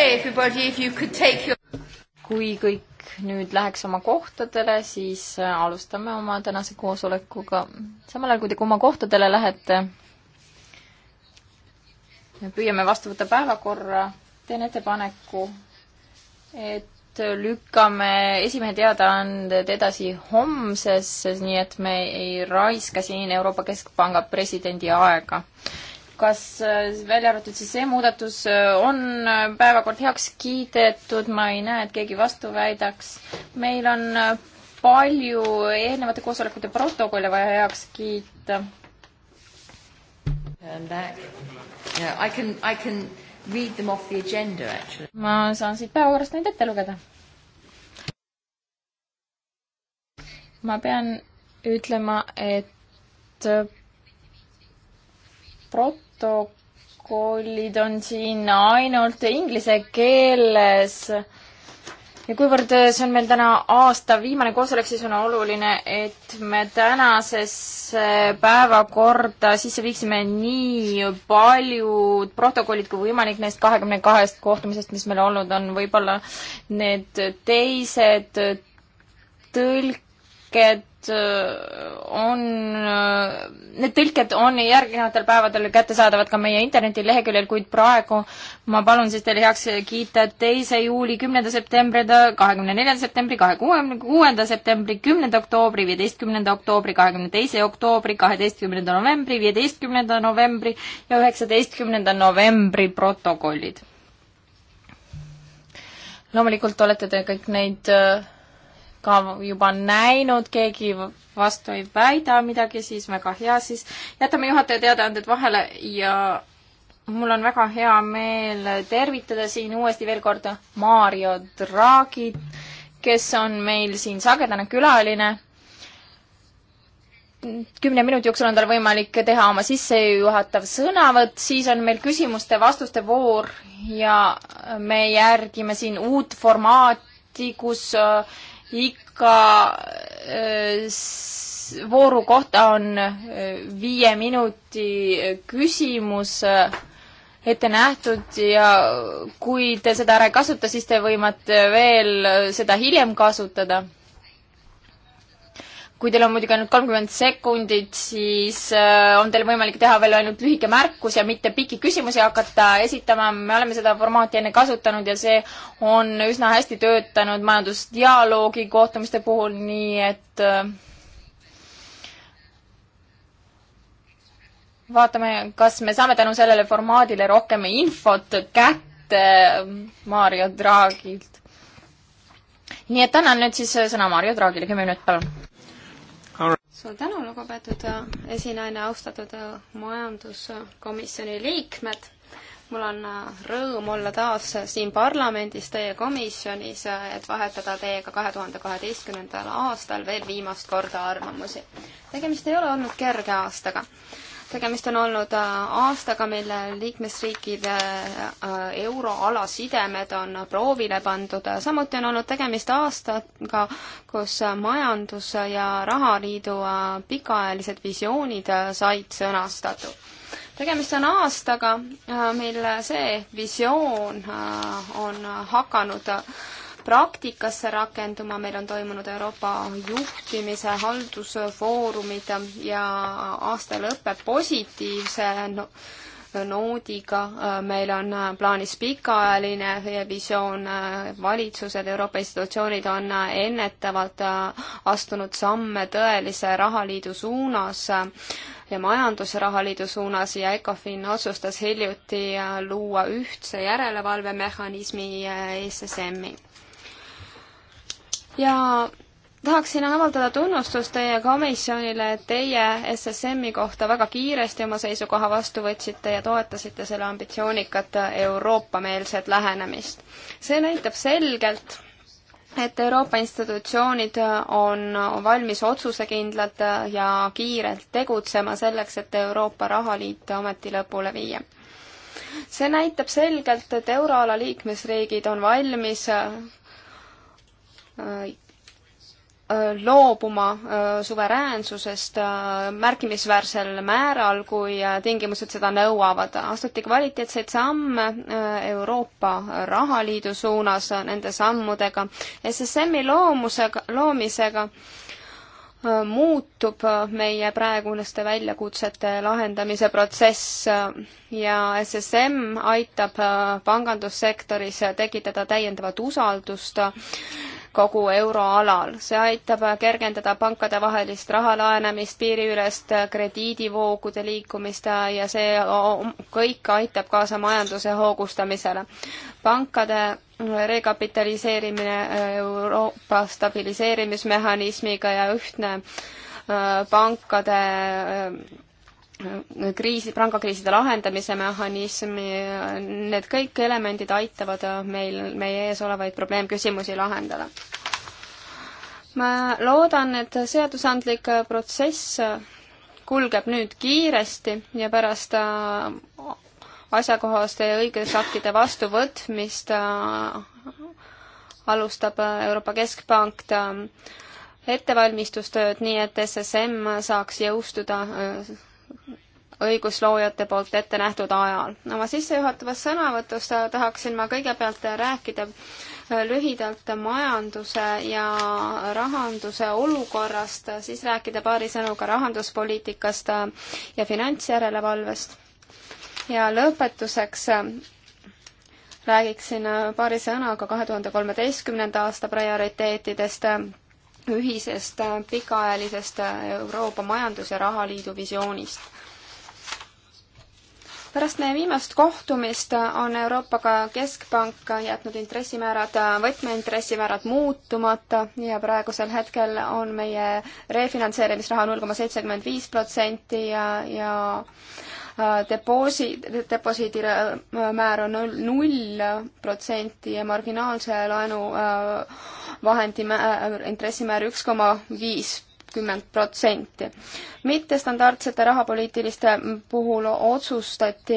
okay, everybody, if you could take your... kui kõik nüüd läheks oma kohtadele, siis äh, alustame oma tänase koosolekuga. samal ajal, kui te oma kohtadele lähete, püüame vastu võtta päevakorra, teen ettepaneku, et lükkame esimehe teadaanded edasi homsesse, nii et me ei raiska siin Euroopa Keskpanga presidendi aega kas välja arvatud siis see muudatus on päevakord heaks kiidetud, ma ei näe, et keegi vastu väidaks. meil on palju eelnevate koosolekute protokolle vaja heaks kiita. ma saan siit päevakorrast neid ette lugeda. ma pean ütlema, et äh, prot-, protokollid on siin ainult inglise keeles. ja kuivõrd see on meil täna aasta viimane koosolek, siis on oluline, et me tänasesse päevakorda sisse viiksime nii paljud protokollid kui võimalik neist kahekümne kahest kohtumisest, mis meil olnud on, võib-olla need teised tõlk-, tõlked äh, on, äh, need tõlked on järgnevatel päevadel kättesaadavad ka meie internetileheküljel, kuid praegu ma palun siis teile heaks kiita teise juuli, kümnenda septembri, kahekümne neljanda septembri, kahekümne kuuenda septembri, kümnenda oktoobri, viieteistkümnenda oktoobri, kahekümne teise oktoobri, kaheteistkümnenda novembri, viieteistkümnenda novembri ja üheksateistkümnenda novembri protokollid. loomulikult olete te kõik neid äh, ka juba näinud, keegi vastu ei väida midagi, siis väga hea, siis jätame juhataja teadaanded vahele ja mul on väga hea meel tervitada siin uuesti veel kord Mario Draghi, kes on meil siin sagedane külaline. kümne minuti jooksul on tal võimalik teha oma sissejuhatav sõnavõtt, siis on meil küsimuste-vastuste voor ja me järgime siin uut formaati, kus äh, iga iga vooru kohta on viie minuti küsimus ette nähtud ja kui te seda ära ei kasuta, siis te võimate veel seda hiljem kasutada kui teil on muidugi ainult kolmkümmend sekundit, siis äh, on teil võimalik teha veel ainult lühike märkus ja mitte pikki küsimusi hakata esitama. me oleme seda formaati enne kasutanud ja see on üsna hästi töötanud majandusdialoogi kohtumiste puhul, nii et äh, vaatame, kas me saame tänu sellele formaadile rohkem infot kätte Mario Draagilt. nii et annan nüüd siis sõna Mario Draagile, kümme minutit, palun suur tänu, lugupeetud äh, esinaine, austatud äh, majanduskomisjoni liikmed. mul on äh, rõõm olla taas siin parlamendis teie komisjonis, et vahetada teiega kahe tuhande kaheteistkümnendal aastal veel viimast korda arvamusi. tegemist ei ole olnud kerge aastaga tegemist on olnud äh, aastaga, mil liikmesriikide äh, euroala sidemed on proovile pandud. samuti on olnud tegemist aastaga, kus majandus- ja rahaliidu äh, pikaajalised visioonid said sõnastatud. tegemist on aastaga, mil see visioon on hakanud praktikasse rakenduma, meil on toimunud Euroopa juhtimise haldusfoorumid ja aasta lõpeb positiivse no, noodiga, meil on plaanis pikaajaline visioon, valitsused, Euroopa institutsioonid on ennetavalt astunud samme tõelise rahaliidu suunas ja majandusrahaliidu suunas ja ECOFIN otsustas hiljuti luua ühtse järelevalvemehhanismi e SSM-i ja tahaksin avaldada tunnustust teie komisjonile, et teie SSM-i kohta väga kiiresti oma seisukoha vastu võtsite ja toetasite selle ambitsioonikat Euroopa-meelset lähenemist. see näitab selgelt, et Euroopa institutsioonid on valmis otsusekindlalt ja kiirelt tegutsema selleks, et Euroopa rahaliit ometi lõpule viia. see näitab selgelt, et euroala liikmesriigid on valmis Äh, loobuma äh, suveräänsusest äh, märkimisväärsel määral, kui tingimused seda nõuavad. astuti kvaliteetseid samme Euroopa Rahaliidu suunas nende sammudega. SSM-i loomusega, loomisega muutub meie praeguste väljakutsete lahendamise protsess ja SSM aitab pangandussektoris tekitada täiendavat usaldust kogu euroalal. see aitab kergendada pankadevahelist raha laenamist, piiriülest krediidivoogude liikumist ja see kõik aitab kaasa majanduse hoogustamisele. pankade rekapitaliseerimine Euroopa stabiliseerimismehhanismiga ja ühtne äh, pankade äh, kriisi, pangakriiside lahendamise mehhanismi, need kõik elemendid aitavad meil meie ees olevaid probleemküsimusi lahendada. ma loodan, et seadusandlik protsess kulgeb nüüd kiiresti ja pärast asjakohaste õigusaktide vastuvõtmist alustab Euroopa Keskpank ettevalmistustööd, nii et SSM saaks jõustuda õigusloojate poolt ette nähtud ajal. oma sissejuhatavas sõnavõtus tahaksin ma kõigepealt rääkida lühidalt majanduse ja rahanduse olukorrast, siis rääkida paari sõnuga rahanduspoliitikast ja finantsjärelevalvest. ja lõpetuseks räägiksin paari sõnaga kahe tuhande kolmeteistkümnenda aasta prioriteetidest ühisest pikaajalisest Euroopa Majandus- ja Rahaliidu visioonist. pärast meie viimast kohtumist on Euroopa Keskpank jätnud intressimäärad, võtmeintressimäärad muutumata ja praegusel hetkel on meie refinantseerimisraha null koma seitsekümmend viis protsenti ja, ja deposi-, deposiidi äh, määr on null protsenti ja marginaalse laenu äh, vahendi määr, äh, intressimäär üks koma viis kakskümmend protsenti. mittestandardsete rahapoliitiliste puhul otsustati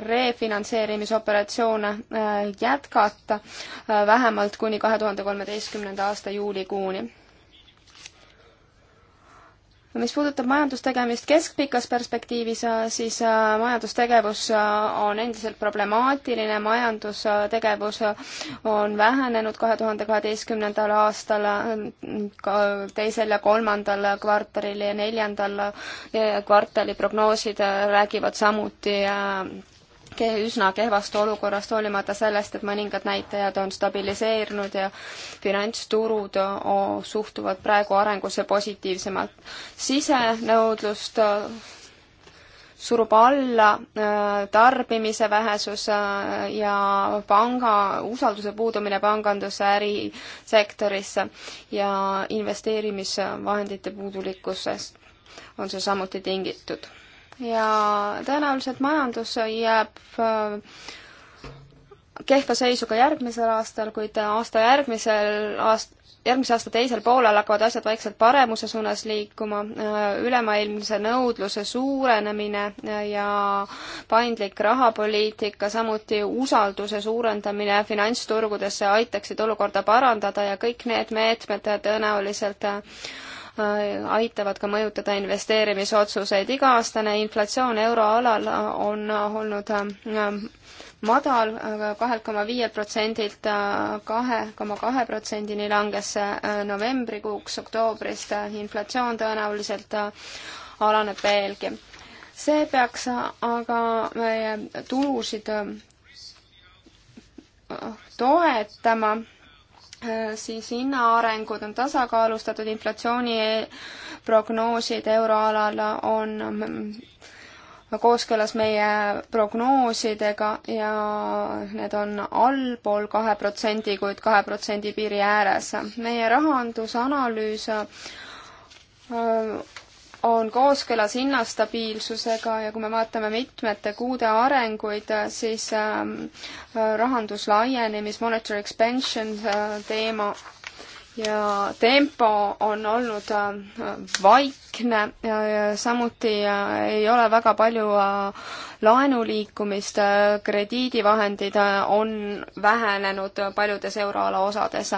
refinantseerimisoperatsioone jätkata vähemalt kuni kahe tuhande kolmeteistkümnenda aasta juulikuuni mis puudutab majandustegemist keskpikas perspektiivis, äh, siis äh, majandustegevus äh, on endiselt problemaatiline, majandustegevus on vähenenud kahe tuhande kaheteistkümnendal aastal teisel ja kolmandal kvartalil ja neljandal kvartali prognoosid räägivad samuti üsna kehvast olukorrast, hoolimata sellest, et mõningad näitajad on stabiliseerunud ja finantsturud suhtuvad praegu arengusse positiivsemalt. sisenõudlust äh, surub alla äh, tarbimise vähesus äh, ja panga, usalduse puudumine panganduse ärisektorisse ja investeerimisvahendite puudulikkusest on see samuti tingitud ja tõenäoliselt majandus jääb äh, kehva seisu ka järgmisel aastal, kuid aasta järgmisel aast-, järgmise aasta teisel poolel hakkavad asjad vaikselt paremuse suunas liikuma, äh, ülemaailmse nõudluse suurenemine äh, ja paindlik rahapoliitika, samuti usalduse suurendamine finantsturgudesse aitaksid olukorda parandada ja kõik need meetmed tõenäoliselt aitavad ka mõjutada investeerimisotsuseid. iga-aastane inflatsioon euroalal on olnud ähm, madal, kahelt koma viielt protsendilt äh, kahe koma kahe protsendini langes see äh, novembrikuuks, oktoobrist äh, inflatsioon tõenäoliselt alaneb veelgi. see peaks aga meie tulusid toetama Äh, siis hinnaarengud on tasakaalustatud, inflatsiooniprognoosid e- euroalal on kooskõlas meie prognoosidega ja need on allpool kahe protsendi, kuid kahe protsendi piiri ääres. meie rahandusanalüüs äh, on kooskõlas hinnastabiilsusega ja kui me vaatame mitmete kuude arenguid, siis ähm, äh, rahandus laienemis, monetary expansion äh, teema ja tempo on olnud äh, vaikne ja, ja samuti ei ole väga palju laenuliikumist, krediidivahendid on vähenenud paljudes euroala osades.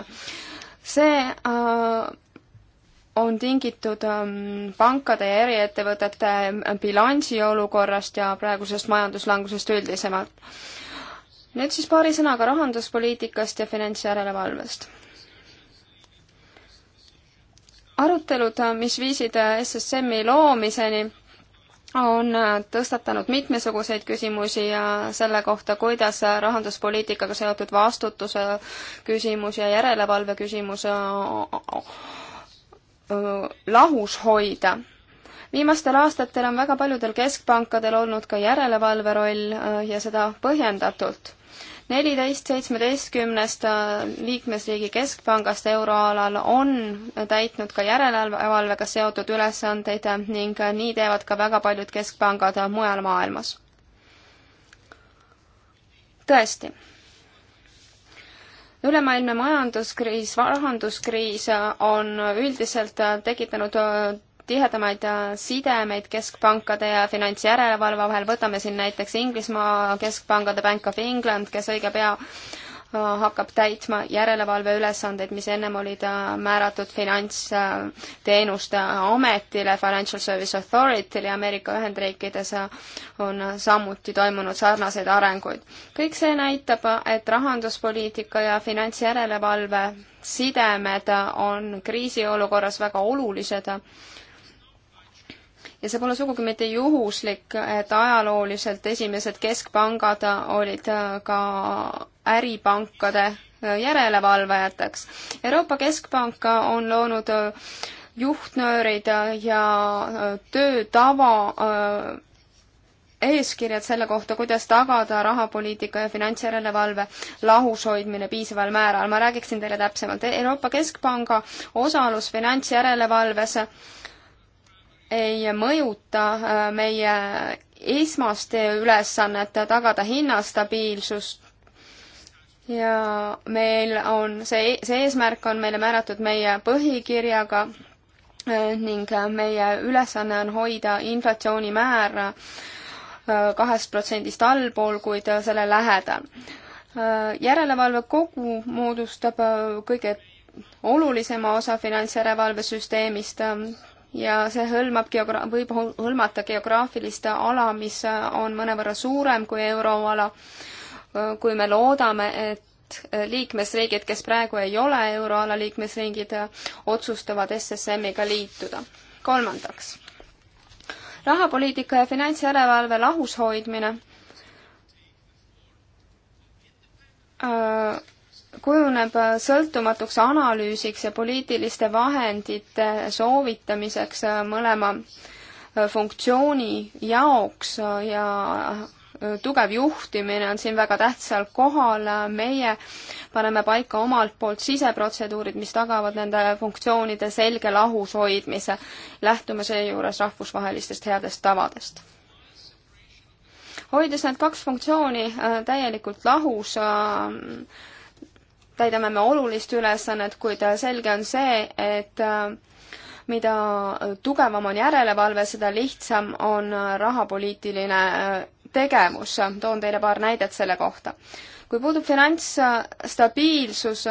see äh, on tingitud ähm, pankade ja eriettevõtete ähm, bilansi olukorrast ja praegusest majanduslangusest üldisemalt. nüüd siis paari sõnaga rahanduspoliitikast ja finantsjärelevalvest. arutelud, äh, mis viisid äh, SSM-i loomiseni, on äh, tõstatanud mitmesuguseid küsimusi ja selle kohta, kuidas rahanduspoliitikaga seotud vastutuse küsimus ja järelevalve küsimus lahus hoida. viimastel aastatel on väga paljudel keskpankadel olnud ka järelevalve roll ja seda põhjendatult. neliteist seitsmeteistkümnest liikmesriigi keskpangast euroalal on täitnud ka järelevalvega seotud ülesandeid ning nii teevad ka väga paljud keskpangad mujal maailmas. tõesti ülemaailmne majanduskriis, rahanduskriis on üldiselt tekitanud tihedamaid sidemeid keskpankade ja finantsjärelevalve vahel, võtame siin näiteks Inglismaa keskpangade Bank of England, kes õige pea hakkab täitma järelevalveülesandeid, mis ennem olid äh, määratud finantsteenuste äh, ametile, Financial Service Authority'le ja Ameerika Ühendriikides äh, on samuti toimunud sarnaseid arenguid. kõik see näitab, et rahanduspoliitika ja finantsjärelevalve sidemed on kriisiolukorras väga olulised ja see pole sugugi mitte juhuslik, et ajalooliselt esimesed keskpangad olid äh, ka äripankade äh, järelevalvajateks. Euroopa Keskpank on loonud äh, juhtnöörid ja töötava eeskirjad selle kohta, kuidas tagada rahapoliitika ja finantsjärelevalve lahus hoidmine piisaval määral. ma räägiksin teile täpsemalt. Euroopa Keskpanga osalus finantsjärelevalves ei mõjuta äh, meie esmast ülesannet tagada hinnastabiilsust ja meil on see, see eesmärk on meile määratud meie põhikirjaga äh, ning meie ülesanne on hoida inflatsioonimäär äh, kahest protsendist allpool, kuid selle lähedal. järelevalve kogu moodustab kõige olulisema osa finantsjärelevalvesüsteemist ja see hõlmab geogra-, võib hõlmata geograafilist ala, mis on mõnevõrra suurem kui euroala, kui me loodame, et liikmesriigid, kes praegu ei ole euroala liikmesriigid, otsustavad SSM-iga liituda. kolmandaks, rahapoliitika ja finantsjärelevalve lahus hoidmine äh, kujuneb äh, sõltumatuks analüüsiks ja poliitiliste vahendite soovitamiseks äh, mõlema äh, funktsiooni jaoks ja tugev juhtimine on siin väga tähtsal kohal, meie paneme paika omalt poolt siseprotseduurid, mis tagavad nende funktsioonide selge lahus hoidmise. lähtume seejuures rahvusvahelistest headest tavadest. hoides need kaks funktsiooni täielikult lahus, täidame me olulist ülesannet, kuid selge on see, et äh, mida tugevam on järelevalve, seda lihtsam on äh, rahapoliitiline äh, tegevus. toon teile paar näidet selle kohta. kui puudub finantsstabiilsus,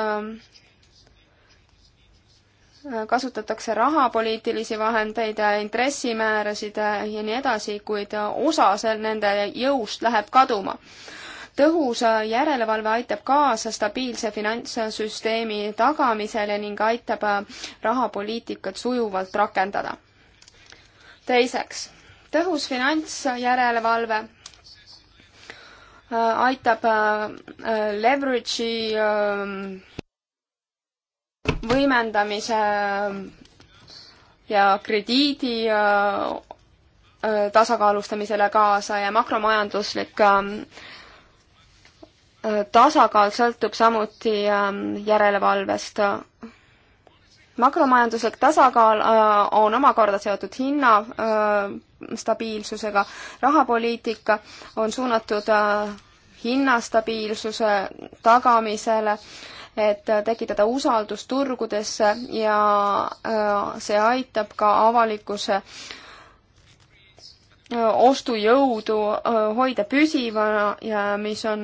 kasutatakse rahapoliitilisi vahendeid, intressimäärasid ja nii edasi, kuid osa seal nende jõust läheb kaduma tõhus järelevalve aitab kaasa stabiilse finantssüsteemi tagamisele ning aitab äh, rahapoliitikat sujuvalt rakendada. teiseks, tõhus finantsjärelevalve äh, aitab äh, leverage'i võimendamise ja krediidi tasakaalustamisele kaasa ja makromajanduslik tasakaal sõltub samuti ähm, järelevalvest. makromajanduslik tasakaal äh, on omakorda seotud hinna äh, stabiilsusega, rahapoliitika on suunatud äh, hinnastabiilsuse tagamisele, et tekitada usaldust turgudesse ja see aitab ka avalikkuse ostujõudu hoida püsivana ja mis on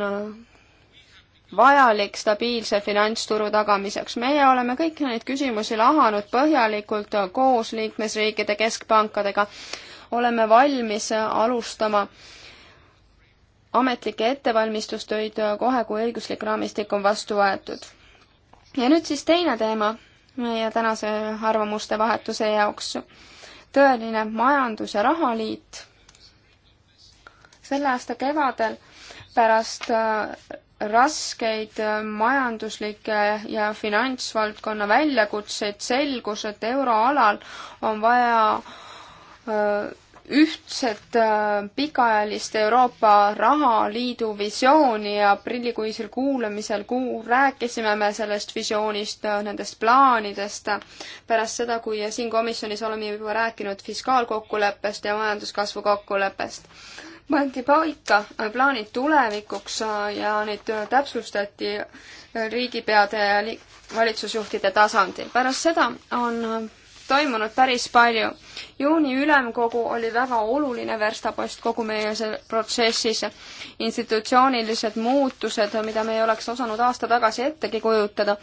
vajalik stabiilse finantsturu tagamiseks. meie oleme kõiki neid küsimusi lahanud põhjalikult koos liikmesriikide keskpankadega. oleme valmis alustama ametlikke ettevalmistustöid kohe, kui õiguslik raamistik on vastu võetud. ja nüüd siis teine teema meie tänase arvamuste vahetuse jaoks. tõeline majandus- ja rahaliit. selle aasta kevadel pärast äh, raskeid äh, majanduslikke ja finantsvaldkonna väljakutseid, selgus, et euroalal on vaja äh, ühtset äh, pikaajalist Euroopa Rahaliidu visiooni ja aprillikuisel kuulamisel kuu rääkisime me sellest visioonist, nendest plaanidest. pärast seda, kui siin komisjonis oleme juba rääkinud fiskaalkokkuleppest ja majanduskasvu kokkuleppest pandi paika plaanid tulevikuks ja neid täpsustati riigipeade ja valitsusjuhtide tasandil. pärast seda on toimunud päris palju. juuni ülemkogu oli väga oluline verstapost kogu meie protsessis. institutsioonilised muutused, mida me ei oleks osanud aasta tagasi ettegi kujutada,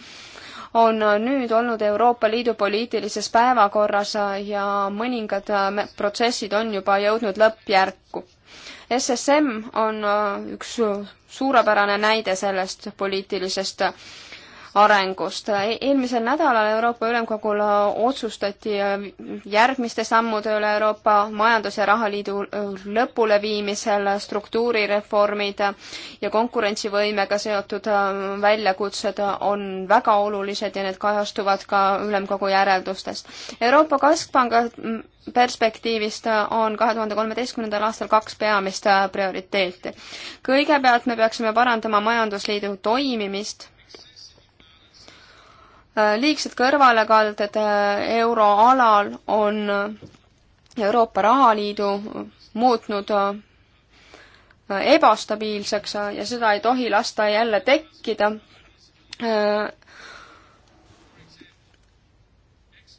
on nüüd olnud Euroopa Liidu poliitilises päevakorras ja mõningad protsessid on juba jõudnud lõppjärku. SSM on äh, üks äh, suurepärane näide sellest poliitilisest arengust. eelmisel nädalal Euroopa Ülemkogul otsustati järgmiste sammude üle Euroopa Majandus- ja Rahaliidu lõpuleviimisel struktuurireformid ja konkurentsivõimega seotud väljakutsed on väga olulised ja need kajastuvad ka Ülemkogu järeldustes. Euroopa Keskpanga perspektiivist on kahe tuhande kolmeteistkümnendal aastal kaks peamist prioriteeti. kõigepealt me peaksime parandama majandusliidu toimimist Äh, liigsed kõrvalekalded äh, euroalal on äh, Euroopa Rahaliidu muutnud ebastabiilseks ja seda ei tohi lasta jälle tekkida.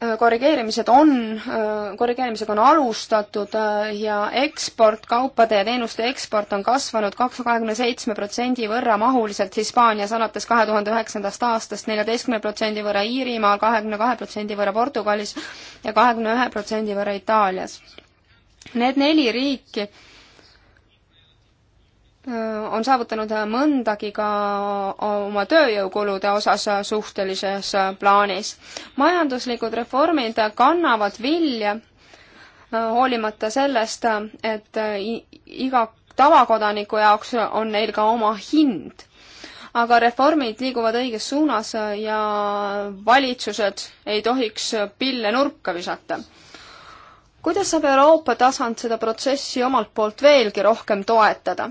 Äh, korrigeerimised on, äh, korrigeerimisega on alustatud äh, ja eksport, kaupade ja teenuste eksport on kasvanud kaks, kahekümne seitsme protsendi võrra mahuliselt Hispaanias alates kahe tuhande üheksandast aastast, neljateistkümne protsendi võrra Iirimaal, kahekümne kahe protsendi võrra Portugalis ja kahekümne ühe protsendi võrra Itaalias. Need neli riiki Äh, on saavutanud äh, mõndagi ka äh, oma tööjõukulude osas suhtelises plaanis. majanduslikud reformid kannavad vilja, hoolimata sellest, et iga tavakodaniku jaoks on neil ka oma hind. aga reformid liiguvad õiges suunas ja valitsused ei tohiks pille nurka visata. kuidas saab Euroopa tasand seda protsessi omalt poolt veelgi rohkem toetada?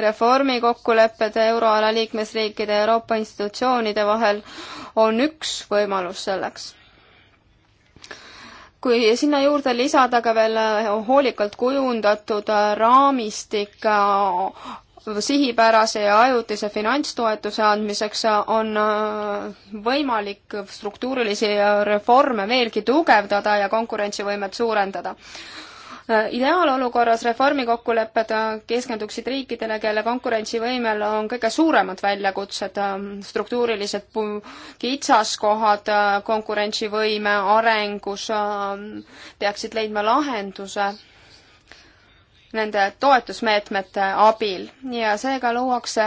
reformikokkulepped euroala liikmesriikide ja Euroopa institutsioonide vahel on üks võimalus selleks kui sinna juurde lisada ka veel hoolikalt kujundatud raamistik sihipärase ja ajutise finantstoetuse andmiseks on võimalik struktuurilisi reforme veelgi tugevdada ja konkurentsivõimet suurendada. Äh, ideaalolukorras reformikokkulepped äh, keskenduksid riikidele, kelle konkurentsivõimel on kõige suuremad väljakutsed, äh, struktuurilised kitsaskohad konkurentsivõime arengus peaksid leidma lahenduse nende toetusmeetmete abil ja seega luuakse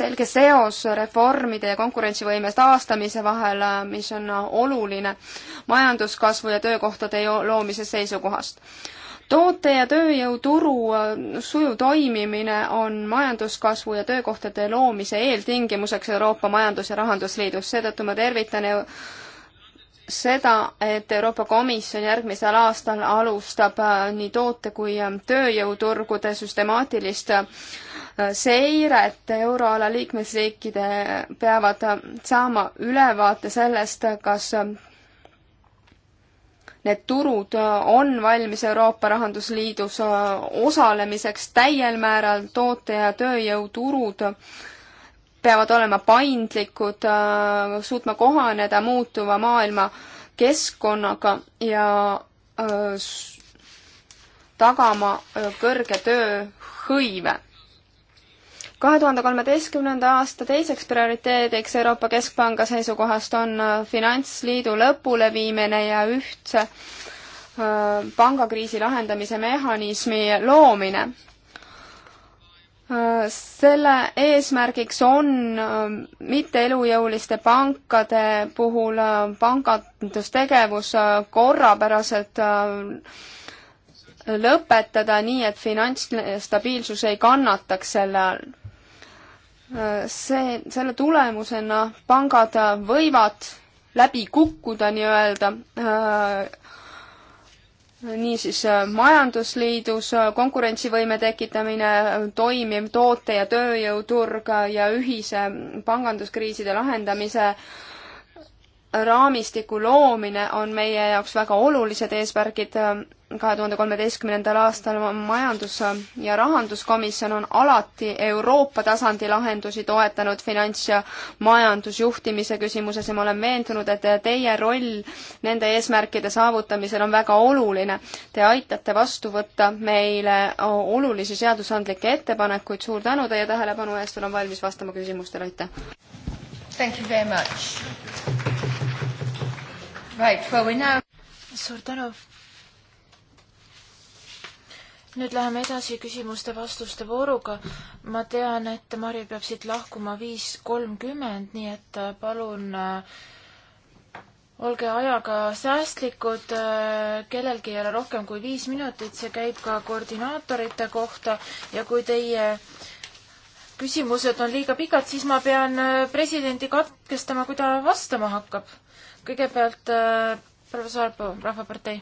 selge seos reformide ja konkurentsivõime taastamise vahel, mis on oluline majanduskasvu ja töökohtade loomise seisukohast toote ja tööjõuturu äh, sujuv toimimine on majanduskasvu ja töökohtade loomise eeltingimuseks Euroopa Majandus- ja Rahandusliidus, seetõttu ma tervitan seda, et Euroopa Komisjon järgmisel aastal alustab äh, nii toote kui äh, tööjõuturgude süstemaatilist seiret euroala liikmesriikide peavad saama ülevaate sellest, kas need turud äh, on valmis Euroopa Rahandusliidus äh, osalemiseks täiel määral, toote- ja tööjõuturud peavad olema paindlikud, äh, suutma kohaneda muutuva maailma keskkonnaga ja tagama kõrge tööhõive kahe tuhande kolmeteistkümnenda aasta teiseks prioriteediks Euroopa Keskpanga seisukohast on äh, finantsliidu lõpuleviimine ja ühtse äh, pangakriisi lahendamise mehhanismi loomine. Äh, selle eesmärgiks on mitteelujõuliste pankade puhul pangandustegevus korrapäraselt lõpetada nii, et finantsstabiilsus ei kannataks selle all see, selle tulemusena pangad võivad läbi kukkuda nii-öelda äh, niisiis äh, majandusliidus äh, konkurentsivõime tekitamine, toimiv toote- ja tööjõuturg ja ühise panganduskriiside lahendamise raamistiku loomine on meie jaoks väga olulised eesmärgid kahe tuhande kolmeteistkümnendal aastal majandus- ja rahanduskomisjon on alati Euroopa tasandi lahendusi toetanud finants- ja majandusjuhtimise küsimuses ja ma olen veendunud, et teie roll nende eesmärkide saavutamisel on väga oluline. Te aitate vastu võtta meile olulisi seadusandlikke ettepanekuid, suur tänu teie tähelepanu eest, olen valmis vastama küsimustele, aitäh! Thank you very much! Right, well we now suur tänu! nüüd läheme edasi küsimuste-vastuste vooruga. ma tean, et Marju peab siit lahkuma viis kolmkümmend, nii et äh, palun äh, olge ajaga säästlikud, äh, kellelgi ei ole rohkem kui viis minutit, see käib ka koordinaatorite kohta ja kui teie küsimused on liiga pikad, siis ma pean presidendi katkestama, kui ta vastama hakkab. kõigepealt professor Arpo, Rahvapartei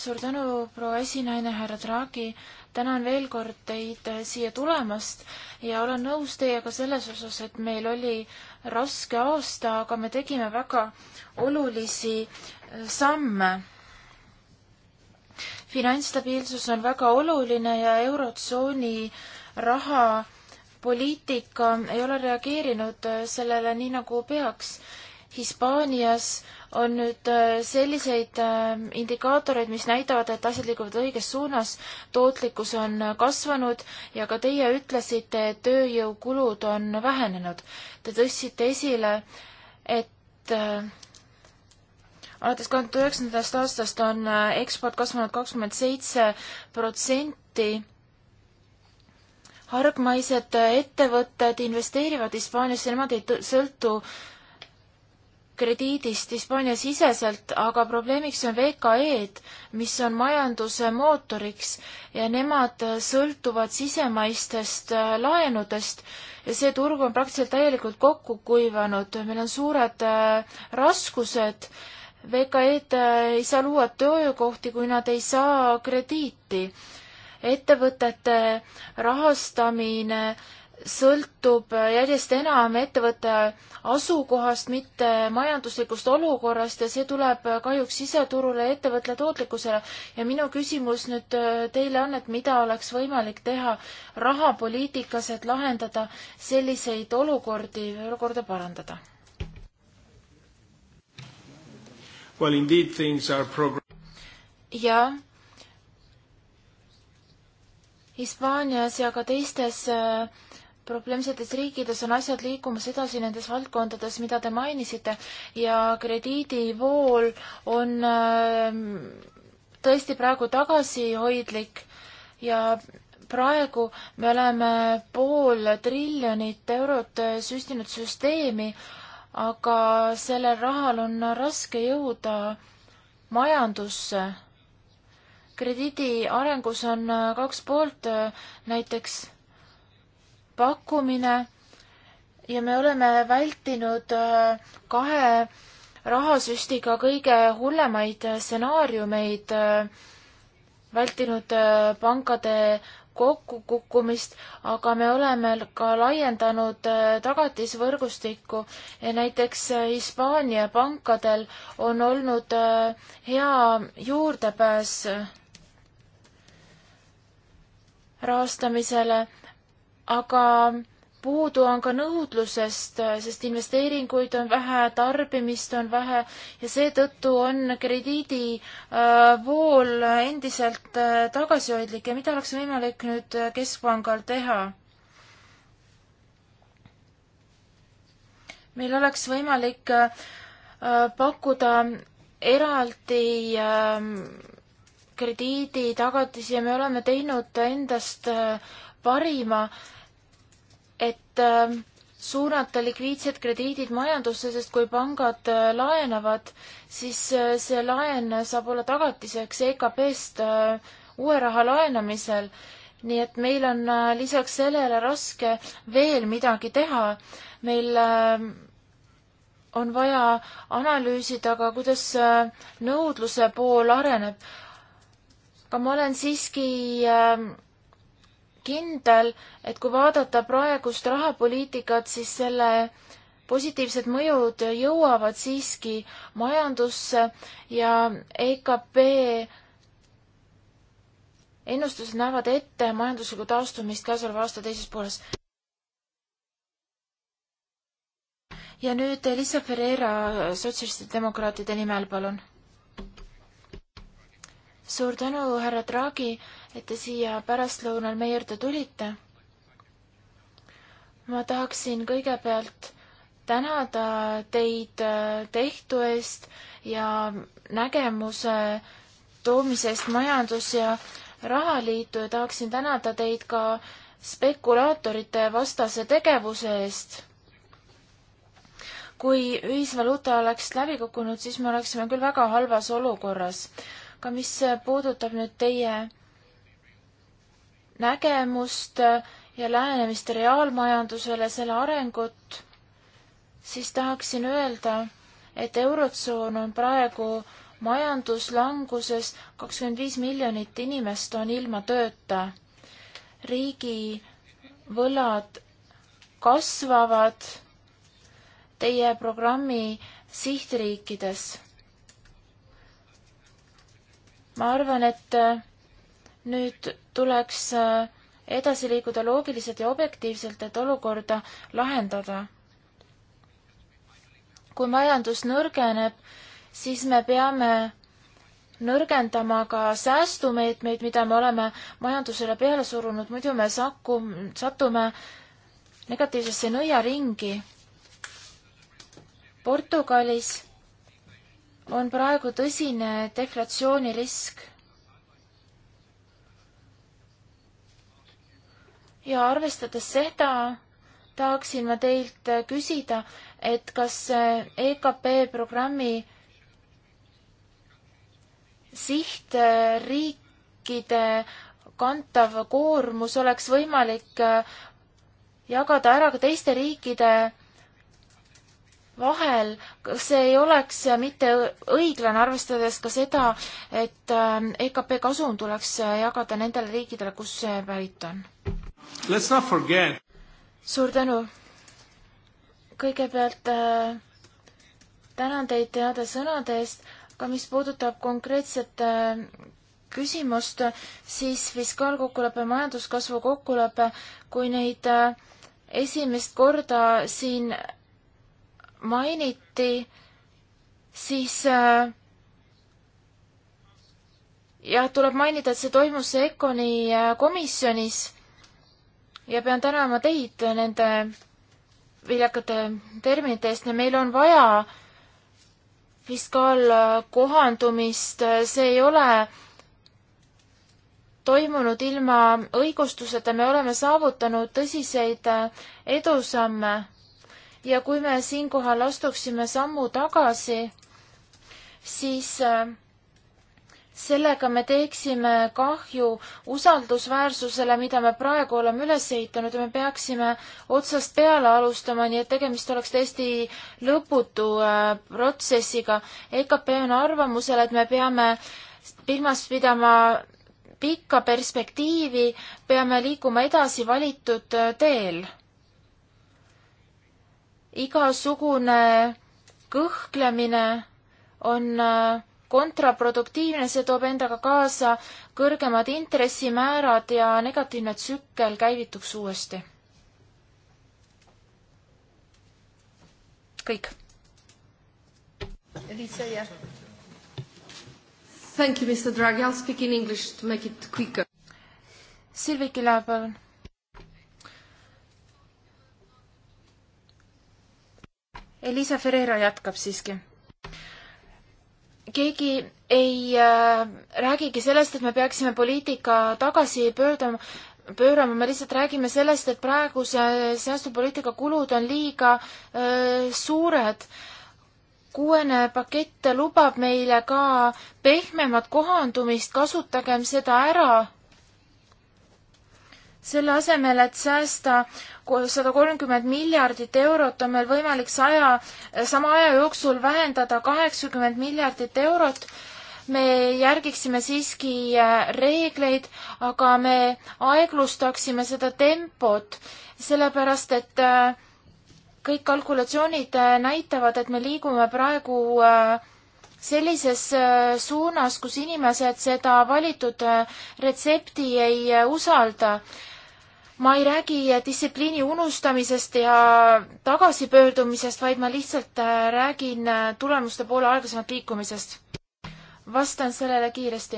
suur tänu, proua esinaine, härra Draghi. tänan veel kord teid äh, siia tulemast ja olen nõus teiega selles osas, et meil oli raske aasta, aga me tegime väga olulisi äh, samme. finantsstabiilsus on väga oluline ja Eurotsooni rahapoliitika ei ole reageerinud äh, sellele nii, nagu peaks Hispaanias on nüüd äh, selliseid äh, indikaatoreid, mis näitavad, et asjad liiguvad õiges suunas, tootlikkus on äh, kasvanud ja ka teie ütlesite, et tööjõukulud on vähenenud. Te tõstsite esile, et alates kahe tuhande üheksandast aastast on eksport kasvanud kakskümmend seitse protsenti hargmaised ettevõtted investeerivad Hispaaniasse, nemad ei sõltu krediidist Hispaania-siseselt, aga probleemiks on VKE-d, mis on majanduse mootoriks ja nemad sõltuvad sisemaistest äh, laenudest ja see turg on praktiliselt täielikult kokku kuivanud, meil on suured äh, raskused, VKE-d äh, ei saa luua töökohti, kui nad ei saa krediiti. ettevõtete rahastamine äh, sõltub järjest enam ettevõtte asukohast, mitte majanduslikust olukorrast ja see tuleb kahjuks siseturule ja ettevõtte tootlikkusele. ja minu küsimus nüüd äh, teile on, et mida oleks võimalik teha rahapoliitikas, et lahendada selliseid olukordi, olukorda parandada? Well, indeed things are progr-. jah Hispaanias ja ka teistes äh, probleemsetes riikides on asjad liikumas edasi nendes valdkondades, mida te mainisite ja krediidivool on ähm, tõesti praegu tagasihoidlik ja praegu me oleme pool triljonit eurot süstinud süsteemi, aga sellel rahal on raske jõuda majandusse. krediidi arengus on kaks poolt, näiteks pakkumine ja me oleme vältinud äh, kahe rahasüstiga kõige hullemaid äh, stsenaariumeid, äh, vältinud pankade kokkukukkumist, aga me oleme ka laiendanud tagatisvõrgustikku ja näiteks Hispaania pankadel on olnud hea juurdepääs rahastamisele aga puudu on ka nõudlusest, sest investeeringuid on vähe, tarbimist on vähe ja seetõttu on krediidivool äh, endiselt äh, tagasihoidlik ja mida oleks võimalik nüüd äh, Keskpangal teha? meil oleks võimalik pakkuda eraldi ähm, krediiditagatisi ja me oleme teinud endast parima et ähm, suunata likviidsed krediidid majandusse, sest kui pangad äh, laenavad, siis äh, see laen saab olla tagatiseks EKP-st äh, uue raha laenamisel. nii et meil on lisaks sellele raske veel midagi teha. meil ähm, on vaja analüüsida ka, kuidas nõudluse pool areneb. aga ma olen siiski äh, kindel, et kui vaadata praegust rahapoliitikat, siis selle positiivsed mõjud jõuavad siiski majandusse ja EKP ennustused näevad ette majanduslikku taastumist käesoleva aasta teises pooles. ja nüüd Elisa Ferreira sotsialistide demokraatide nimel, palun suur tänu, härra Draghi, et te siia pärastlõunal meie juurde tulite. ma tahaksin kõigepealt tänada teid äh, tehtu eest ja nägemuse toomise eest majandus- ja rahaliitu ja tahaksin tänada teid ka spekulaatorite vastase tegevuse eest. kui ühisvaluuta oleks läbi kukkunud, siis me oleksime küll väga halvas olukorras aga mis puudutab nüüd teie nägemust ja lähenemist reaalmajandusele, selle arengut, siis tahaksin öelda, et Eurotsoon on praegu majanduslanguses, kakskümmend viis miljonit inimest on ilma tööta. riigi võlad kasvavad teie programmi sihtriikides ma arvan, et äh, nüüd tuleks äh, edasi liikuda loogiliselt ja objektiivselt, et olukorda lahendada. kui majandus nõrgeneb, siis me peame nõrgendama ka säästumeetmeid, mida me oleme majandusele peale surunud, muidu me saku, satume negatiivsesse nõiaringi. Portugalis on praegu tõsine deflatsioonirisk. ja arvestades seda, tahaksin ma teilt küsida, et kas EKP programmi sihtriikide kantav koormus oleks võimalik jagada ära ka teiste riikide vahel, kas see ei oleks mitte õiglane, arvestades ka seda, et ähm, EKP kasum tuleks äh, jagada nendele riikidele, kus see pärit on? suur tänu! kõigepealt äh, tänan teid heade sõnade eest, aga mis puudutab konkreetset äh, küsimust, siis fiskaalkokkulepe, majanduskasvu kokkulepe, kui neid äh, esimest korda siin mainiti, siis äh, jah, tuleb mainida, et see toimus EKONi äh, komisjonis ja pean tänama teid nende viljakate terminite eest ja meil on vaja fiskaalkohandumist, see ei ole toimunud ilma õigustuseta, me oleme saavutanud tõsiseid äh, edusamme ja kui me siinkohal astuksime sammu tagasi, siis äh, sellega me teeksime kahju usaldusväärsusele, mida me praegu oleme üles ehitanud ja me peaksime otsast peale alustama, nii et tegemist oleks tõesti lõputu äh, protsessiga. EKP on arvamusel, et me peame silmas pidama pikka perspektiivi, peame liikuma edasi valitud äh, teel igasugune kõhklemine on äh, kontraproduktiivne, see toob endaga kaasa kõrgemad intressimäärad ja negatiivne tsükkel käivituks uuesti. kõik. Elisa, jah. Thank you, Mr Draghi, I will speak in english to make it quicker. Silvi Kile, palun Elisa Ferreira jätkab siiski. keegi ei äh, räägigi sellest, et me peaksime poliitika tagasi pöördama, pöörama, me lihtsalt räägime sellest, et praeguse säästupoliitika kulud on liiga äh, suured kuuene pakett lubab meile ka pehmemat kohandumist, kasutagem seda ära selle asemel, et säästa sada kolmkümmend miljardit eurot, on meil võimalik saja, sama aja jooksul vähendada kaheksakümmend miljardit eurot. me järgiksime siiski äh, reegleid, aga me aeglustaksime seda tempot, sellepärast et äh, kõik kalkulatsioonid äh, näitavad, et me liigume praegu sellises suunas, kus inimesed seda valitud retsepti ei usalda ma ei räägi distsipliini unustamisest ja tagasipöördumisest, vaid ma lihtsalt äh, räägin äh, tulemuste poole aeglasemalt liikumisest. vastan sellele kiiresti.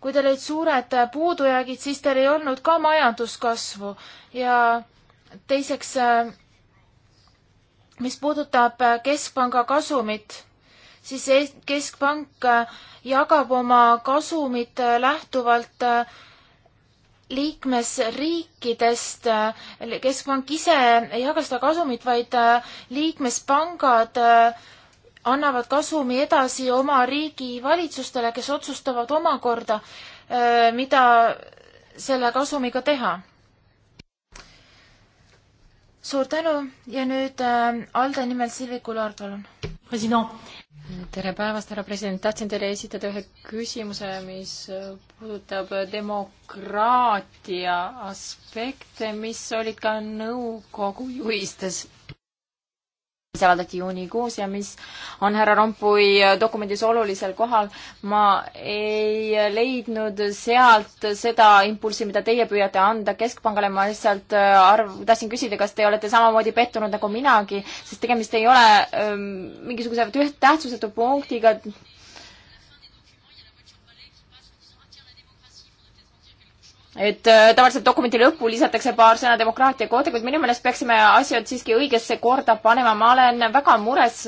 kui teil olid suured äh, puudujäägid, siis teil ei olnud ka majanduskasvu ja teiseks, mis puudutab keskpanga kasumit siis e-, keskpank jagab oma kasumit lähtuvalt liikmesriikidest äh, keskpank ise ei jaga seda kasumit, vaid äh, liikmespangad äh, annavad kasumi edasi oma riigi valitsustele, kes otsustavad omakorda, mida selle kasumiga teha. suur tänu ja nüüd Alde nimel Silvi Kulard, palun. president tere päevast, härra president, tahtsin teile esitada ühe küsimuse, mis puudutab demokraatia aspekte, mis olid ka nõukogu juhistes mis avaldati juunikuus ja mis on härra Rompuy dokumendis olulisel kohal. ma ei leidnud sealt seda impulssi, mida teie püüate anda Keskpangale, ma lihtsalt äh, arv-, tahtsin küsida, kas te olete samamoodi pettunud nagu minagi, sest tegemist ei ole öö, ähm, mingisuguse tähtsusetu punktiga, et äh, tavaliselt dokumenti lõppu lisatakse paar sõna demokraatia kohta, kuid minu meelest peaksime asjad siiski õigesse korda panema. ma olen väga mures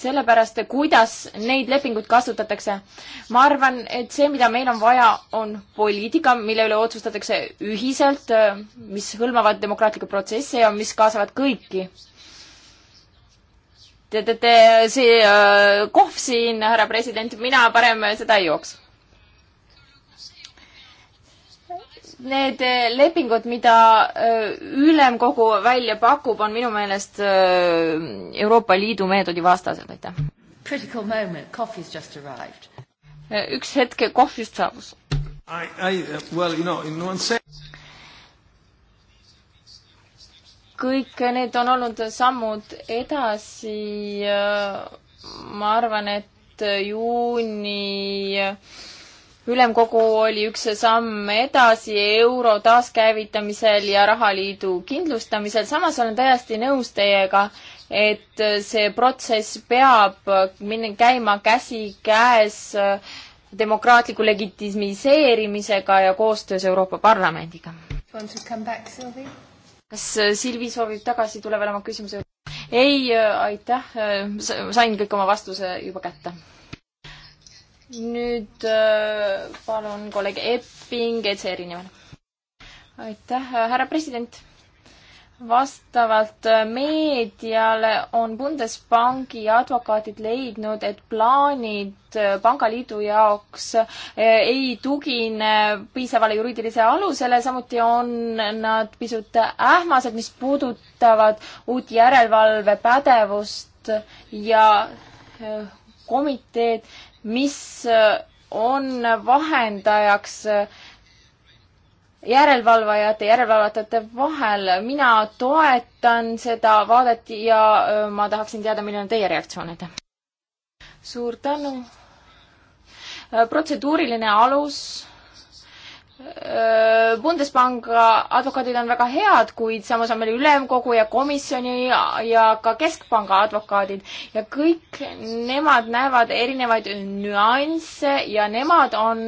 selle pärast, kuidas neid lepinguid kasutatakse. ma arvan, et see, mida meil on vaja, on poliitika, mille üle otsustatakse ühiselt, äh, mis hõlmavad demokraatlikke protsesse ja mis kaasavad kõiki te, te, te, see äh, kohv siin, härra president, mina parem seda ei jooks. need eh, lepingud, mida eh, ülemkogu välja pakub, on minu meelest eh, Euroopa Liidu meetodi vastased, aitäh. Critical moment, coffee's just arrived. üks hetk, kohv just saabus. I, I, uh, well, you know, in one sense kõik need on olnud sammud edasi. ma arvan, et juuni ülemkogu oli üks samm edasi euro taaskäivitamisel ja rahaliidu kindlustamisel. samas olen täiesti nõus teiega, et see protsess peab käima käsikäes demokraatliku legitimiseerimisega ja koostöös Euroopa Parlamendiga. kas Silvi soovib tagasi tulevale oma küsimuse juurde? ei, äh, aitäh, sain kõik oma vastuse juba kätte nüüd äh, palun kolleeg Epping, et see erinev. aitäh, äh, härra president. vastavalt äh, meediale on Bundesbanki advokaadid leidnud, et plaanid pangaliidu jaoks ei tugine piisavale juriidilisele alusele, samuti on nad pisut ähmased, mis puudutavad uut järelevalvepädevust ja komiteed mis äh, on vahendajaks äh, järelevalvajate, järelevalvatajate vahel. mina toetan seda vaadet ja äh, ma tahaksin teada, milline on teie reaktsioon, aitäh! suur tänu! protseduuriline alus Äh, Bundespanga advokaadid on väga head, kuid samas on meil ülemkogu ja komisjoni ja, ja ka keskpanga advokaadid ja kõik nemad näevad erinevaid nüansse ja nemad on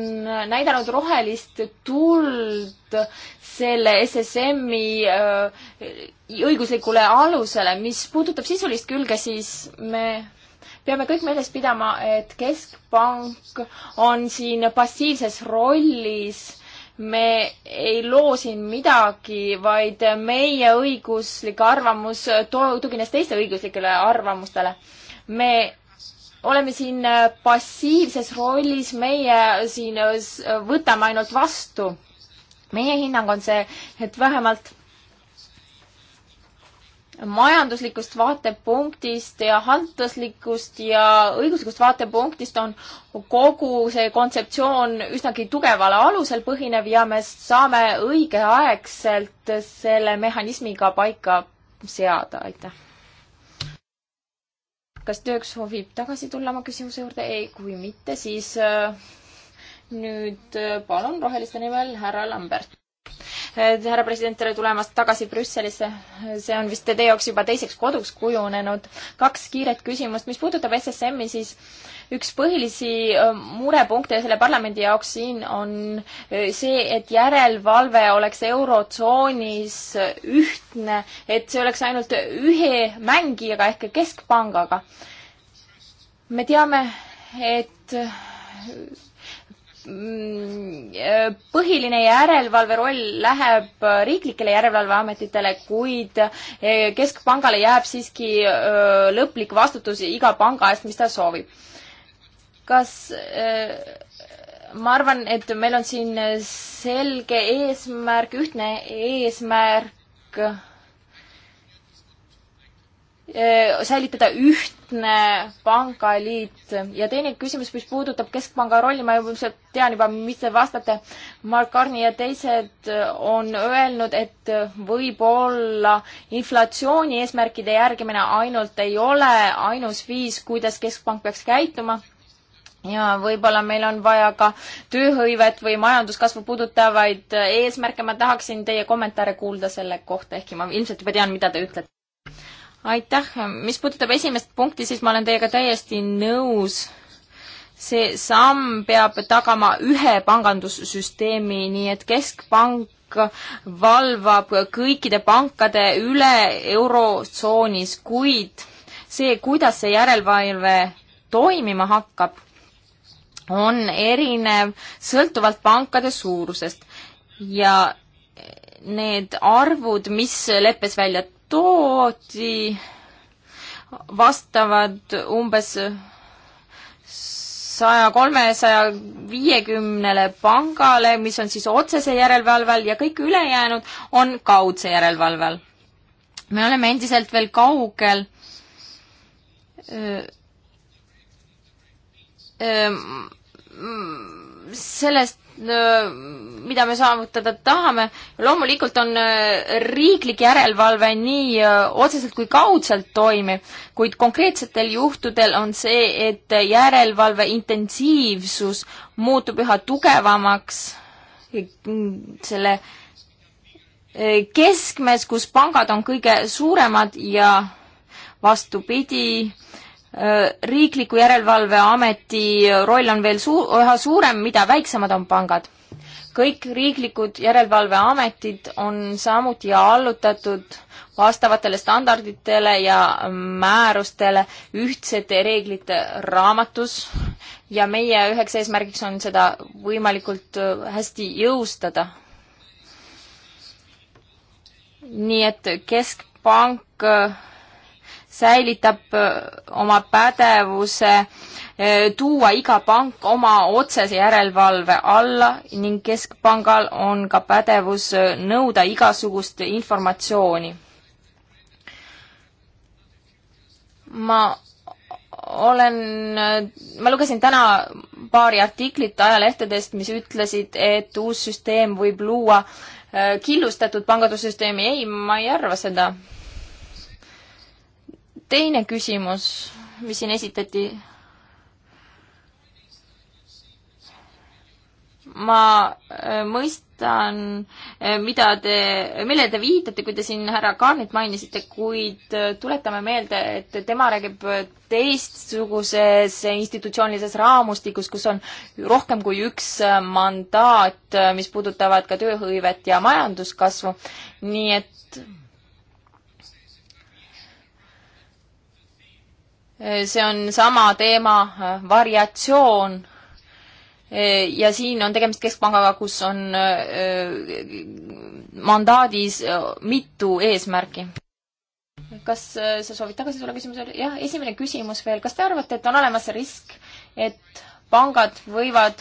näidanud rohelist tuld selle SSM-i äh, õiguslikule alusele. mis puudutab sisulist külge, siis me peame kõik meeles pidama, et keskpank on siin passiivses rollis me ei loo siin midagi, vaid meie õiguslik arvamus tugines teiste õiguslikele arvamustele. me oleme siin passiivses rollis, meie siin võtame ainult vastu. meie hinnang on see, et vähemalt majanduslikust vaatepunktist ja halduslikust ja õiguslikust vaatepunktist on kogu see kontseptsioon üsnagi tugevale alusel põhinev ja me saame õigeaegselt selle mehhanismi ka paika seada, aitäh. kas tööks soovib tagasi tulla oma küsimuse juurde? ei, kui mitte, siis äh, nüüd äh, palun roheliste nimel härra Lambert. Eh, härra president, tere tulemast tagasi Brüsselisse. see on vist teie jaoks juba teiseks koduks kujunenud. kaks kiiret küsimust, mis puudutab SSM-i, siis üks põhilisi eh, murepunkte selle parlamendi jaoks siin on eh, see, et järelevalve oleks Eurotsoonis ühtne, et see oleks ainult ühe mängijaga ehk keskpangaga. me teame, et Mm, äh, põhiline järelevalve roll läheb riiklikele järelevalveametitele, kuid äh, keskpangale jääb siiski äh, lõplik vastutus iga panga eest, mis ta soovib. kas ma arvan, et meil on siin selge eesmärk, ühtne eesmärk Äh, säilitada ühtne pangaliit ja teine küsimus, mis puudutab Keskpanga rolli, ma ilmselt tean juba, mis te vastate. Mark Carney ja teised on öelnud, et võib-olla inflatsiooni eesmärkide järgimine ainult ei ole ainus viis, kuidas Keskpank peaks käituma ja võib-olla meil on vaja ka tööhõivet või majanduskasvu puudutavaid eesmärke, ma tahaksin teie kommentaare kuulda selle kohta, ehkki ma ilmselt juba tean, mida te ütlete aitäh, mis puudutab esimest punkti, siis ma olen teiega täiesti nõus. see samm peab tagama ühe pangandussüsteemi, nii et keskpank valvab kõikide pankade üle eurotsoonis, kuid see, kuidas see järelevalve toimima hakkab, on erinev sõltuvalt pankade suurusest ja need arvud, mis leppes välja toodi, vastavad umbes saja, kolmesaja viiekümnele pangale, mis on siis otsese järelevalvel ja kõik ülejäänud on kaudse järelevalvel. me oleme endiselt veel kaugel öö, öö, sellest, mida me saavutada tahame. loomulikult on äh, riiklik järelevalve nii äh, otseselt kui kaudselt toimiv, kuid konkreetsetel juhtudel on see, et äh, järelevalve intensiivsus muutub üha tugevamaks selle keskmes, kus pangad on kõige suuremad ja vastupidi, Äh, riikliku järelevalveameti roll on veel suu-, üha suurem, mida väiksemad on pangad. kõik riiklikud järelevalveametid on samuti allutatud vastavatele standarditele ja määrustele ühtsete reeglite raamatus ja meie üheks eesmärgiks on seda võimalikult äh, hästi jõustada. nii et keskpank äh, säilitab äh, oma pädevuse äh, tuua iga pank oma otsese järelevalve alla ning keskpangal on ka pädevus äh, nõuda igasugust informatsiooni. ma olen, ma lugesin täna paari artiklit ajalehtedest, mis ütlesid, et uus süsteem võib luua killustatud pangandussüsteemi. ei, ma ei arva seda teine küsimus, mis siin esitati. ma äh, mõistan, äh, mida te, millele te viitate, kui te siin härra Kaarnit mainisite, kuid äh, tuletame meelde, et tema räägib teistsuguses institutsioonilises raamustikus, kus on rohkem kui üks mandaat, mis puudutavad ka tööhõivet ja majanduskasvu. nii et see on sama teema äh, variatsioon. Äh, ja siin on tegemist keskpangaga, kus on äh, mandaadis mitu eesmärki. kas sa soovid tagasi tulla küsimusele? jah, esimene küsimus veel. kas te arvate, et on olemas risk, et pangad võivad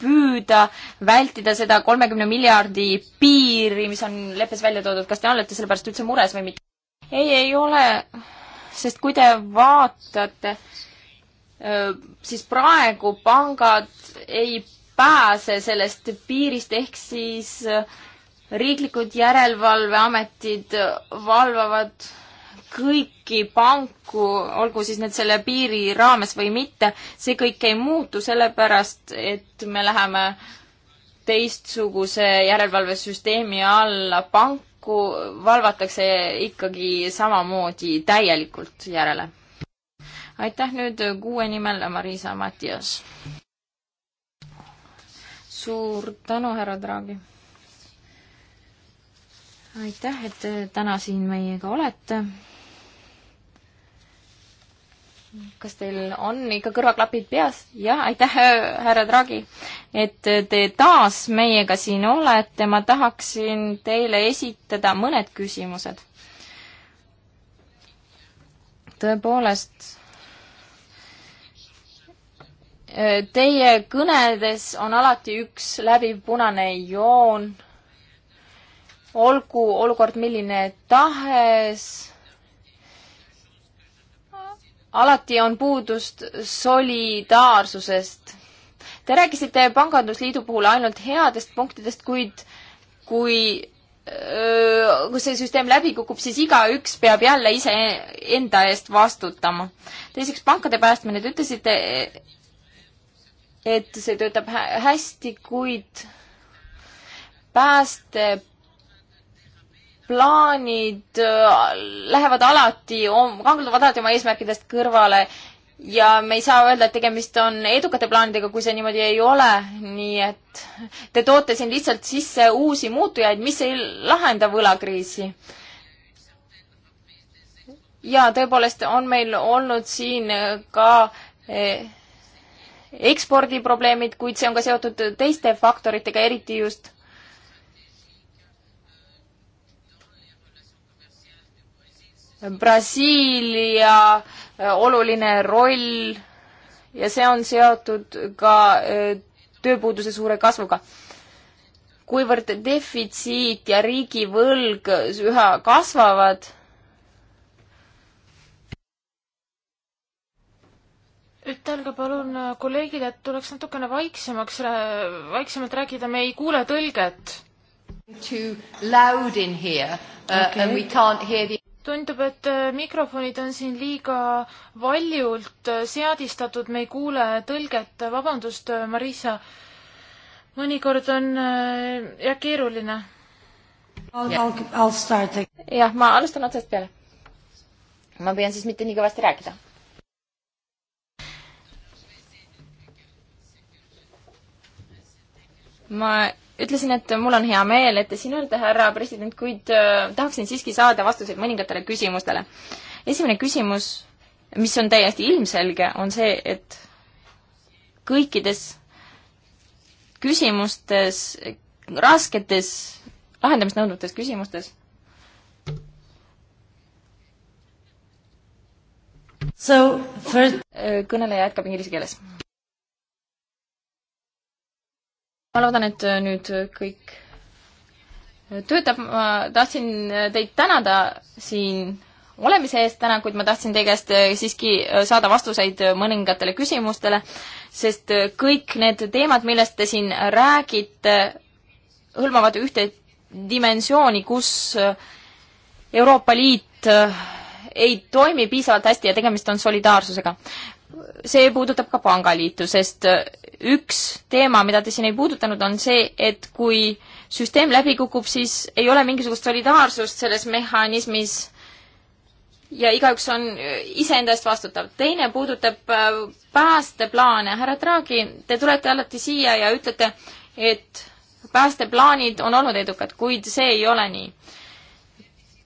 püüda vältida seda kolmekümne miljardi piiri, mis on leppes välja toodud, kas te olete selle pärast üldse mures või mitte? ei, ei ole sest kui te vaatate, siis praegu pangad ei pääse sellest piirist, ehk siis riiklikud järelevalveametid valvavad kõiki panku, olgu siis need selle piiri raames või mitte, see kõik ei muutu, sellepärast et me läheme teistsuguse järelevalvesüsteemi alla. pank paraku valvatakse ikkagi samamoodi täielikult järele. aitäh nüüd kuue nimel, Marisa Matias. suur tänu, härra Draghi. aitäh, et täna siin meiega olete kas teil on ikka kõrvaklapid peas? jah, aitäh, härra Draghi, et te taas meiega siin olete. ma tahaksin teile esitada mõned küsimused. tõepoolest, teie kõnedes on alati üks läbiv punane joon, olgu olukord milline tahes alati on puudust solidaarsusest. Te rääkisite Pangandusliidu puhul ainult headest punktidest, kuid kui kui see süsteem läbi kukub, siis igaüks peab jälle iseenda eest vastutama. teiseks, pankade päästmine, te ütlesite, et see töötab hästi, kuid pääste plaanid äh, lähevad alati, kangelduvad alati oma eesmärkidest kõrvale ja me ei saa öelda, et tegemist on edukate plaanidega, kui see niimoodi ei ole, nii et te toote siin lihtsalt sisse uusi muutujaid, mis ei lahenda võlakriisi. ja tõepoolest on meil olnud siin ka eh, ekspordiprobleemid, kuid see on ka seotud teiste faktoritega, eriti just Brasiilia äh, oluline roll ja see on seotud ka äh, tööpuuduse suure kasvuga. kuivõrd defitsiit ja riigivõlg üha kasvavad, ütelge palun kolleegile, et tuleks natukene vaiksemaks, vaiksemalt rääkida, me ei kuule tõlget. Too loud in here uh, okay. and we can't hear the tundub, et äh, mikrofonid on siin liiga valjult äh, seadistatud, me ei kuule tõlget, vabandust, äh, Marissa. mõnikord on jah keeruline. jah, ma alustan otsast peale. ma püüan siis mitte nii kõvasti rääkida ma ütlesin, et mul on hea meel, et te siin olete, härra president, kuid äh, tahaksin siiski saada vastuseid mõningatele küsimustele. esimene küsimus, mis on täiesti ilmselge, on see, et kõikides küsimustes, rasketes lahendamist nõudvates küsimustes So, first... Äh, kõneleja jätkab inglise keeles ma loodan, et äh, nüüd kõik töötab, ma tahtsin äh, teid tänada siin olemise eest täna, kuid ma tahtsin teie käest äh, siiski saada vastuseid mõningatele küsimustele, sest kõik need teemad, millest te siin räägite, hõlmavad ühte dimensiooni, kus Euroopa Liit ei toimi piisavalt hästi ja tegemist on solidaarsusega. see puudutab ka pangaliitu, sest üks teema, mida te siin ei puudutanud, on see, et kui süsteem läbi kukub, siis ei ole mingisugust solidaarsust selles mehhanismis ja igaüks on äh, iseenda eest vastutav. teine puudutab äh, päästeplaane. härra Draghi, te tulete alati siia ja ütlete, et päästeplaanid on olnud edukad, kuid see ei ole nii.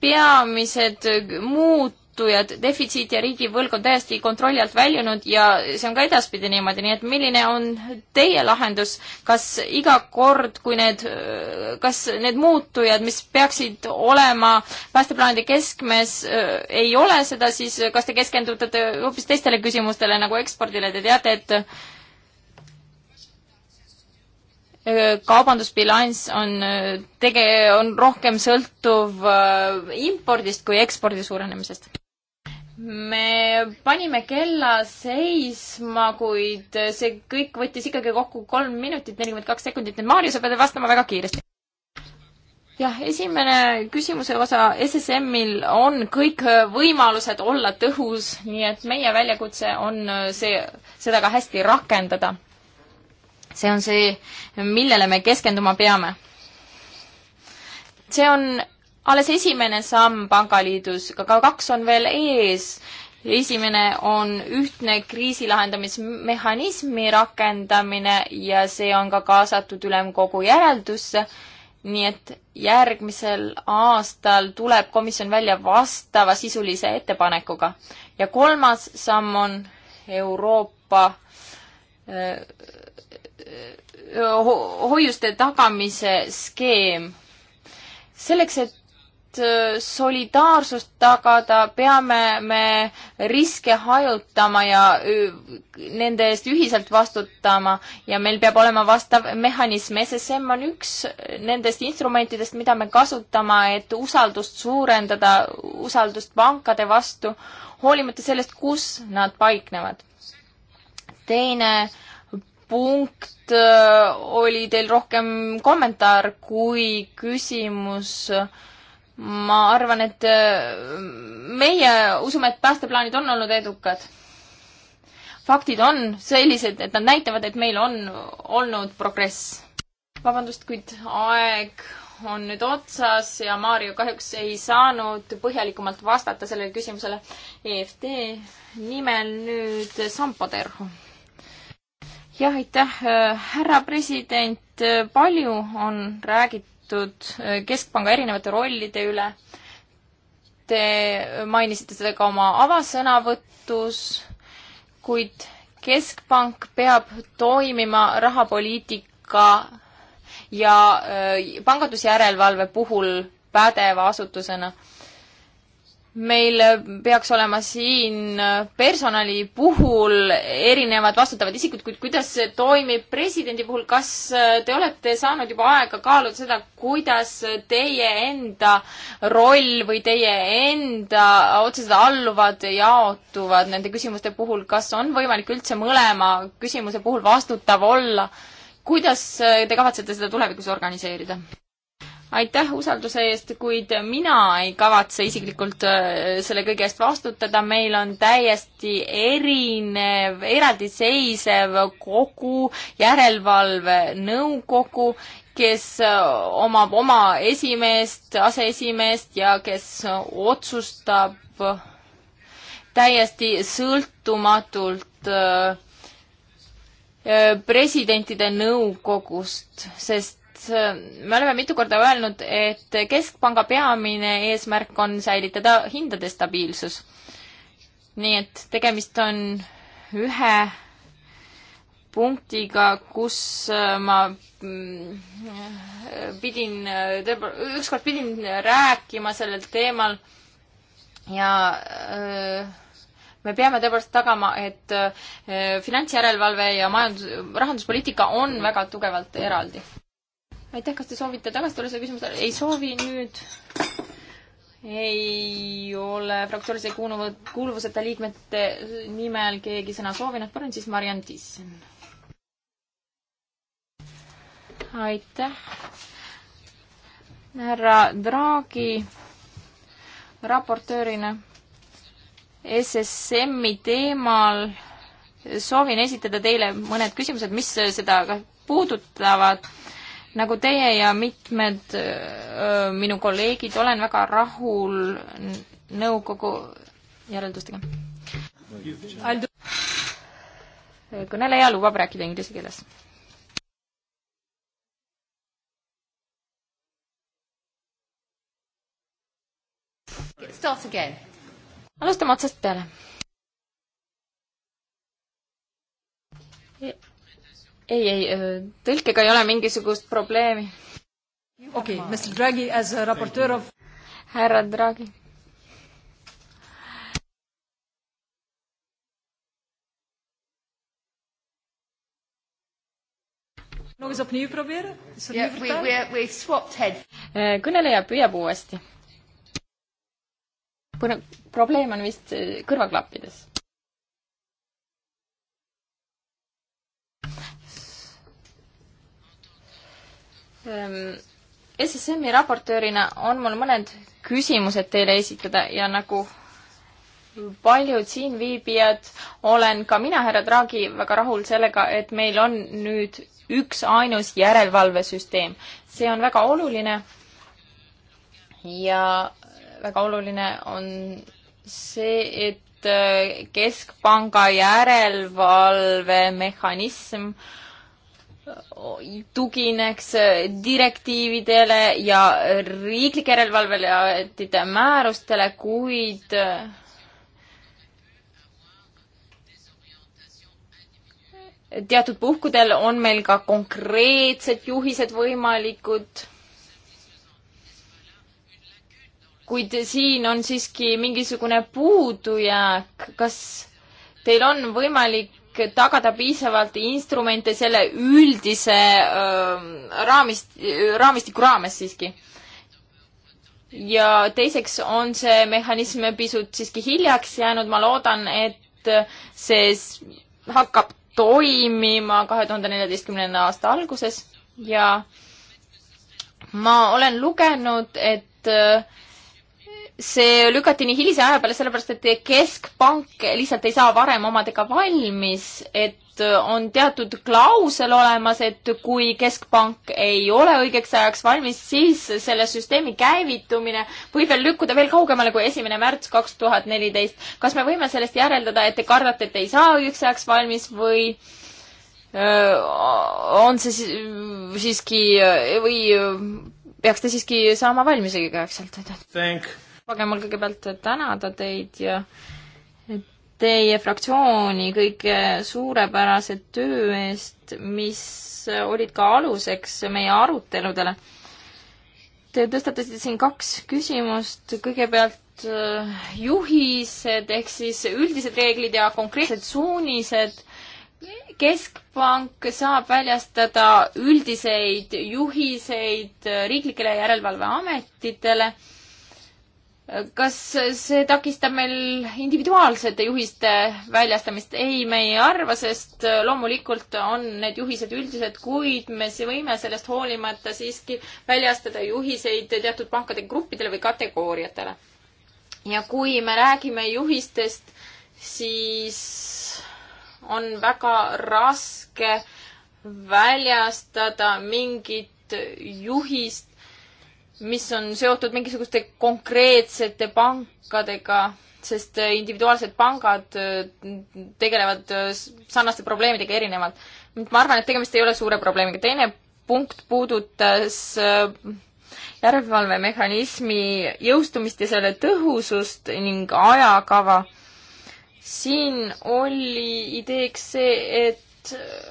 peamised äh, muud kattujad, defitsiit ja riigivõlg on täiesti kontrolli alt väljunud ja see on ka edaspidi niimoodi, nii et milline on teie lahendus, kas iga kord, kui need, kas need muutujad, mis peaksid olema päästeplaanide keskmes, ei ole seda, siis kas te keskendute hoopis teistele küsimustele nagu ekspordile, te teate, et kaubandusbilanss on tege-, on rohkem sõltuv äh, impordist kui ekspordi suurenemisest? me panime kella seisma, kuid see kõik võttis ikkagi kokku kolm minutit, nelikümmend kaks sekundit, nii et Maarja, sa pead vastama väga kiiresti. jah, esimene küsimuse osa, SSM-il on kõik võimalused olla tõhus, nii et meie väljakutse on see, seda ka hästi rakendada. see on see, millele me keskenduma peame see on alles esimene samm Pangaliidus, aga kaks on veel ees. esimene on ühtne kriisi lahendamismehhanismi rakendamine ja see on ka kaasatud ülemkogu järeldusse. nii et järgmisel aastal tuleb komisjon välja vastava sisulise ettepanekuga. ja kolmas samm on Euroopa eh, eh, ho hoiuste tagamise skeem selleks, et Äh, solidaarsust tagada, peame me riske hajutama ja äh, nende eest ühiselt vastutama ja meil peab olema vastav mehhanism. SSM on üks nendest instrumentidest, mida me kasutame, et usaldust suurendada, usaldust pankade vastu, hoolimata sellest, kus nad paiknevad. teine punkt äh, oli teil rohkem kommentaar kui küsimus äh, ma arvan, et äh, meie usume, et päästeplaanid on olnud edukad. faktid on sellised, et nad näitavad, et meil on olnud progress. vabandust, kuid aeg on nüüd otsas ja Maarju kahjuks ei saanud põhjalikumalt vastata sellele küsimusele EFT nimel nüüd Sampo Terho. jah, aitäh, äh, härra president, palju on räägitud räägitud äh, Keskpanga erinevate rollide üle. Te mainisite seda ka oma avasõnavõtus, kuid Keskpank peab toimima rahapoliitika ja äh, pangandusjärelevalve puhul pädeva asutusena meil peaks olema siin personali puhul erinevad vastutavad isikud, kuid kuidas see toimib presidendi puhul, kas te olete saanud juba aega kaaluda seda, kuidas teie enda roll või teie enda otsesed alluvad jaotuvad nende küsimuste puhul, kas on võimalik üldse mõlema küsimuse puhul vastutav olla? kuidas te kavatsete seda tulevikus organiseerida? aitäh usalduse eest, kuid mina ei kavatse isiklikult äh, selle kõige eest vastutada, meil on täiesti erinev, eraldiseisev kogu, järelevalvenõukogu, kes äh, omab oma esimeest, aseesimeest ja kes otsustab täiesti sõltumatult äh, presidentide nõukogust, sest Äh, me oleme mitu korda öelnud, et Keskpanga peamine eesmärk on säilitada hindade stabiilsus. nii et tegemist on ühe punktiga, kus äh, ma mm, pidin, äh, ükskord pidin rääkima sellel teemal ja öö, me peame tõepoolest tagama, et finantsjärelevalve ja majandus, rahanduspoliitika on väga tugevalt eraldi aitäh, kas te soovite tagasi tulla selle küsimuse, ei soovi nüüd. ei ole fraktsioonilise kuuluvad, kuuluvuseta liikmete nimel keegi sõna soovinud, palun siis Mariann Tissen. aitäh. härra Draghi raportöörina SSM-i teemal soovin esitada teile mõned küsimused, mis seda puudutavad nagu teie ja mitmed öö, minu kolleegid, olen väga rahul nõukogu järeldustega. kõneleja lubab rääkida inglise keeles. alustame otsast peale ei, ei, äh, tõlkega ei ole mingisugust probleemi. okei okay,, Mr Draghi as a raportöör of härra Draghi. Äh, kõneleja püüab uuesti. probleem on vist äh, kõrvaklappides Ehm, SSM-i raportöörina on mul mõned küsimused teile esitada ja nagu paljud siinviibijad olen ka mina, härra Draghi, väga rahul sellega, et meil on nüüd üksainus järelevalvesüsteem. see on väga oluline ja väga oluline on see, et eh, keskpanga järelevalvemehhanism äh, tugineks äh, direktiividele ja riiklike järelevalveametite määrustele, kuid äh, teatud puhkudel on meil ka konkreetsed juhised võimalikud. kuid siin on siiski mingisugune puudujääk, kas teil on võimalik tagada piisavalt instrumente selle üldise äh, raamist, raamistiku raames siiski. ja teiseks on see mehhanism pisut siiski hiljaks jäänud, ma loodan, et see hakkab toimima kahe tuhande neljateistkümnenda aasta alguses ja ma olen lugenud, et äh, see lükati nii hilise aja peale, sellepärast et keskpank lihtsalt ei saa varem omadega valmis, et on teatud klausel olemas, et kui keskpank ei ole õigeks ajaks valmis, siis selle süsteemi käivitumine võib veel lükkuda veel kaugemale kui esimene märts kaks tuhat neliteist. kas me võime sellest järeldada, et te kardate, et ei saa õigeks ajaks valmis või on see siiski või peaks ta siiski saama valmis õigeaegselt? Thank lubage mul kõigepealt tänada teid ja teie fraktsiooni kõige suurepärase töö eest, mis olid ka aluseks meie aruteludele. Te tõstatasite siin kaks küsimust, kõigepealt äh, juhised ehk siis üldised reeglid ja konkreetsed suunised. keskpank saab väljastada üldiseid juhiseid äh, riiklikele järelevalveametitele kas see takistab meil individuaalsete juhiste väljastamist? ei, me ei arva, sest loomulikult on need juhised üldised, kuid me võime sellest hoolimata siiski väljastada juhiseid teatud pankade gruppidele või kategooriatele. ja kui me räägime juhistest, siis on väga raske väljastada mingit juhist, mis on seotud mingisuguste konkreetsete pankadega, sest individuaalsed pangad äh, tegelevad äh, sarnaste probleemidega erinevalt. ma arvan, et tegemist ei ole suure probleemiga. teine punkt puudutas äh, järelevalvemehhanismi jõustumist ja selle tõhusust ning ajakava. siin oli ideeks see, et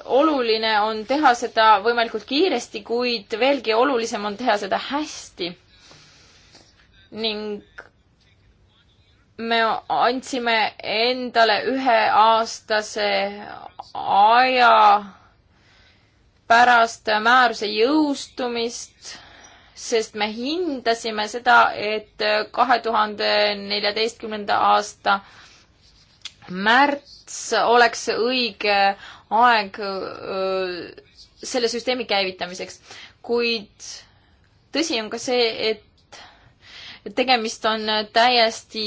oluline on teha seda võimalikult kiiresti, kuid veelgi olulisem on teha seda hästi. ning me andsime endale üheaastase aja pärast määruse jõustumist, sest me hindasime seda, et kahe tuhande neljateistkümnenda aasta märts oleks õige aeg selle süsteemi käivitamiseks. kuid tõsi on ka see, et tegemist on täiesti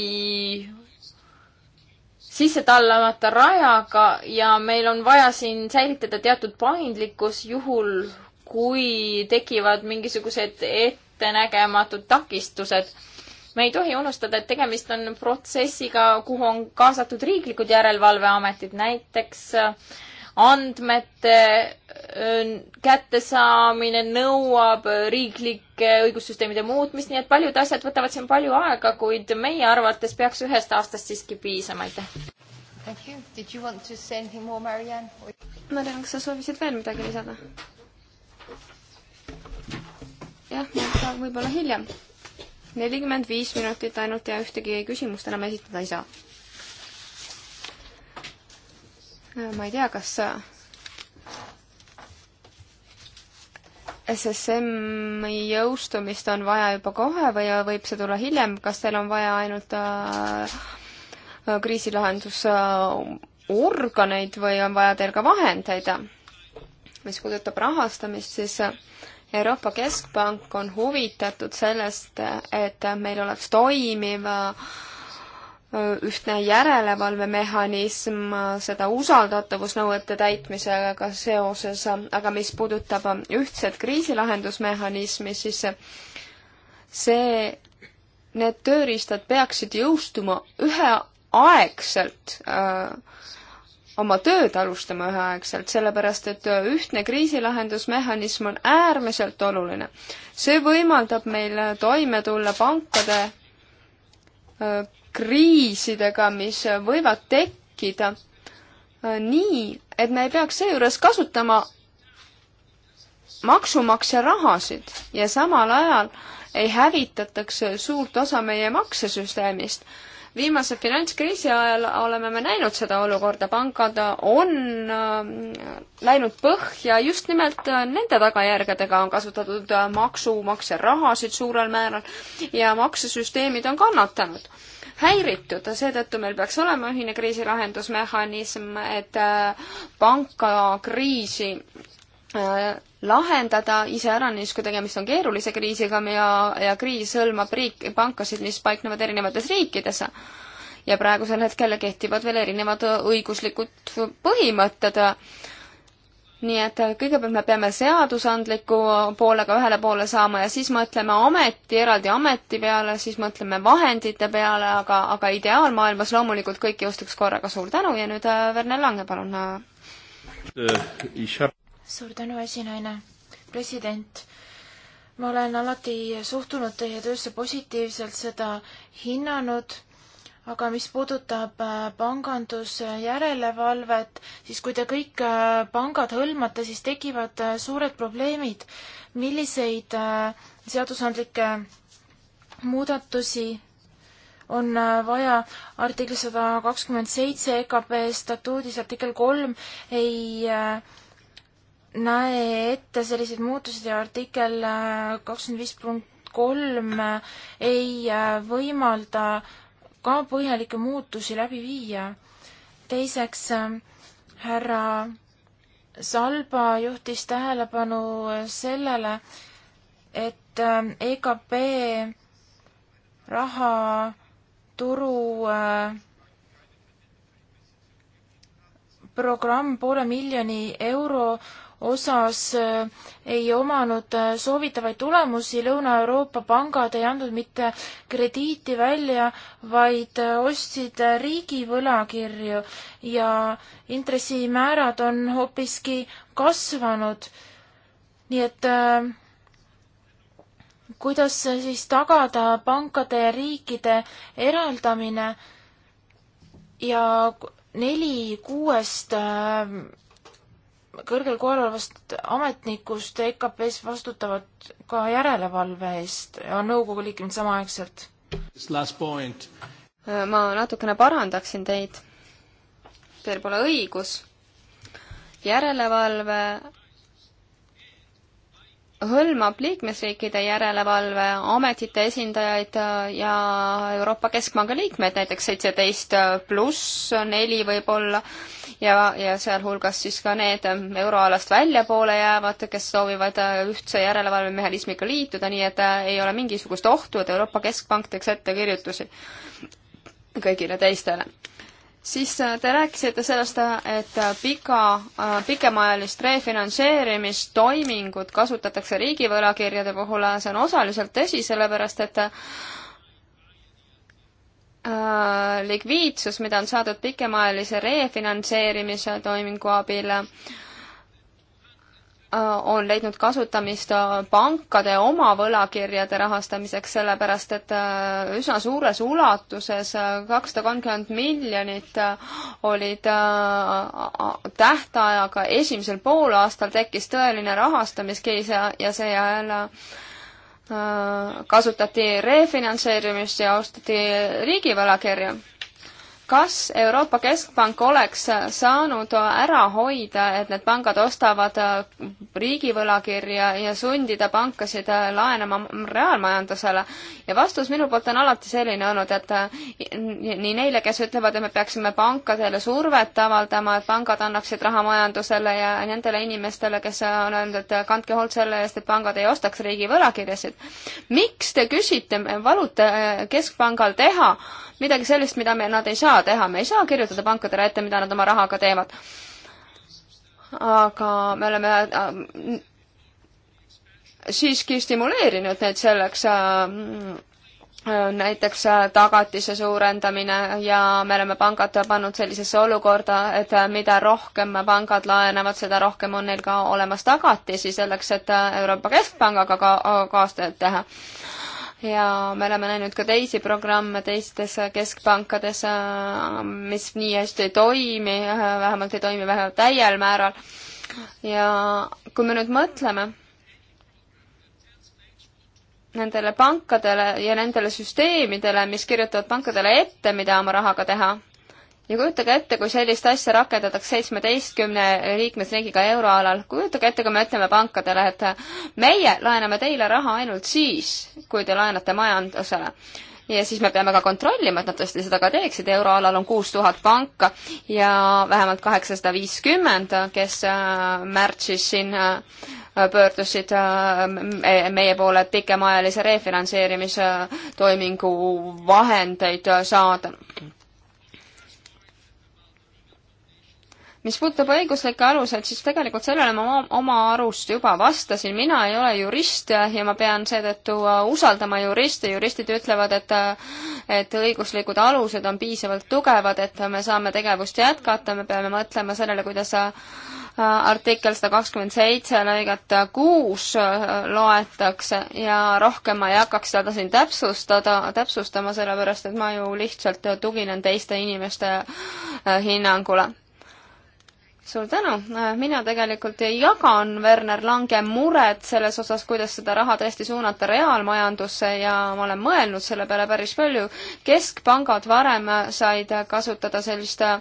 sisse tallamata rajaga ja meil on vaja siin säilitada teatud paindlikkus juhul, kui tekivad mingisugused ettenägematud takistused me ei tohi unustada, et tegemist on protsessiga, kuhu on kaasatud riiklikud järelevalveametid, näiteks andmete kättesaamine nõuab riiklike õigussüsteemide muutmist, nii et paljud asjad võtavad siin palju aega, kuid meie arvates peaks ühest aastast siiski piisama, aitäh. Thank you. Did you want to say anything more, Marianne? Marianne, kas sa soovisid veel midagi lisada? jah, võib-olla hiljem. nelikümmend viis minutit ainult ja ühtegi küsimust enam esitada ei saa ma ei tea, kas SSM-i jõustumist on vaja juba kohe või võib see tulla hiljem, kas teil on vaja ainult äh, kriisilahendusorganeid või on vaja teil ka vahendeid? mis puudutab rahastamist, siis Euroopa Keskpank on huvitatud sellest, et meil oleks toimiv äh, Äh, ühtne järelevalvemehhanism seda usaldatavusnõuete täitmisega seoses, aga mis puudutab ühtset kriisilahendusmehhanismi, siis see, need tööriistad peaksid jõustuma üheaegselt, äh, oma tööd alustama üheaegselt, sellepärast et ühtne kriisilahendusmehhanism on äärmiselt oluline. see võimaldab meil toime tulla pankade äh, kriisidega, mis võivad tekkida äh, nii, et me ei peaks seejuures kasutama maksumaksja rahasid ja samal ajal ei hävitataks suurt osa meie maksesüsteemist. viimase finantskriisi ajal oleme me näinud seda olukorda, pangad on äh, läinud põhja, just nimelt äh, nende tagajärgedega on kasutatud maksumaksja rahasid suurel määral ja maksesüsteemid on kannatanud häiritud, seetõttu meil peaks olema ühine kriisilahendusmehhanism, et äh, pankakriisi äh, lahendada, iseäranis, kui tegemist on keerulise kriisiga ja, ja kriis hõlmab riik, pankasid, mis paiknevad erinevates riikides ja praegusel hetkel kehtivad veel erinevad õiguslikud põhimõtted nii et äh, kõigepealt me peame seadusandliku poolega ühele poole saama ja siis mõtleme ameti, eraldi ameti peale, siis mõtleme vahendite peale, aga, aga ideaalmaailmas loomulikult kõik jõustuks korraga. suur tänu ja nüüd Verne äh, Lange, palun. Äh. suur tänu, esinaine. president, ma olen alati suhtunud teie töösse positiivselt, seda hinnanud aga mis puudutab äh, pangandusjärelevalvet, siis kui te kõik äh, pangad hõlmate, siis tekivad äh, suured probleemid. milliseid seadusandlikke muudatusi on vaja artikkel sada kakskümmend seitse EKP statuudis, artikkel kolm ei näe ette selliseid muutusi ja artikkel kakskümmend viis punkt kolm ei võimalda ka põhjalikke muutusi läbi viia. teiseks, äh, härra Salba juhtis tähelepanu sellele, et äh, EKP rahaturu äh, programm poole miljoni euro osas äh, ei omanud äh, soovitavaid tulemusi, Lõuna-Euroopa pangad ei andnud mitte krediiti välja, vaid äh, ostsid riigivõlakirju ja intressimäärad on hoopiski kasvanud. nii et kuidas siis tagada pankade ja riikide eraldamine ja neli kuuest äh, kõrgel korral vast ametnikust EKP-s vastutavad ka järelevalve eest ja nõukogu liikmed samaaegselt. ma natukene parandaksin teid. Teil pole õigus. järelevalve hõlmab liikmesriikide järelevalve ametite esindajaid ja Euroopa Keskpanga liikmeid, näiteks seitseteist pluss neli võib-olla, ja, ja sealhulgas siis ka need euroalast väljapoole jäävad, kes soovivad ühtse järelevalvemehhanismiga liituda, nii et ei ole mingisugust ohtu, et Euroopa Keskpank teeks ettekirjutusi kõigile teistele siis äh, te rääkisite sellest, et äh, pika, äh, pikemaajalist refinantseerimistoimingut kasutatakse riigivõlakirjade puhul, see on osaliselt tõsi, sellepärast et likviidsus, mida on saadud pikemaajalise refinantseerimise toimingu abil, Äh, on leidnud kasutamist äh, pankade oma võlakirjade rahastamiseks, sellepärast et äh, üsna suures ulatuses, kakssada kolmkümmend miljonit olid tähtajaga, esimesel poolaastal tekkis tõeline rahastamiskriis ja, ja seejärel kasutati refinantseerimist ja osteti riigivõlakirju kas Euroopa Keskpank oleks saanud ära hoida, et need pangad ostavad äh, riigivõlakirja ja sundida pankasid äh, laenama reaalmajandusele? ja vastus minu poolt on alati selline olnud, et äh, nii neile, kes ütlevad, et me peaksime pankadele survet avaldama, et pangad annaksid raha majandusele ja nendele inimestele, kes on öelnud, et kandke hoolt selle eest, et pangad ei ostaks riigivõlakirjasid. miks te küsite, valute keskpangal teha midagi sellist, mida me, nad ei saa teha, me ei saa kirjutada pankadele ette, mida nad oma rahaga teevad. aga me oleme äh, siiski stimuleerinud neid selleks äh, äh, näiteks tagatise suurendamine ja me oleme pangad pannud sellisesse olukorda, et mida rohkem pangad laenevad, seda rohkem on neil ka olemas tagatisi selleks, et Euroopa Keskpangaga ka kaastööd teha ja me oleme näinud ka teisi programme teistes keskpankades, äh, mis nii hästi ei toimi, äh, vähemalt ei toimi vähemalt täiel määral. ja kui me nüüd mõtleme nendele pankadele ja nendele süsteemidele, mis kirjutavad pankadele ette, mida oma rahaga teha ja kujutage ette, kui sellist asja rakendatakse seitsmeteistkümne liikmesriigiga euroalal, kujutage ette, kui me ütleme pankadele, et meie laename teile raha ainult siis, kui te laenate majandusele. ja siis me peame ka kontrollima, et nad tõesti seda ka teeksid, euroalal on kuus tuhat panka ja vähemalt kaheksasada viiskümmend, kes äh, märtsis siin äh, pöördusid äh, meie poole, et pikemaajalise refinantseerimistoimingu vahendeid saada mis puudutab õiguslikke aluseid, siis tegelikult sellele ma oma arust juba vastasin, mina ei ole jurist ja ma pean seetõttu äh, usaldama juriste, juristid ütlevad, et äh, et õiguslikud alused on piisavalt tugevad, et me saame tegevust jätkata, me peame mõtlema sellele, kuidas äh, artikkel sada kakskümmend seitse lõiget kuus loetakse ja rohkem ma ei hakkaks seda siin täpsustada, täpsustama, sellepärast et ma ju lihtsalt tuginen teiste inimeste hinnangule suur tänu, mina tegelikult jagan Werner Lange muret selles osas, kuidas seda raha tõesti suunata reaalmajandusse ja ma olen mõelnud selle peale päris palju. keskpangad varem said kasutada sellist äh,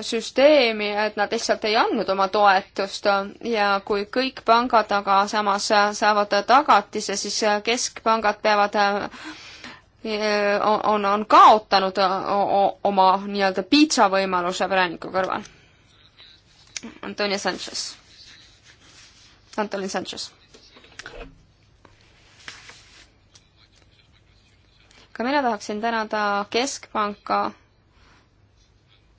süsteemi, et nad lihtsalt ei andnud oma toetust ja kui kõik pangad aga samas saavad tagatise, siis keskpangad peavad äh, on, on kaotanud oma nii-öelda piitsavõimaluse prääniku kõrval Antonio Sanchez. Antolin Sanchez. ka mina tahaksin tänada Keskpanka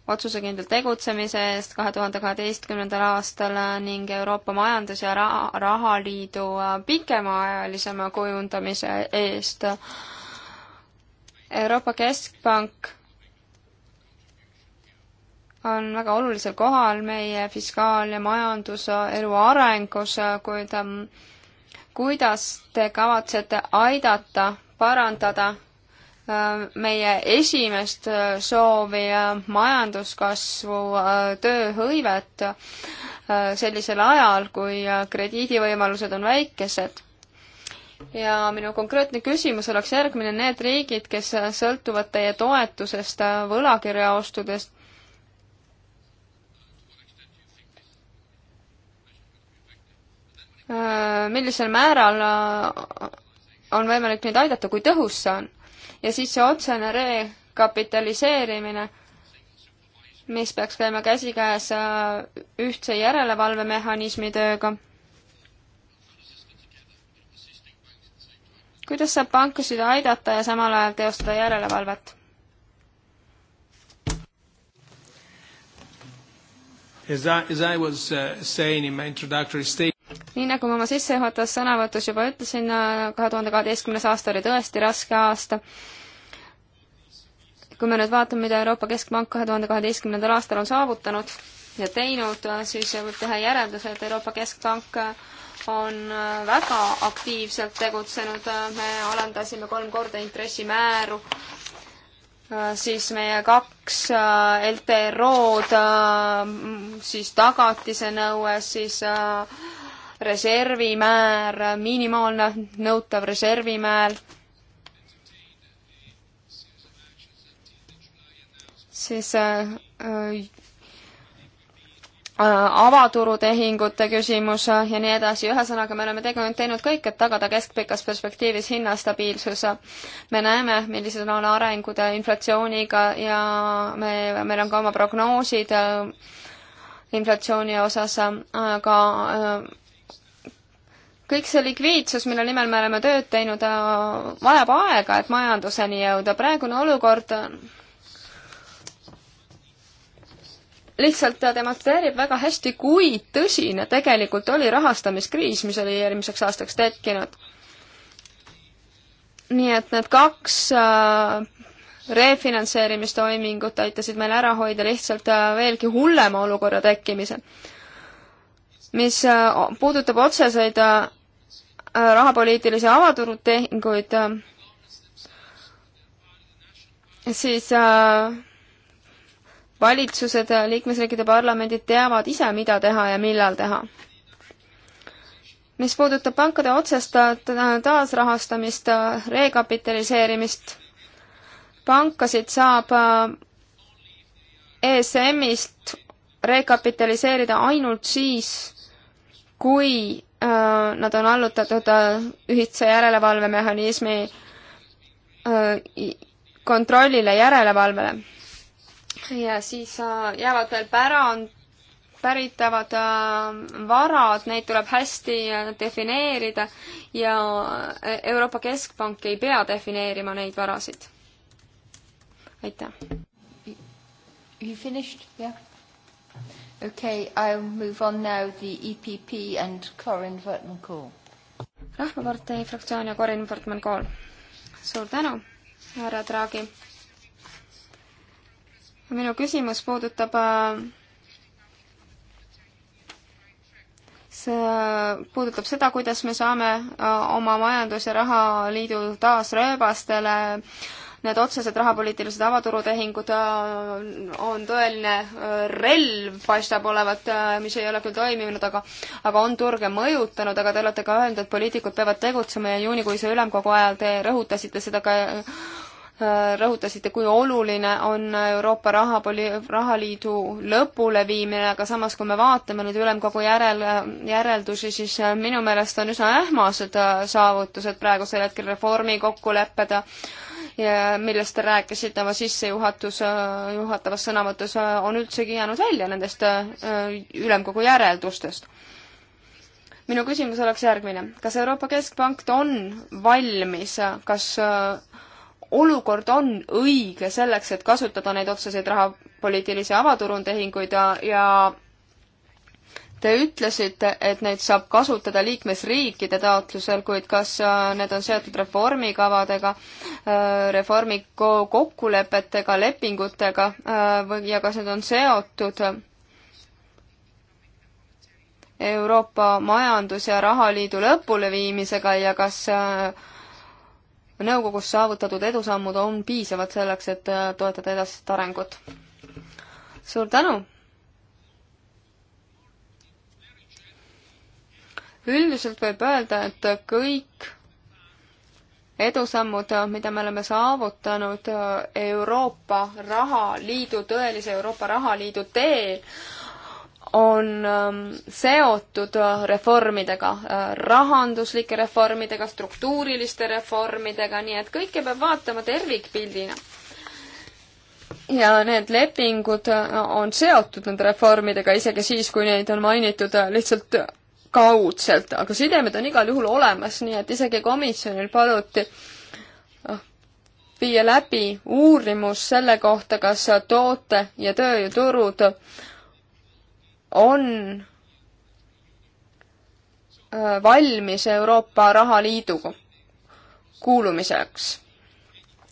otsusekindla tegutsemise eest kahe tuhande kaheteistkümnendal aastal ning Euroopa Majandus- ja Raha, Rahaliidu pikemaajalisema kujundamise eest. Euroopa Keskpank on väga olulisel kohal meie fiskaal- ja majanduselu arengus, kuid mm, kuidas te kavatsete aidata parandada äh, meie esimest äh, soovi äh, majanduskasvu, tööhõivet sellisel ajal, kui krediidivõimalused on väikesed ja minu konkreetne küsimus oleks järgmine, need riigid, kes sõltuvad teie toetusest võlakirjaostudest, Äh, millisel määral äh, on võimalik neid aidata, kui tõhus see on. ja siis see otsene rekapitaliseerimine, mis peaks käima käsikäes äh, ühtse järelevalvemehhanismi tööga. kuidas saab pankasid aidata ja samal ajal teostada järelevalvet? As I, as I was uh, saying in my introductory statement, nii nagu ma oma sissejuhatavas sõnavõtus juba ütlesin, äh, kahe tuhande kaheteistkümnes aasta oli tõesti raske aasta. kui me nüüd vaatame, mida Euroopa Keskpank kahe tuhande kaheteistkümnendal aastal on saavutanud ja teinud, äh, siis võib teha järelduse, et Euroopa Keskpank äh, on väga aktiivselt tegutsenud, me alandasime kolm korda intressimääru, siis meie kaks LTRO-d, siis tagatise nõue, siis äh, reservimäär, minimaalne nõutav reservimäär, siis äh, äh, avaturutehingute küsimus ja nii edasi, ühesõnaga me oleme tegu-, teinud kõik, et tagada keskpikas perspektiivis hinnastabiilsus. me näeme, millised on arengud inflatsiooniga ja me, meil on ka oma prognoosid äh, inflatsiooni osas, aga äh, kõik see likviidsus, mille nimel me oleme tööd teinud, äh, vajab aega, et majanduseni jõuda. praegune olukord äh, lihtsalt demonstreerib väga hästi, kui tõsine tegelikult oli rahastamiskriis, mis oli eelmiseks aastaks tekkinud. nii et need kaks äh, refinantseerimistoimingut aitasid meil ära hoida lihtsalt veelgi hullema olukorra tekkimise mis puudutab otseseid Äh, rahapoliitilisi avaturutehinguid, äh, siis äh, valitsused, liikmesriikide parlamendid teavad ise, mida teha ja millal teha. mis puudutab pankade otsest taasrahastamist, rekapitaliseerimist, pankasid saab ESM-ist rekapitaliseerida ainult siis, kui äh, nad on allutatud äh, ühitse järelevalvemehhanismi äh, kontrollile, järelevalvele. ja siis jäävad veel pärand, päritavad varad, neid tuleb hästi defineerida ja Euroopa Keskpank ei pea defineerima neid varasid. aitäh. You finished, jah yeah.? Okay, I'll move on now the EPP and Corin Wortmann-Kool. rahvapartei fraktsioon ja Corin Wortmann-Kool. suur tänu, härra Draghi. minu küsimus puudutab äh, see puudutab seda, kuidas me saame äh, oma majandus- ja rahaliidu taas rööbastele äh, Need otsesed rahapoliitilised avaturutehingud äh, on tõeline äh, relv, paistab olevat, äh, mis ei ole küll toiminud, aga aga on turge mõjutanud, aga te olete ka öelnud, et poliitikud peavad tegutsema ja juunikuise ülemkogu ajal te rõhutasite seda ka rõhutasite, kui oluline on Euroopa rahapoli-, rahaliidu lõpuleviimine, aga samas, kui me vaatame nüüd ülemkogu järel, järeldusi, siis minu meelest on üsna ähmased saavutused praegusel hetkel reformikokkulepped, ja millest te rääkisite oma sissejuhatus, äh, juhatavas sõnavõtus, äh, on üldsegi jäänud välja nendest äh, ülemkogu järeldustest. minu küsimus oleks järgmine. kas Euroopa Keskpank on valmis, kas olukord on õige selleks, et kasutada neid otseseid rahapoliitilisi avaturutehinguid ja, ja Te ütlesite, et neid saab kasutada liikmesriikide taotlusel, kuid kas äh, need on seotud reformikavadega, äh, reformi kokkulepetega, lepingutega äh, või, ja kas need on seotud Euroopa Majandus- ja Rahaliidu lõpuleviimisega ja kas nõukogus saavutatud edusammud on piisavad selleks, et toetada edasist arengut? suur tänu! üldiselt võib öelda, et kõik edusammud, mida me oleme saavutanud äh, Euroopa rahaliidu, tõelise Euroopa rahaliidu teel, on ähm, seotud äh, reformidega, äh, rahanduslike reformidega, struktuuriliste reformidega, nii et kõike peab vaatama tervikpildina. ja need lepingud on seotud nende reformidega, isegi siis, kui neid on mainitud lihtsalt kaudselt, aga sidemed on igal juhul olemas, nii et isegi komisjonil paluti ah, viia läbi uurimus selle kohta, kas toote ja tööjõuturud on äh, valmis Euroopa Rahaliidu kuulumiseks.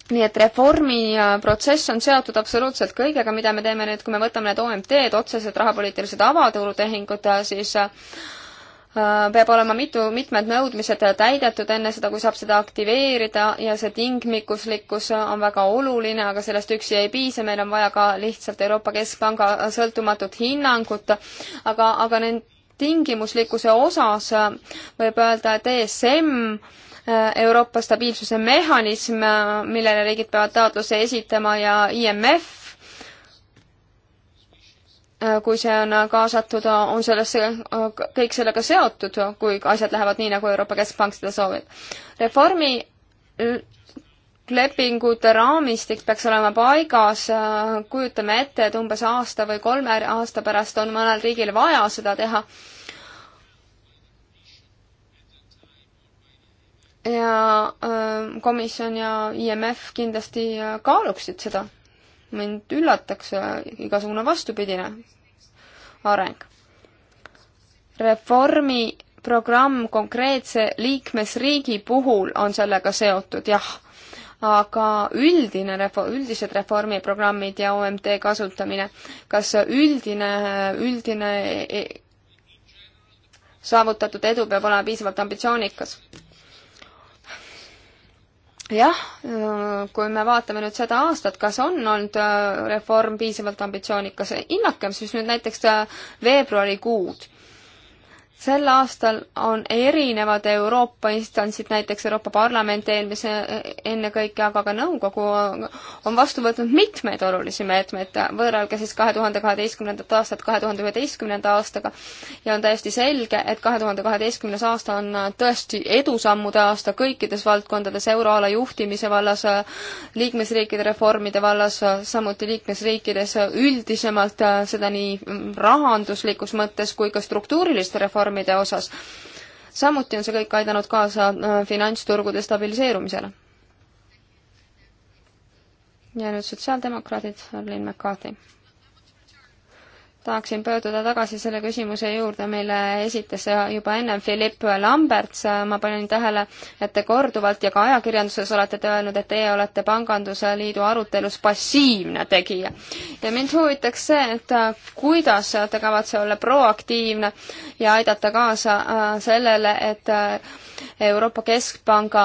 nii et reformi äh, protsess on seotud absoluutselt kõigega, mida me teeme nüüd, kui me võtame need OMT-d, otsesed rahapoliitilised avatulutehingud, äh, siis Äh, peab olema mitu, mitmed nõudmised täidetud enne seda, kui saab seda aktiveerida ja see tinglikkuslikkus on väga oluline, aga sellest üksi ei piisa, meil on vaja ka lihtsalt Euroopa Keskpanga sõltumatut hinnangut, aga, aga need tingimuslikkuse osas võib öelda, et ESM äh, Euroopa stabiilsuse mehhanism, äh, millele riigid peavad taotluse esitama ja IMF Äh, kui see on äh, kaasatud, äh, on sellesse, kõik sellega seotud, kui asjad lähevad nii, nagu Euroopa Keskpank seda soovib. reformi lepingute raamistik peaks olema paigas, kujutame ette, et umbes aasta või kolme aasta pärast on mõnel riigil vaja seda teha. ja komisjon ja IMF kindlasti kaaluksid seda mind üllataks äh, igasugune vastupidine areng. reformi programm konkreetse liikmesriigi puhul on sellega seotud, jah, aga üldine refo-, üldised reformiprogrammid ja OMT kasutamine, kas üldine, üldine e-, saavutatud edu peab olema piisavalt ambitsioonikas? jah, kui me vaatame nüüd seda aastat, kas on olnud äh, reform piisavalt ambitsioonikas, hinnakem siis nüüd näiteks äh, veebruarikuud sel aastal on erinevad Euroopa instantsid, näiteks Euroopa Parlament eelmise, ennekõike, aga ka nõukogu, on vastu võtnud mitmeid olulisi meetmeid, võrrelge siis kahe tuhande kaheteistkümnendat aastat kahe tuhande üheteistkümnenda aastaga ja on täiesti selge, et kahe tuhande kaheteistkümnes aasta on tõesti edusammude aasta kõikides valdkondades, euroala juhtimise vallas, liikmesriikide reformide vallas, samuti liikmesriikides üldisemalt, seda nii rahanduslikus mõttes kui ka struktuuriliste reformide reformide osas. samuti on see kõik aidanud kaasa äh, finantsturgude stabiliseerumisele. ja nüüd sotsiaaldemokraadid, Arlen McCarthy tahaksin pöörduda tagasi selle küsimuse juurde, mille esitas juba ennem Philipp Lamberts, ma panin tähele, et te korduvalt ja ka ajakirjanduses olete te öelnud, et teie olete Panganduse Liidu arutelus passiivne tegija. ja mind huvitaks see, et kuidas te kavatse olla proaktiivne ja aidata kaasa sellele, et Euroopa Keskpanga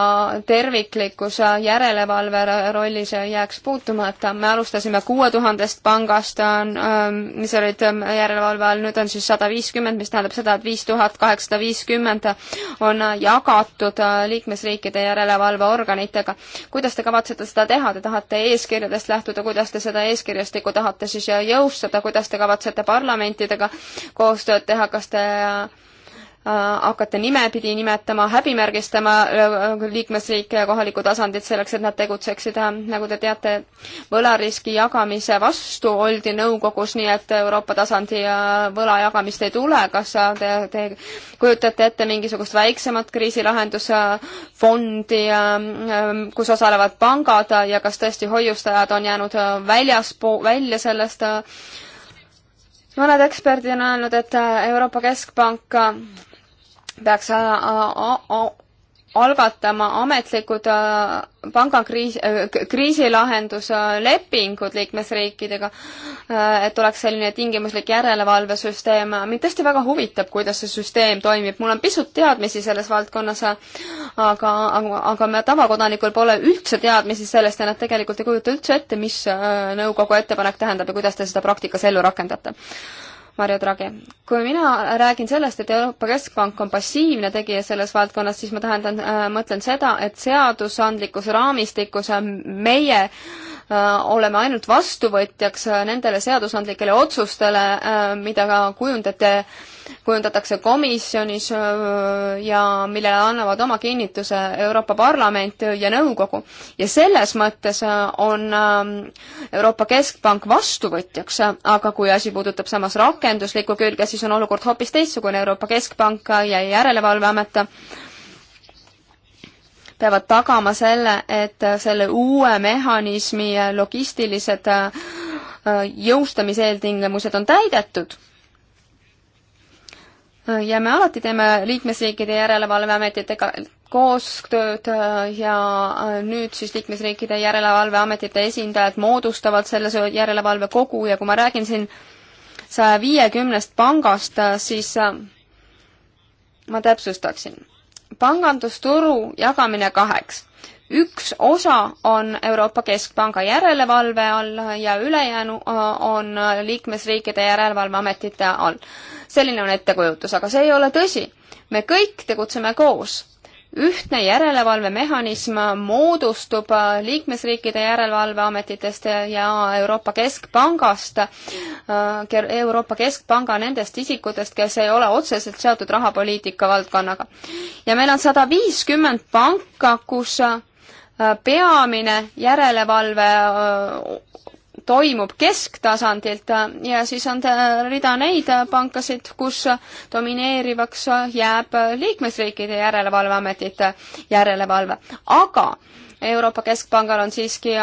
terviklikus järelevalve rollis jääks puutumata. me alustasime kuue tuhandest pangast, ähm, mis olid ähm, järelevalve all, nüüd on siis sada viiskümmend, mis tähendab seda, et viis tuhat kaheksasada viiskümmend on äh, jagatud äh, liikmesriikide järelevalveorganitega. kuidas te kavatsete seda teha, te tahate eeskirjadest lähtuda, kuidas te seda eeskirjastikku tahate siis äh, jõustada, kuidas te kavatsete parlamentidega koostööd teha, kas te hakata nimepidi nimetama, häbimärgistama äh, liikmesriike ja kohalikku tasandit selleks, et nad tegutseksid. nagu te teate, võlariski jagamise vastu oldi nõukogus, nii et Euroopa tasandi äh, võla jagamist ei tule. kas te, te kujutate ette mingisugust väiksemat kriisilahendusfondi, äh, kus osalevad pangad ja kas tõesti hoiustajad on jäänud väljaspool, välja sellest? mõned eksperdid on öelnud, et Euroopa Keskpank peaks äh, algatama ametlikud äh, pangakriis, äh, kriisilahenduslepingud liikmesriikidega, et oleks selline tingimuslik järelevalvesüsteem. mind tõesti väga huvitab, kuidas see süsteem toimib, mul on pisut teadmisi selles valdkonnas, aga, aga, aga me tavakodanikul pole üldse teadmisi sellest ja nad tegelikult ei kujuta üldse ette, mis nõukogu ettepanek tähendab ja kuidas te seda praktikas ellu rakendate Marju Draghi. kui mina räägin sellest, et Euroopa Keskpank on passiivne tegija selles valdkonnas, siis ma tähendan äh,, mõtlen seda, et seadusandlikus raamistikus äh, meie äh, oleme ainult vastuvõtjaks äh, nendele seadusandlikele otsustele äh,, mida kujundate äh, kujundatakse komisjonis ja millele annavad oma kinnituse Euroopa Parlament ja Nõukogu. ja selles mõttes on Euroopa Keskpank vastuvõtjaks, aga kui asi puudutab samas rakenduslikku külge, siis on olukord hoopis teistsugune, Euroopa Keskpank ja Järelevalveamet peavad tagama selle, et selle uue mehhanismi logistilised jõustamise eeltingimused on täidetud ja me alati teeme liikmesriikide järelevalveametitega koostööd äh, ja äh, nüüd siis liikmesriikide järelevalveametite esindajad moodustavad selle järelevalvekogu ja kui ma räägin siin saja viiekümnest pangast, äh, siis ma täpsustaksin. pangandusturu jagamine kaheks. üks osa on Euroopa Keskpanga järelevalve all ja ülejäänu on liikmesriikide järelevalveametite all selline on ettekujutus, aga see ei ole tõsi. me kõik tegutseme koos. ühtne järelevalvemehhanism moodustub liikmesriikide järelevalveametitest ja Euroopa Keskpangast, äh, Euroopa Keskpanga nendest isikutest, kes ei ole otseselt seotud rahapoliitika valdkonnaga. ja meil on sada viiskümmend panka, kus äh, peamine järelevalve äh, toimub kesktasandilt äh, ja siis on rida neid äh, pankasid, kus äh, domineerivaks jääb liikmesriikide järelevalveametite järelevalve, aga Euroopa Keskpangal on siiski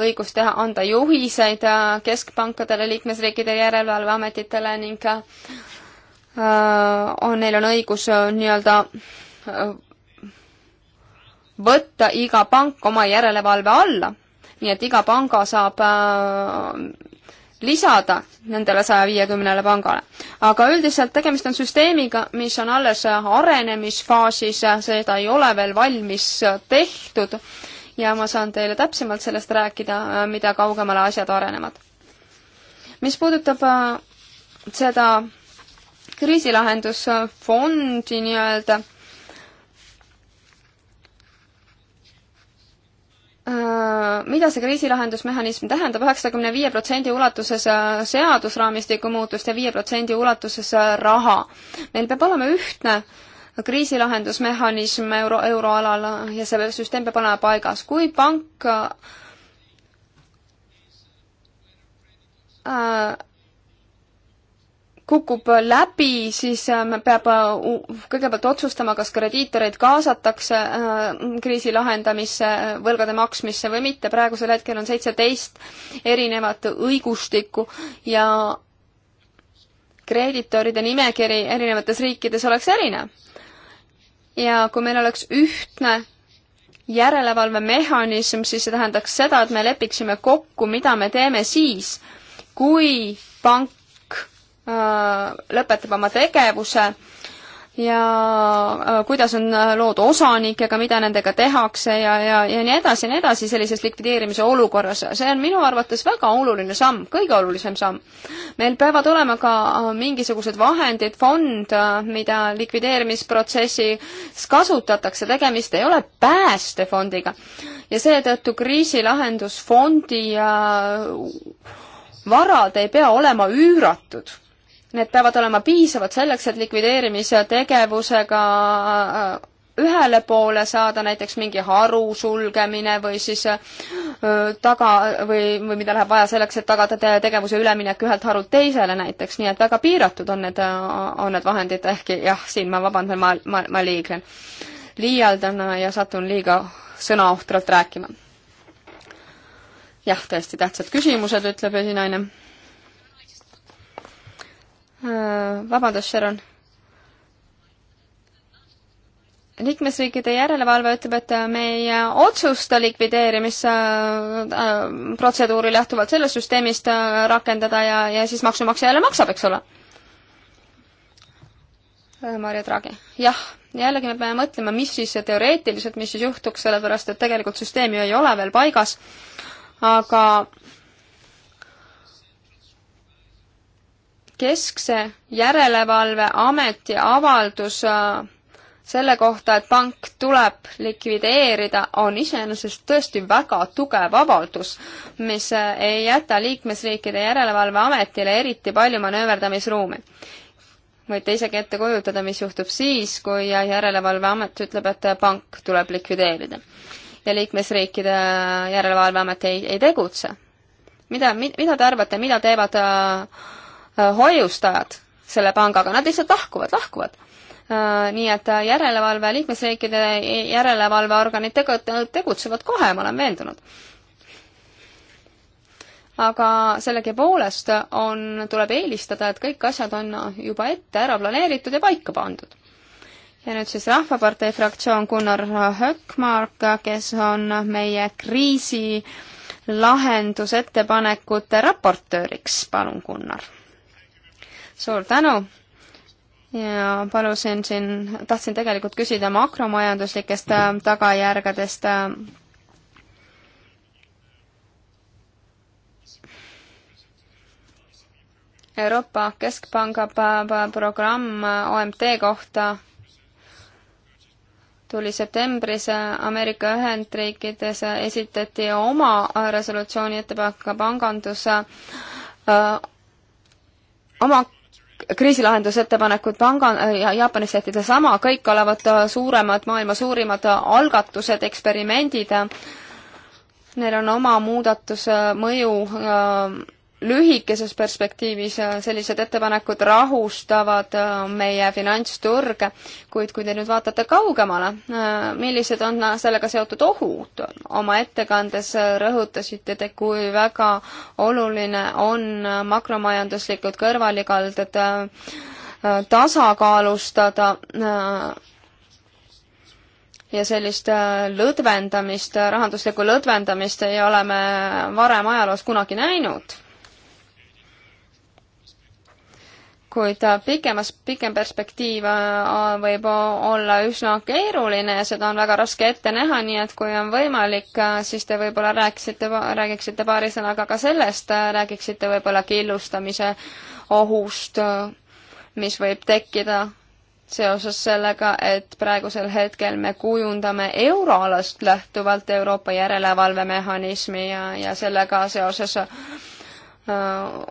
õigus teha, anda juhiseid keskpankadele, liikmesriikide järelevalveametitele ning äh, on, neil on õigus nii-öelda võtta iga pank oma järelevalve alla nii et iga panga saab äh, lisada nendele saja viiekümnele pangale. aga üldiselt tegemist on süsteemiga, mis on alles arenemisfaasis, seda ei ole veel valmis tehtud ja ma saan teile täpsemalt sellest rääkida, äh, mida kaugemale asjad arenevad. mis puudutab äh, seda kriisilahendusfondi nii-öelda, Äh, mida see kriisilahendusmehhanism tähendab, üheksakümne viie protsendi ulatuses äh, seadusraamistiku muutust ja viie protsendi ulatuses äh, raha. meil peab olema ühtne kriisilahendusmehhanism euro, euroalal ja see süsteem peab olema paigas. kui pank äh, kukub läbi, siis äh, peab äh, kõigepealt otsustama, kas krediitoreid kaasatakse äh, kriisi lahendamisse, võlgade maksmisse või mitte. praegusel hetkel on seitseteist erinevat õigustikku ja kreeditoride nimekiri erinevates riikides oleks erinev. ja kui meil oleks ühtne järelevalvemehhanism, siis see tähendaks seda, et me lepiksime kokku, mida me teeme siis, kui pank Äh, lõpetab oma tegevuse ja äh, kuidas on äh, lood osanikega, mida nendega tehakse ja, ja, ja nii edasi ja nii edasi sellises likvideerimise olukorras. see on minu arvates väga oluline samm, kõige olulisem samm. meil peavad olema ka mingisugused vahendid, fond, mida likvideerimisprotsessis kasutatakse, tegemist ei ole päästefondiga. ja seetõttu kriisilahendusfondi varad ei pea olema üüratud Need peavad olema piisavad selleks, et likvideerimise tegevusega äh, ühele poole saada, näiteks mingi haru sulgemine või siis äh, taga või, või mida läheb vaja selleks, et tagada te tegevuse üleminek ühelt harult teisele näiteks, nii et väga piiratud on need, äh, on need vahendid, ehkki jah, siin ma vabandan, ma, ma, ma liiglen. liialdan ja satun liiga sõnaohtralt rääkima. jah, tõesti tähtsad küsimused, ütleb esinaine Äh, vabandust, Sharon. liikmesriikide järelevalve ütleb, et me ei otsusta likvideerimisprotseduuri äh, äh, lähtuvalt sellest süsteemist rakendada ja, ja siis maksumaksja jälle maksab, eks ole. Marje Draghi, jah, jällegi me peame mõtlema, mis siis teoreetiliselt, mis siis juhtuks, sellepärast et tegelikult süsteemi ei ole veel paigas, aga keskse järelevalveameti avaldus äh, selle kohta, et pank tuleb likvideerida, on iseenesest tõesti väga tugev avaldus, mis äh, ei jäta liikmesriikide järelevalveametile eriti palju manööverdamisruumi. võite isegi ette kujutada, mis juhtub siis, kui äh, järelevalveamet ütleb, et pank tuleb likvideerida. ja liikmesriikide järelevalveamet ei, ei tegutse. mida, mida te arvate, mida teevad äh, Äh, hoiustajad selle pangaga, nad lihtsalt lahkuvad, lahkuvad. Äh, nii et äh, järelevalve, liikmesriikide järelevalveorganid tegu-, tegutsevad kohe, ma olen veendunud aga sellegipoolest on, tuleb eelistada, et kõik asjad on juba ette ära planeeritud ja paika pandud. ja nüüd siis Rahvapartei fraktsioon Gunnar Hökmark, kes on meie kriisi lahendusettepanekute raportööriks, palun Gunnar suur tänu ja palusin siin, tahtsin tegelikult küsida makromajanduslikest äh, tagajärgedest. Äh, Euroopa Keskpanga äh, programm OMT kohta tuli septembris Ameerika Ühendriikides, esitati oma resolutsiooni ettepanek panganduse oma kriisilahendusettepanekud panga ja Jaapanis tehti sedasama, kõik olevat suuremad, maailma suurimad algatused, eksperimendid. Neil on oma muudatus, mõju äh, lühikeses perspektiivis äh, sellised ettepanekud rahustavad äh, meie finantsturge, kuid kui te nüüd vaatate kaugemale, äh, millised on sellega seotud ohud? oma ettekandes rõhutasite te, kui väga oluline on makromajanduslikud kõrvalikalded tasakaalustada ja sellist lõdvendamist, rahanduslikku lõdvendamist ei ole me varem ajaloos kunagi näinud kuid äh, pikemas, pikem perspektiiv äh, võib olla üsna keeruline ja seda on väga raske ette näha, nii et kui on võimalik, äh, siis te võib-olla rääkisite, räägiksite paari sõnaga ka sellest, räägiksite võib-olla killustamise ohust, mis võib tekkida seoses sellega, et praegusel hetkel me kujundame euroalast lähtuvalt Euroopa järelevalvemehhanismi ja, ja sellega seoses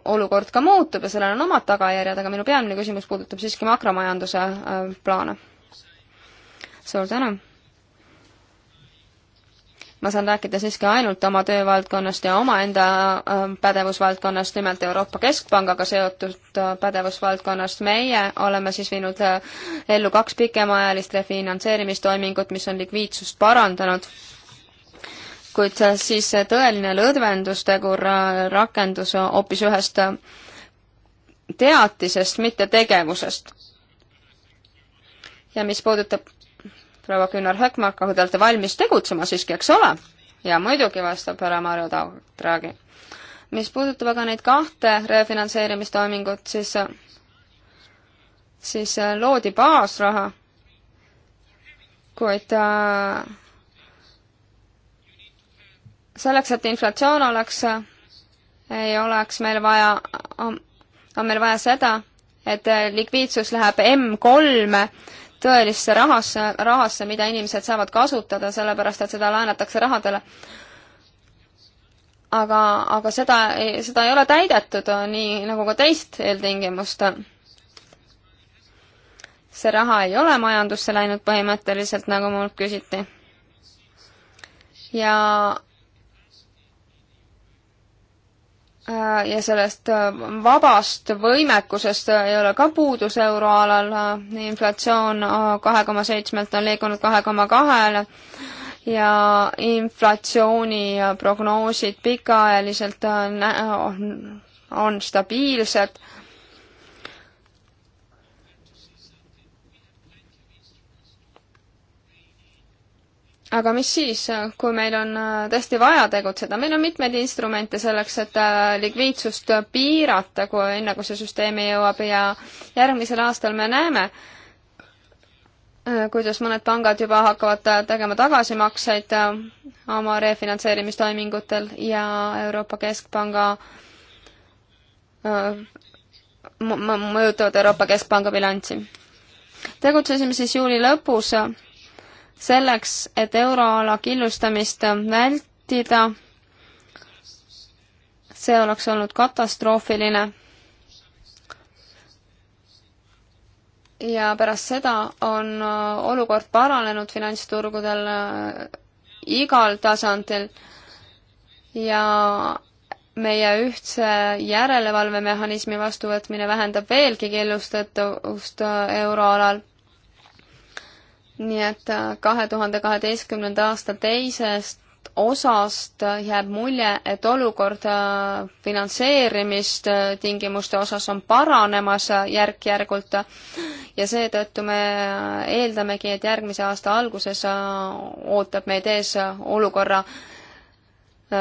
olukord ka muutub ja sellel on omad tagajärjed, aga minu peamine küsimus puudutab siiski makromajanduse plaane. suur tänu! ma saan rääkida siiski ainult oma töövaldkonnast ja omaenda pädevusvaldkonnast, nimelt Euroopa Keskpangaga seotud pädevusvaldkonnast. meie oleme siis viinud ellu kaks pikemaajalist refinantseerimistoimingut, mis on likviidsust parandanud kuid siis see tõeline lõdvendustegur rakendus hoopis ühest teatisest, mitte tegevusest. ja mis puudutab proua Künnar Hökmark, aga te olete valmis tegutsema siiski, eks ole? ja muidugi, vastab härra Mario Draghi. mis puudutab aga neid kahte refinantseerimistoimingut, siis, siis äh, loodi baasraha, kuid äh, selleks, et inflatsioon oleks, ei oleks meil vaja, on meil vaja seda, et likviidsus läheb M3-e tõelisse rahasse, rahasse, mida inimesed saavad kasutada, sellepärast et seda laenatakse rahadele. aga, aga seda, seda ei ole täidetud, nii nagu ka teist eeltingimust. see raha ei ole majandusse läinud põhimõtteliselt, nagu mult küsiti. ja Äh, ja sellest äh, vabast võimekusest äh, ei ole ka puudus euroalal, inflatsioon kahe koma seitsmelt on liikunud kahe koma kahele ja inflatsiooni prognoosid pikaajaliselt on, on stabiilsed aga mis siis, kui meil on äh, tõesti vaja tegutseda, meil on mitmeid instrumente selleks, et äh, likviidsust piirata, kui enne, kui see süsteemi jõuab ja järgmisel aastal me näeme, äh, kuidas mõned pangad juba hakkavad tegema tagasimakseid oma refinantseerimistoimingutel ja Euroopa Keskpanga mõjutavad Euroopa Keskpanga bilanssi. tegutsesime siis juuli lõpus selleks, et euroala killustamist vältida, see oleks olnud katastroofiline. ja pärast seda on olukord paranenud finantsturgudel äh, igal tasandil ja meie ühtse järelevalvemehhanismi vastuvõtmine vähendab veelgi killustatust äh, euroalal nii et äh, kahe tuhande kaheteistkümnenda aasta teisest osast äh, jääb mulje, et olukord äh, finantseerimist tingimuste osas on paranemas järk-järgult ja seetõttu me eeldamegi, et järgmise aasta alguses ootab meid ees olukorra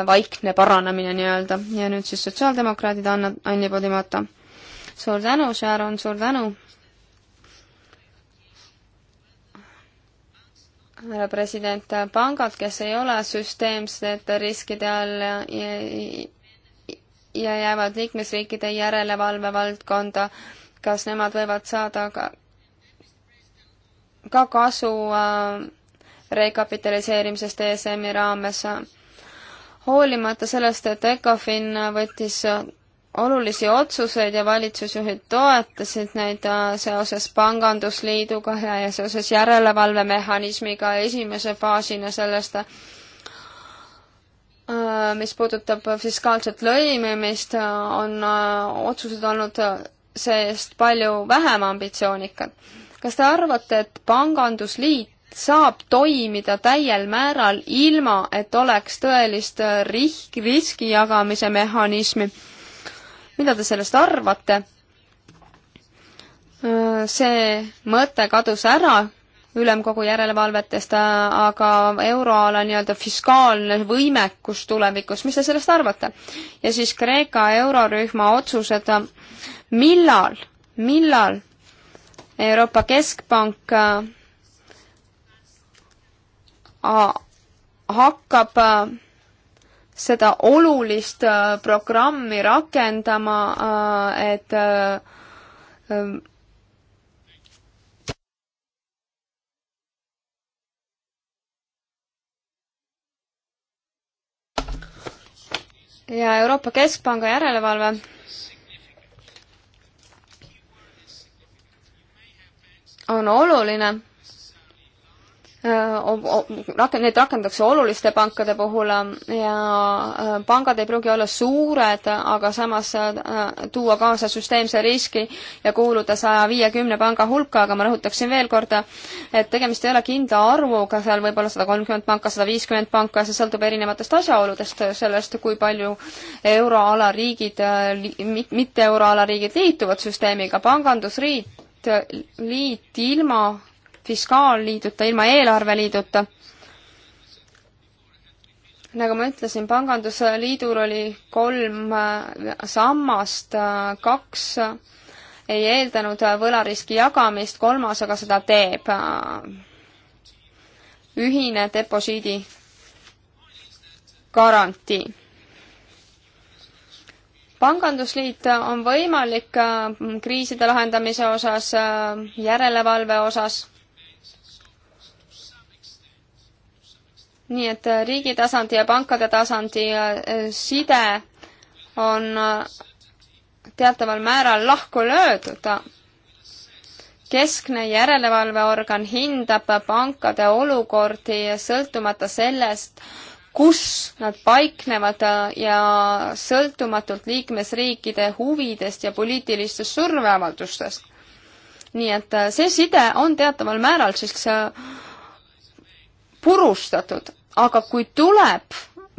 vaikne paranemine nii-öelda ja nüüd siis sotsiaaldemokraadid, Anna, Anni Podimata. suur tänu, Sharon, suur tänu härra president, pangad, kes ei ole süsteemsete riskide all ja, ja, ja jäävad liikmesriikide järelevalve valdkonda, kas nemad võivad saada ka, ka kasu äh, rekapitaliseerimisest ESM-i raames? hoolimata sellest, et ECOFIN võttis olulisi otsuseid ja valitsusjuhid toetasid neid äh, seoses pangandusliiduga ja seoses järelevalvemehhanismiga esimese faasina sellest, äh, mis puudutab fiskaalset lõimimist, äh, on otsused olnud seest palju vähem ambitsioonikad. kas te arvate, et pangandusliit saab toimida täiel määral, ilma et oleks tõelist risk, riskijagamise mehhanismi? mida te sellest arvate? see mõte kadus ära ülemkogu järelevalvetest, äh, aga euroala nii-öelda fiskaalne võimekus tulevikus, mis te sellest arvate? ja siis Kreeka eurorühma otsused, äh, millal, millal Euroopa Keskpank äh, hakkab seda olulist äh, programmi rakendama, äh, et äh, ähm, ja Euroopa Keskpanga järelevalve on oluline rakend-, neid rakendatakse oluliste pankade puhul ähm, ja äh, pangad ei pruugi olla suured, aga samas äh, tuua kaasa süsteemse riski ja kuuluda saja viiekümne panga hulka, aga ma rõhutaksin veel kord, et tegemist ei ole kindla arvuga, seal võib olla sada kolmkümmend panka, sada viiskümmend panka, see sõltub erinevatest asjaoludest, sellest, kui palju euroala riigid, äh, mitte euroala riigid liituvad süsteemiga, pangandusriit, liit ilma fiskaalliiduta, ilma eelarveliiduta. nagu ma ütlesin, Pangandusliidul oli kolm äh, sammast, äh, kaks ei eeldanud võlariski jagamist, kolmas aga seda teeb. ühine deposiidi garantii. pangandusliit on võimalik äh, kriiside lahendamise osas, järelevalve osas nii et äh, riigi tasandi ja pankade tasandi äh, side on äh, teataval määral lahku löödud. keskne järelevalveorgan hindab pankade olukordi sõltumata sellest, kus nad paiknevad ja sõltumatult liikmesriikide huvidest ja poliitilistest surveavaldustest. nii et see side on teataval määral siis purustatud aga kui tuleb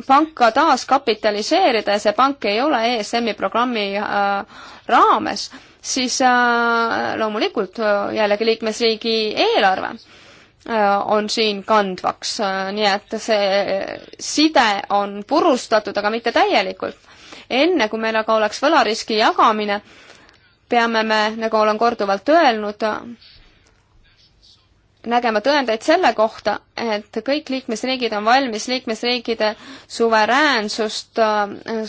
panka taaskapitaliseerida ja see pank ei ole ESM-i programmi äh, raames, siis äh, loomulikult äh, jällegi liikmesriigi eelarve äh, on siin kandvaks, äh, nii et see side on purustatud, aga mitte täielikult. enne, kui meil aga oleks võlariski jagamine, peame me, nagu olen korduvalt öelnud, nägema tõendeid selle kohta, et kõik liikmesriigid on valmis liikmesriikide suveräänsust,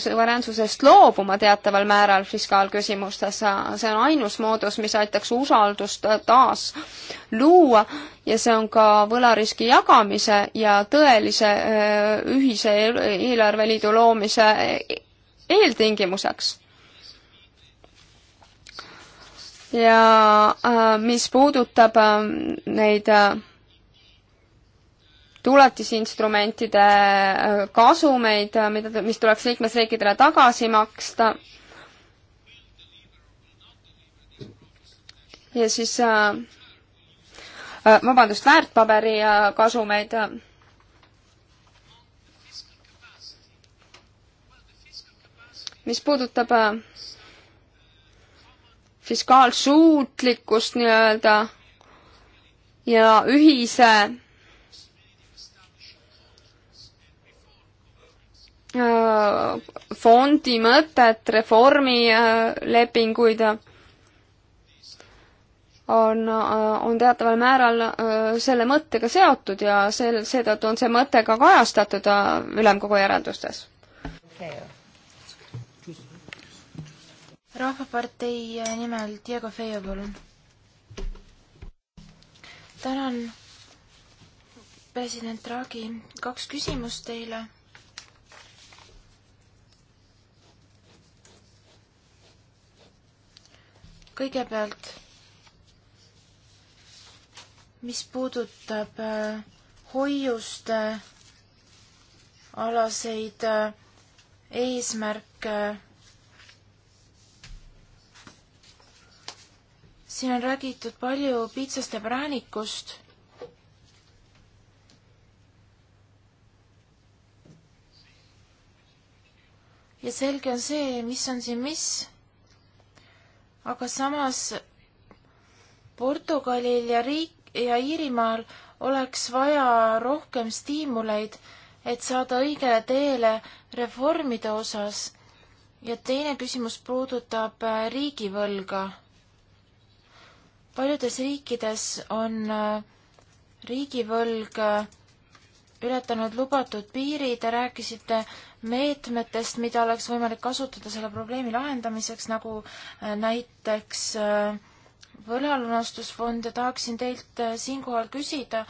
suveräänsusest loobuma teataval määral fiskaalküsimustes. see on ainus moodus, mis aitaks usaldust taas luua ja see on ka võlariski jagamise ja tõelise ühise eelarveliidu loomise eeltingimuseks ja äh, mis puudutab ähm, neid äh, tuletisinstrumentide äh, kasumeid, mida, mis tuleks liikmesriikidele tagasi maksta, ja siis vabandust, väärtpaberi kasumeid mis puudutab fiskaalsuutlikkust nii-öelda ja ühise äh, fondi mõtet, reformilepinguid on, äh, on teataval määral äh, selle mõttega seotud ja sel, seetõttu on see mõte ka kajastatud ülemkogu järeldustes okay rahvapartei nimel Diego Feio, palun. tänan, president Draghi, kaks küsimust teile kõigepealt, mis puudutab äh, hoiuste alaseid äh, eesmärke siin on räägitud palju piitsast ja präänikust. ja selge on see, mis on siin mis. aga samas Portugalil ja riik ja Iirimaal oleks vaja rohkem stiimuleid, et saada õigele teele reformide osas. ja teine küsimus puudutab riigivõlga paljudes riikides on äh, riigivõlg äh, ületanud lubatud piiri, te rääkisite meetmetest, mida oleks võimalik kasutada selle probleemi lahendamiseks, nagu äh, näiteks võlalunastusfond ja tahaksin teilt siinkohal küsida,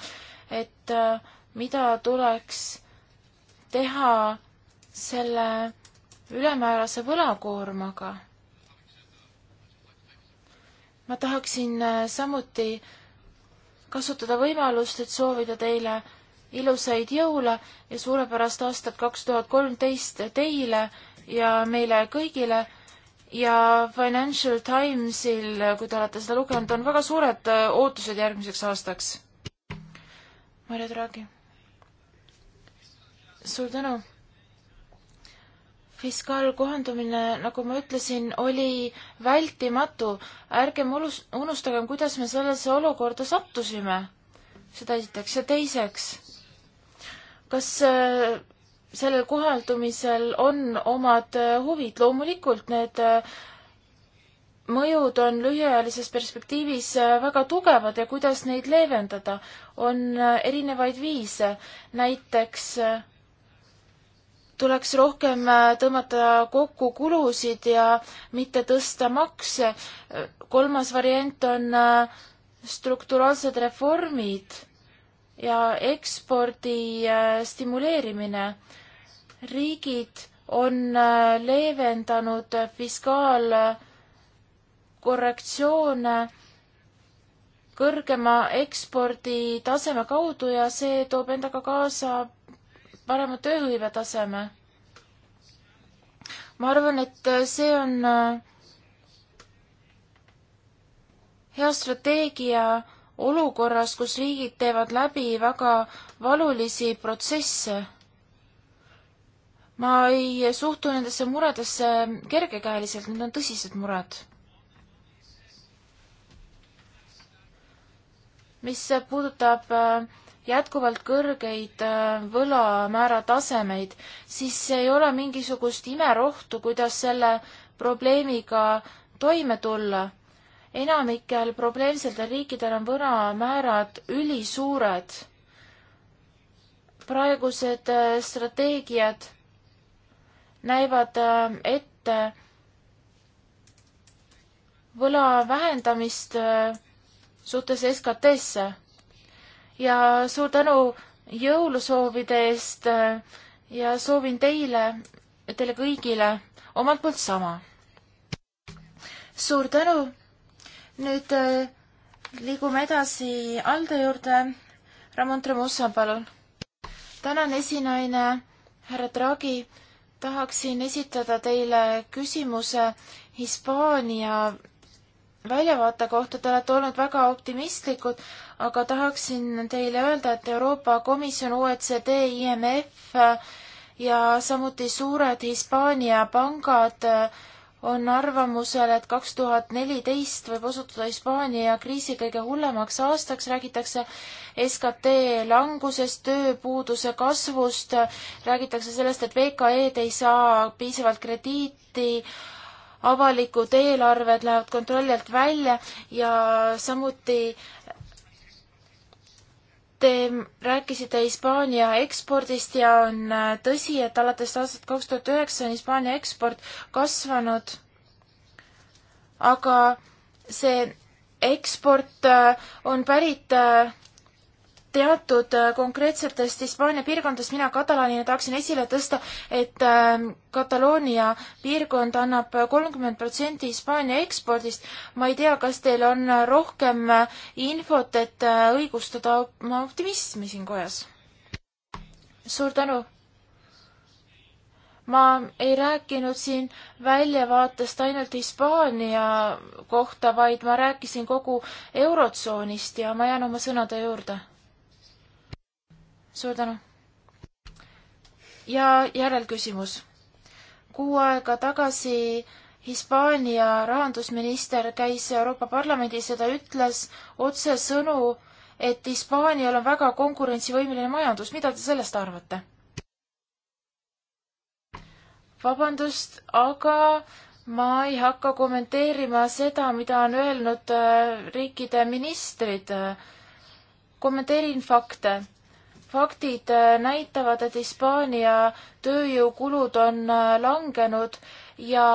et mida tuleks teha selle ülemäärase võlakoormaga ma tahaksin äh, samuti kasutada võimalust, et soovida teile ilusaid jõule ja suurepärast aastat kaks tuhat kolmteist teile ja meile kõigile. ja Financial Timesil, kui te olete seda lugenud, on väga suured äh, ootused järgmiseks aastaks. Marje Draghi. suur tänu fiskaalkohandumine, nagu ma ütlesin, oli vältimatu. ärgem unustagem, kuidas me sellesse olukorda sattusime. seda esiteks ja teiseks, kas äh, sellel kohaldumisel on omad äh, huvid, loomulikult need äh, mõjud on lühiajalises perspektiivis väga tugevad ja kuidas neid leevendada, on erinevaid viise, näiteks tuleks rohkem äh, tõmmata kokku kulusid ja mitte tõsta makse. kolmas variant on äh, strukturaalsed reformid ja ekspordi äh, stimuleerimine. riigid on leevendanud fiskaalkorrektsioone kõrgema eksporditaseme kaudu ja see toob endaga kaasa parema tööhõive taseme. ma arvan, et see on äh, hea strateegia olukorras, kus riigid teevad läbi väga valulisi protsesse. ma ei suhtu nendesse muredesse kergekäeliselt, need on tõsised mured mis puudutab äh, jätkuvalt kõrgeid äh, võlamäära tasemeid, siis ei ole mingisugust imerohtu, kuidas selle probleemiga toime tulla. enamikel probleemsetel riikidel on võlamäärad ülisuured. praegused äh, strateegiad näivad äh, ette võla vähendamist suhtes SKT-sse ja suur tänu jõulusoovide eest äh, ja soovin teile, teile kõigile omalt poolt sama. suur tänu. nüüd äh, liigume edasi Alde juurde. Ramon Tremussa, palun. tänan, esinaine, härra Draghi. tahaksin esitada teile küsimuse Hispaania väljavaate kohta. Te olete olnud väga optimistlikud, aga tahaksin teile öelda, et Euroopa Komisjon, OECD, IMF ja samuti suured Hispaania pangad äh, on arvamusel, et kaks tuhat neliteist võib osutuda Hispaania kriisi kõige hullemaks aastaks, räägitakse SKT langusest, tööpuuduse kasvust, räägitakse sellest, et VKE-d ei saa piisavalt krediiti, avalikud eelarved lähevad kontrolli alt välja ja samuti Te rääkisite Hispaania ekspordist ja on äh, tõsi, et alates aastast kaks tuhat üheksa on Hispaania eksport kasvanud, aga see eksport äh, on pärit äh, teatud äh, konkreetsetest Hispaania piirkondadest, mina katalaanina tahaksin esile tõsta, et ähm, Kataloonia piirkond annab kolmkümmend protsenti Hispaania ekspordist. ma ei tea, kas teil on äh, rohkem äh, infot, et õigustada oma optimismi siin kojas? suur tänu! ma ei rääkinud siin väljavaatest ainult Hispaania kohta, vaid ma rääkisin kogu Eurotsoonist ja ma jään oma sõnade juurde suur tänu. ja järelküsimus. kuu aega tagasi Hispaania rahandusminister käis Euroopa Parlamendis ja ta ütles otsesõnu, et Hispaanial on väga konkurentsivõimeline majandus, mida te sellest arvate? vabandust, aga ma ei hakka kommenteerima seda, mida on öelnud äh, riikide ministrid. kommenteerin fakte faktid äh, näitavad, et Hispaania tööjõukulud on äh, langenud ja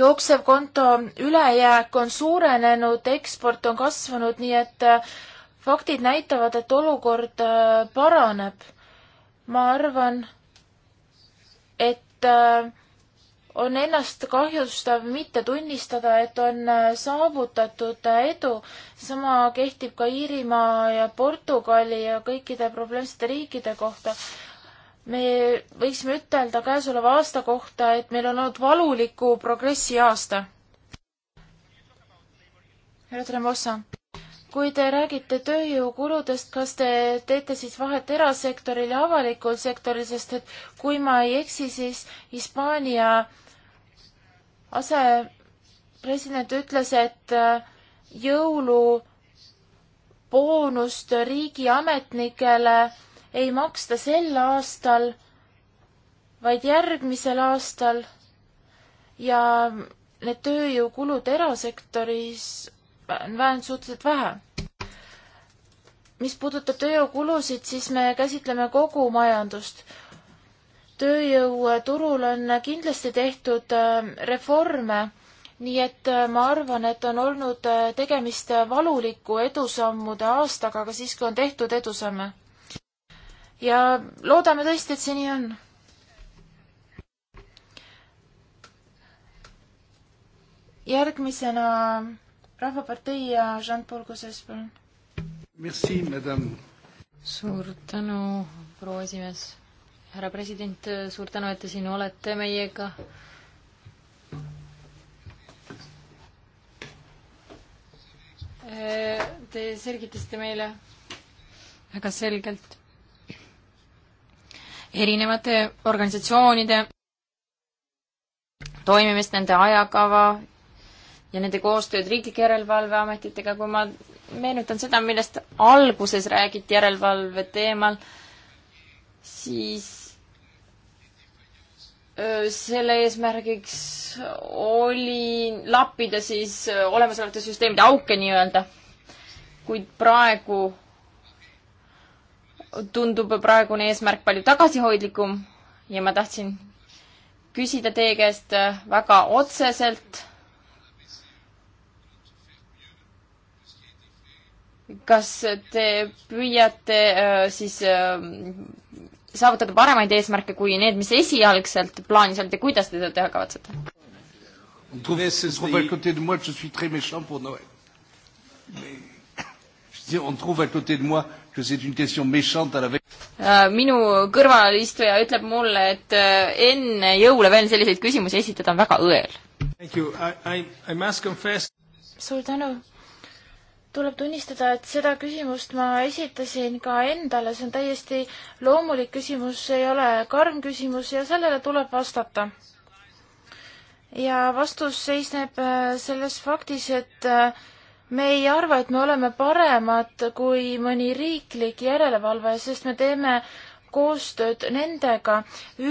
jooksev konto ülejääk on suurenenud, eksport on kasvanud, nii et äh, faktid näitavad, et olukord paraneb. ma arvan, et on ennast kahjustav mitte tunnistada, et on äh, saavutatud äh, edu. sama kehtib ka Iirimaa ja Portugali ja kõikide probleemsete riikide kohta. me võiksime ütelda käesoleva aasta kohta, et meil on olnud valuliku progressi aasta. härra Tremossa kui te räägite tööjõukuludest, kas te teete siis vahet erasektoril ja avalikul sektoril, sest et kui ma ei eksi, siis Hispaania asepresident ütles, et äh, jõuluboonust riigiametnikele ei maksta sel aastal, vaid järgmisel aastal ja need tööjõukulud erasektoris on vähenenud suhteliselt vähe. mis puudutab tööjõukulusid, siis me käsitleme kogu majandust. tööjõuturul on kindlasti tehtud äh, reforme, nii et äh, ma arvan, et on olnud äh, tegemist valuliku edusammude aastaga, aga siiski on tehtud edusamme. ja loodame tõesti, et see nii on järgmisena Rahvapartei ja Jean-Paul Gosses, palun. Merci, madame. suur tänu, proua esimees. härra president, suur tänu, et te siin olete meiega. Te selgitasite meile väga selgelt erinevate organisatsioonide toimimist, nende ajakava ja nende koostööd riiklike järelevalveametitega, kui ma meenutan seda, millest alguses räägiti järelevalve teemal, siis selle eesmärgiks oli lappida siis olemasolevate süsteemide auke nii-öelda. kuid praegu tundub praegune eesmärk palju tagasihoidlikum ja ma tahtsin küsida teie käest väga otseselt kas te püüate äh, siis äh, saavutada paremaid eesmärke kui need, mis esialgselt plaanis olid ja kuidas te seda teha kavatsete? Äh, minu kõrval istuja ütleb mulle, et enne jõule veel selliseid küsimusi esitada on väga õel. suur tänu tuleb tunnistada, et seda küsimust ma esitasin ka endale, see on täiesti loomulik küsimus, ei ole karm küsimus ja sellele tuleb vastata. ja vastus seisneb äh, selles faktis, et äh, me ei arva, et me oleme paremad kui mõni riiklik järelevalve, sest me teeme koostööd nendega.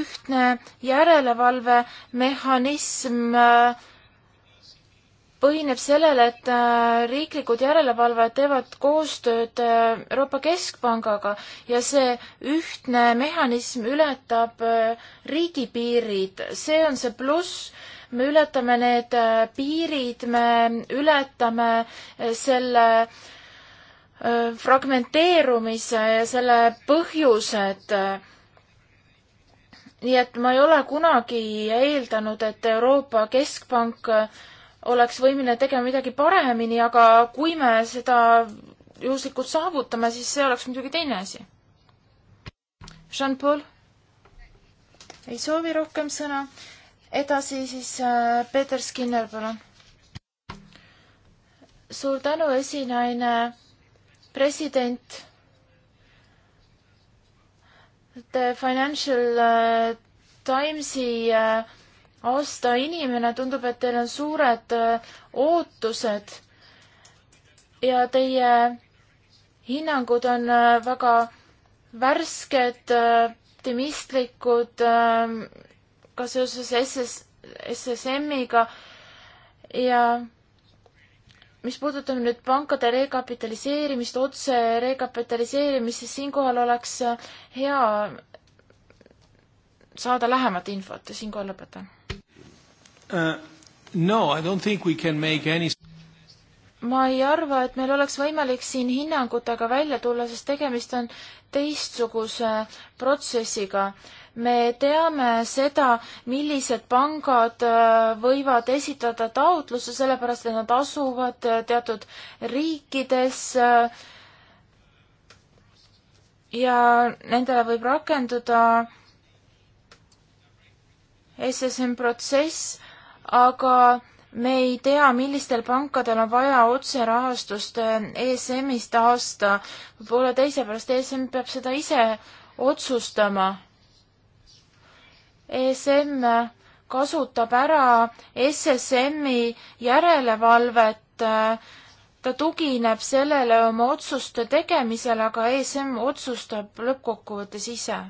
ühtne järelevalvemehhanism äh, põhineb sellele, et äh, riiklikud järelevalvajad teevad koostööd äh, Euroopa Keskpangaga ja see ühtne mehhanism ületab äh, riigipiirid, see on see pluss, me ületame need piirid, me ületame selle fragmenteerumise ja selle põhjused nii et ma ei ole kunagi eeldanud, et Euroopa Keskpank oleks võimeline tegema midagi paremini, aga kui me seda juhuslikult saavutame, siis see oleks muidugi teine asi. Jean-Paul? ei soovi rohkem sõna. edasi siis äh, Peeter Skinner, palun. suur tänu, esinaine, president. The Financial äh, Timesi äh, aasta inimene, tundub, et teil on suured äh, ootused ja teie hinnangud on äh, väga värsked, äh, optimistlikud ähm, ka seoses SS, SSM-iga ja mis puudutab nüüd pankade rekapitaliseerimist, otse rekapitaliseerimist, siis siinkohal oleks hea saada lähemat infot ja siinkohal lõpetan uh,? No I don't think we can make any ma ei arva, et meil oleks võimalik siin hinnangutega välja tulla, sest tegemist on teistsuguse protsessiga. me teame seda, millised pangad äh, võivad esitada taotluse, sellepärast et nad asuvad äh, teatud riikides äh, ja nendele võib rakenduda SSM protsess aga me ei tea, millistel pankadel on vaja otserahastust äh, ESM-ist aasta võib-olla teise pärast, ESM peab seda ise otsustama. ESM äh, kasutab ära SSM-i järelevalvet, äh, ta tugineb sellele oma otsuste tegemisel, aga ESM otsustab lõppkokkuvõttes ise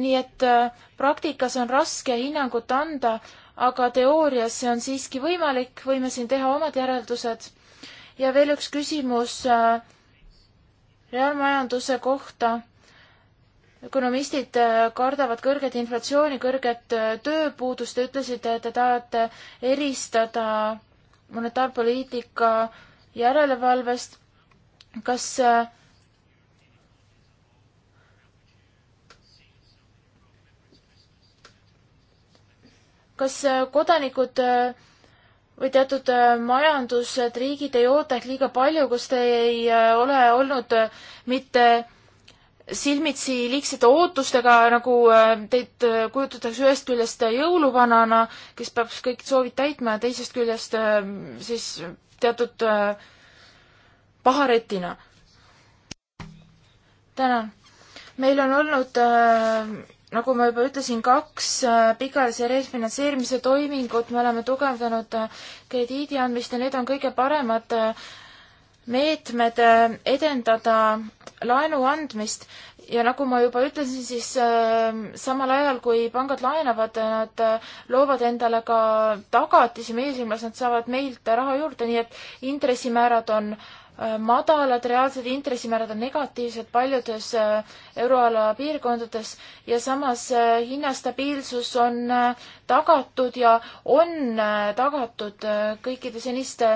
nii et äh, praktikas on raske hinnangut anda, aga teoorias see on siiski võimalik, võime siin teha omad järeldused. ja veel üks küsimus äh, reaalmajanduse kohta. ökonomistid äh, kardavad kõrget inflatsiooni, kõrget tööpuudust, te ütlesite, et te tahate eristada monetaarpoliitika järelevalvest. kas äh, kas äh, kodanikud äh, või teatud äh, majandused, riigid ei oota ehk liiga palju, kus te ei ole olnud mitte silmitsi liigsete ootustega, nagu teid kujutatakse ühest küljest jõuluvanana, kes peab kõik soovid täitma ja teisest küljest siis teatud paharetina. tänan. meil on olnud nagu ma juba ütlesin, kaks äh, pikaajalise refinantseerimise toimingut, me oleme tugevdanud äh, krediidi andmist ja need on kõige paremad äh, meetmed edendada laenu andmist ja nagu ma juba ütlesin, siis samal ajal, kui pangad laenavad, nad loovad endale ka tagatisi meie silmas, nad saavad meilt raha juurde, nii et intressimäärad on äh, Äh, madalad reaalsed intressimäärad on negatiivsed paljudes äh, euroala piirkondades ja samas äh, hinnastabiilsus on tagatud ja on tagatud kõikide seniste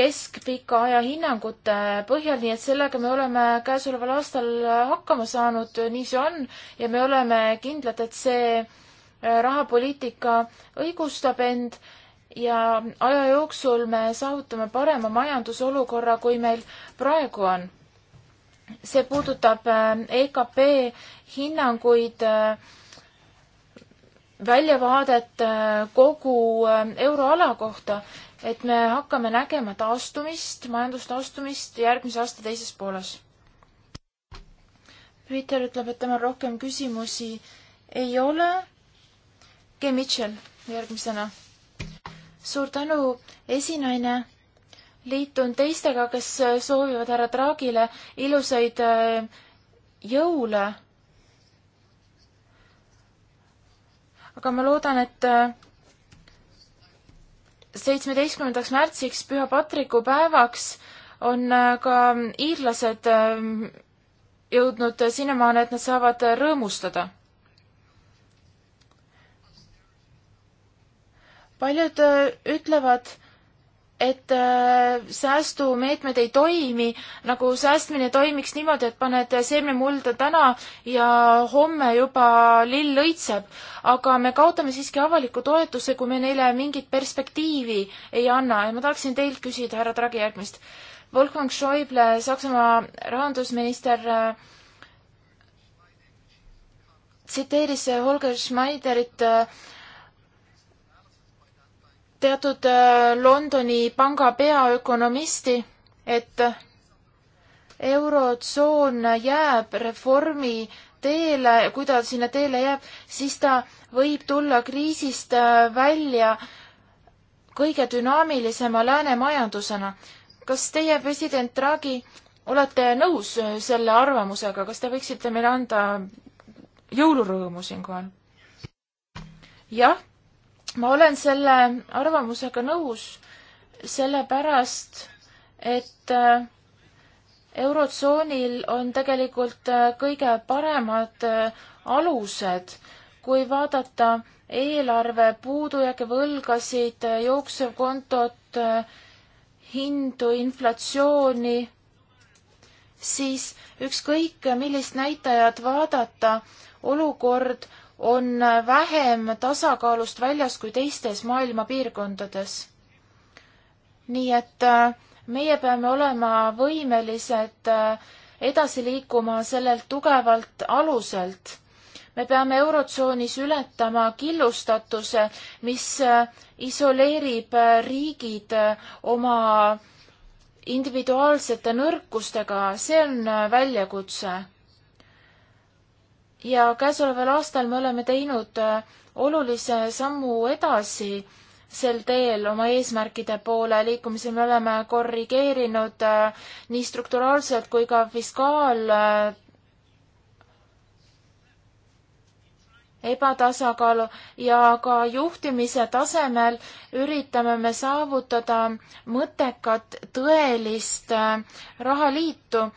keskpika aja hinnangute põhjal, nii et sellega me oleme käesoleval aastal hakkama saanud, nii see on ja me oleme kindlad, et see rahapoliitika õigustab end ja aja jooksul me saavutame parema majandusolukorra, kui meil praegu on. see puudutab äh, EKP hinnanguid, äh, väljavaadet äh, kogu euroala kohta, et me hakkame nägema taastumist, majandustaastumist järgmise aasta teises pooles. Peter ütleb, et temal rohkem küsimusi ei ole. G Mitchell järgmisena suur tänu, esinaine. liitun teistega, kes soovivad härra Draagile ilusaid äh, jõule. aga ma loodan, et äh, seitsmeteistkümnendaks märtsiks, Püha Patriku päevaks, on äh, ka iirlased jõudnud sinnamaale, et nad saavad rõõmustada paljud äh, ütlevad, et äh, säästumeetmed ei toimi, nagu säästmine toimiks niimoodi, et paned seemnemulda täna ja homme juba lill õitseb. aga me kaotame siiski avaliku toetuse, kui me neile mingit perspektiivi ei anna ja ma tahaksin teilt küsida, härra Draghi, järgmist. Wolfgang Schäuble, Saksamaa rahandusminister, äh, tsiteeris Holger Schmeiderit äh, teatud äh, Londoni panga peaökonomisti, et eurotsoon jääb reformi teele, kui ta sinna teele jääb, siis ta võib tulla kriisist äh, välja kõige dünaamilisema lääne majandusena. kas teie, president Draghi, olete nõus äh, selle arvamusega, kas te võiksite meile anda jõulurõõmu siinkohal? jah, ma olen selle arvamusega nõus, sellepärast et äh, Eurotsoonil on tegelikult äh, kõige paremad äh, alused, kui vaadata eelarve puudujääke, võlgasid, jooksevkontot, hindu, inflatsiooni, siis ükskõik, millist näitajat vaadata, olukord on vähem tasakaalust väljas kui teistes maailma piirkondades. nii et äh, meie peame olema võimelised äh, edasi liikuma sellelt tugevalt aluselt. me peame Eurotsoonis ületama killustatuse, mis äh, isoleerib riigid oma individuaalsete nõrkustega, see on väljakutse ja käesoleval aastal me oleme teinud äh, olulise sammu edasi sel teel oma eesmärkide poole liikumisel me oleme korrigeerinud äh, nii strukturaalset kui ka fiskaal äh, ebatasakaalu ja ka juhtimise tasemel üritame me saavutada mõttekat tõelist rahaliitu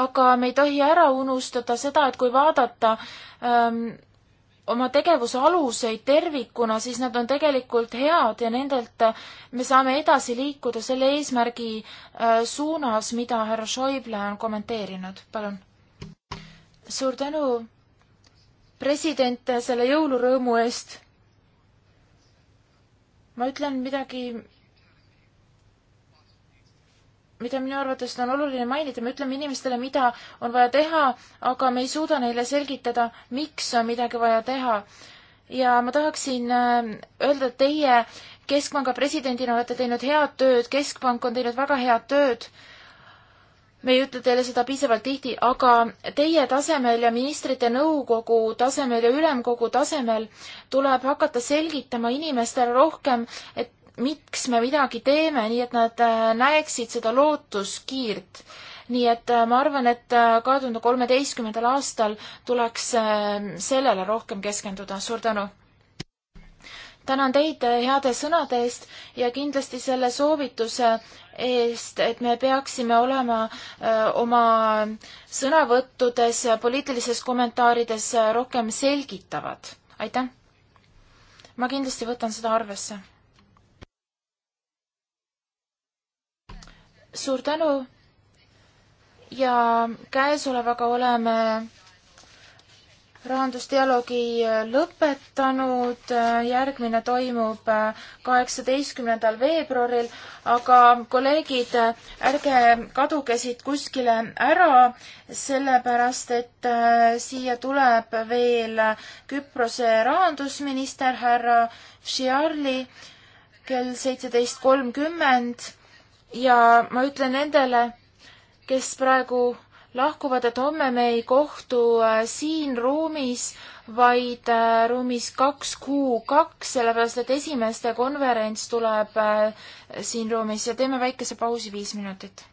aga me ei tohi ära unustada seda, et kui vaadata öö, ähm, oma tegevuse aluseid tervikuna, siis nad on tegelikult head ja nendelt äh, me saame edasi liikuda selle eesmärgi öö, äh, suunas, mida härra Schäuble on kommenteerinud. palun. suur tänu, president, selle jõulurõõmu eest. ma ütlen midagi mida minu arvates on oluline mainida, me ütleme inimestele, mida on vaja teha, aga me ei suuda neile selgitada, miks on midagi vaja teha. ja ma tahaksin äh, öelda, et teie Keskpanga presidendina olete teinud head tööd, Keskpank on teinud väga head tööd. me ei ütle teile seda piisavalt tihti, aga teie tasemel ja ministrite nõukogu tasemel ja ülemkogu tasemel tuleb hakata selgitama inimestele rohkem, et miks me midagi teeme, nii et nad äh, näeksid seda lootuskiirt. nii et äh, ma arvan, et äh, kahe tuhande kolmeteistkümnendal aastal tuleks sellele rohkem keskenduda. suur tänu! tänan teid heade sõnade eest ja kindlasti selle soovituse eest, et me peaksime olema oma sõnavõttudes, poliitilises kommentaarides rohkem selgitavad. aitäh! ma kindlasti võtan seda arvesse suur tänu ja käesolevaga oleme rahandusdialoogi lõpetanud, järgmine toimub kaheksateistkümnendal veebruaril, aga kolleegid, ärge kaduge siit kuskile ära, sellepärast et äh, siia tuleb veel Küprose rahandusminister härra Šiarli kell seitseteist kolmkümmend ja ma ütlen nendele, kes praegu lahkuvad, et homme me ei kohtu äh, siin ruumis, vaid äh, ruumis kaks kuu kaks, sellepärast et esimeste konverents tuleb äh, siin ruumis ja teeme väikese pausi, viis minutit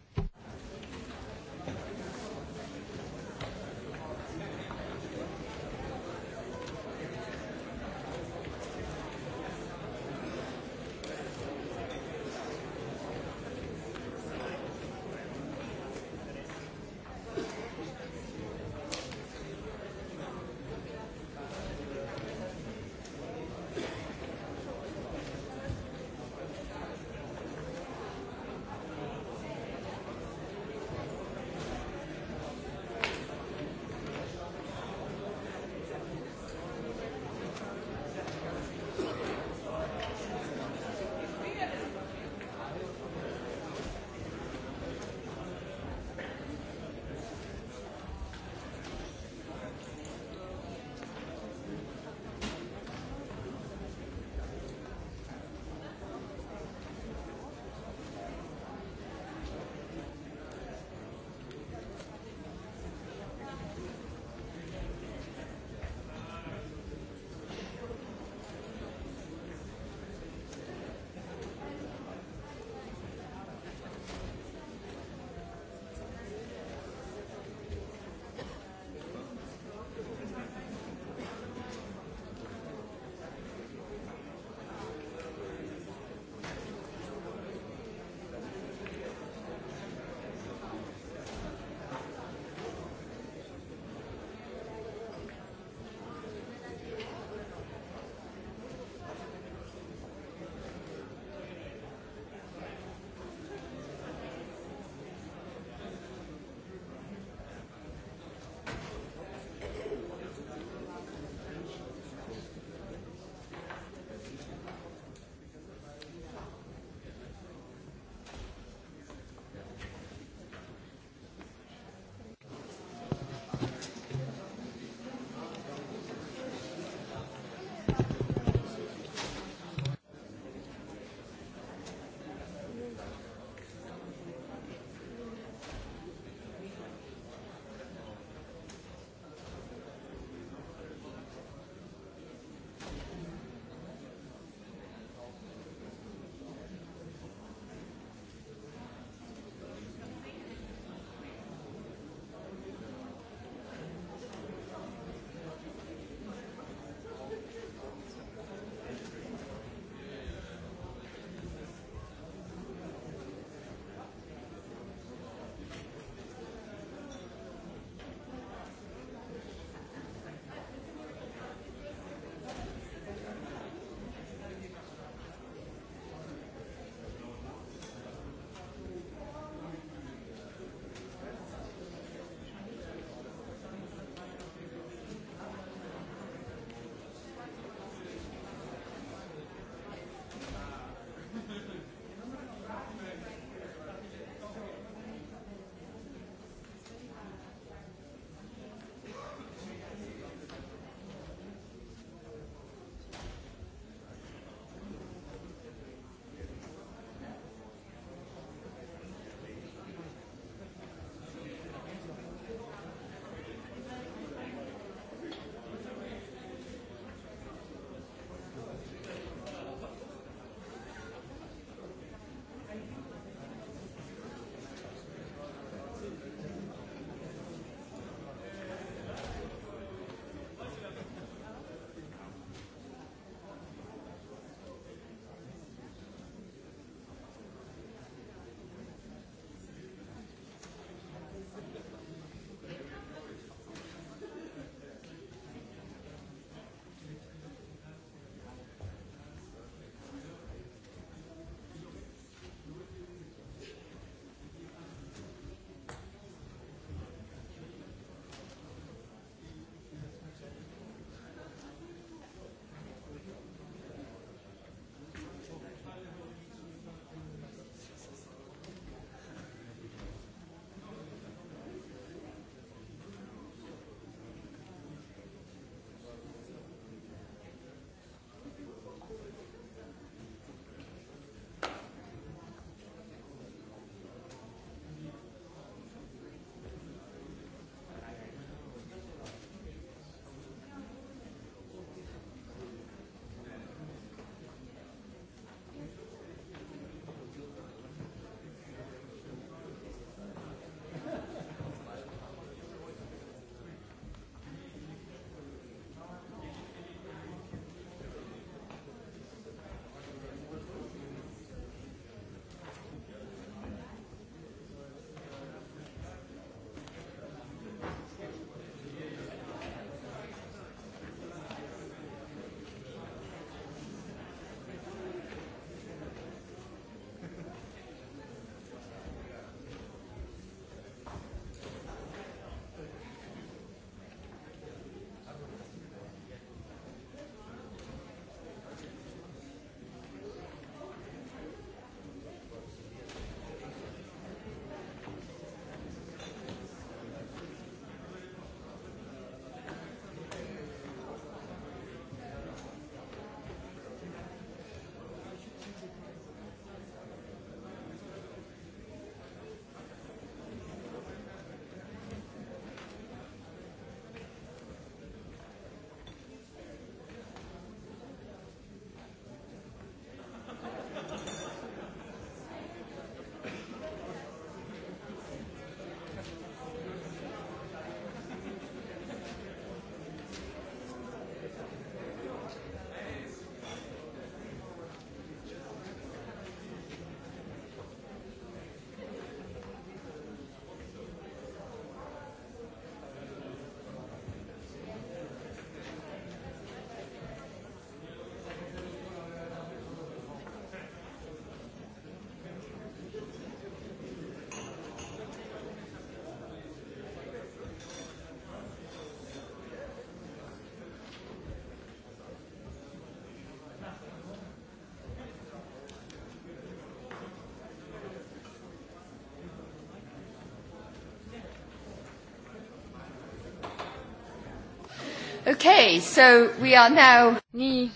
okay, so we are now. nii.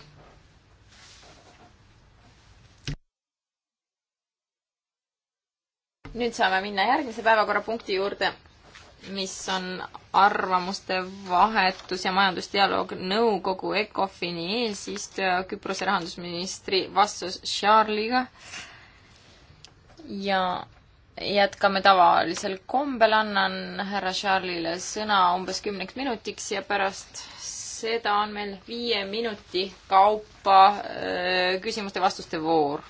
nüüd saame minna järgmise päevakorrapunkti juurde, mis on arvamuste vahetus ja majandusdialoog nõukogu ECOFIN-i eesistuja Küprose rahandusministri vastus Charlie'ga. ja jätkame tavalisel kombel, annan härra Charlile sõna umbes kümneks minutiks ja pärast seda on meil viie minuti kaupa äh, küsimuste-vastuste voor.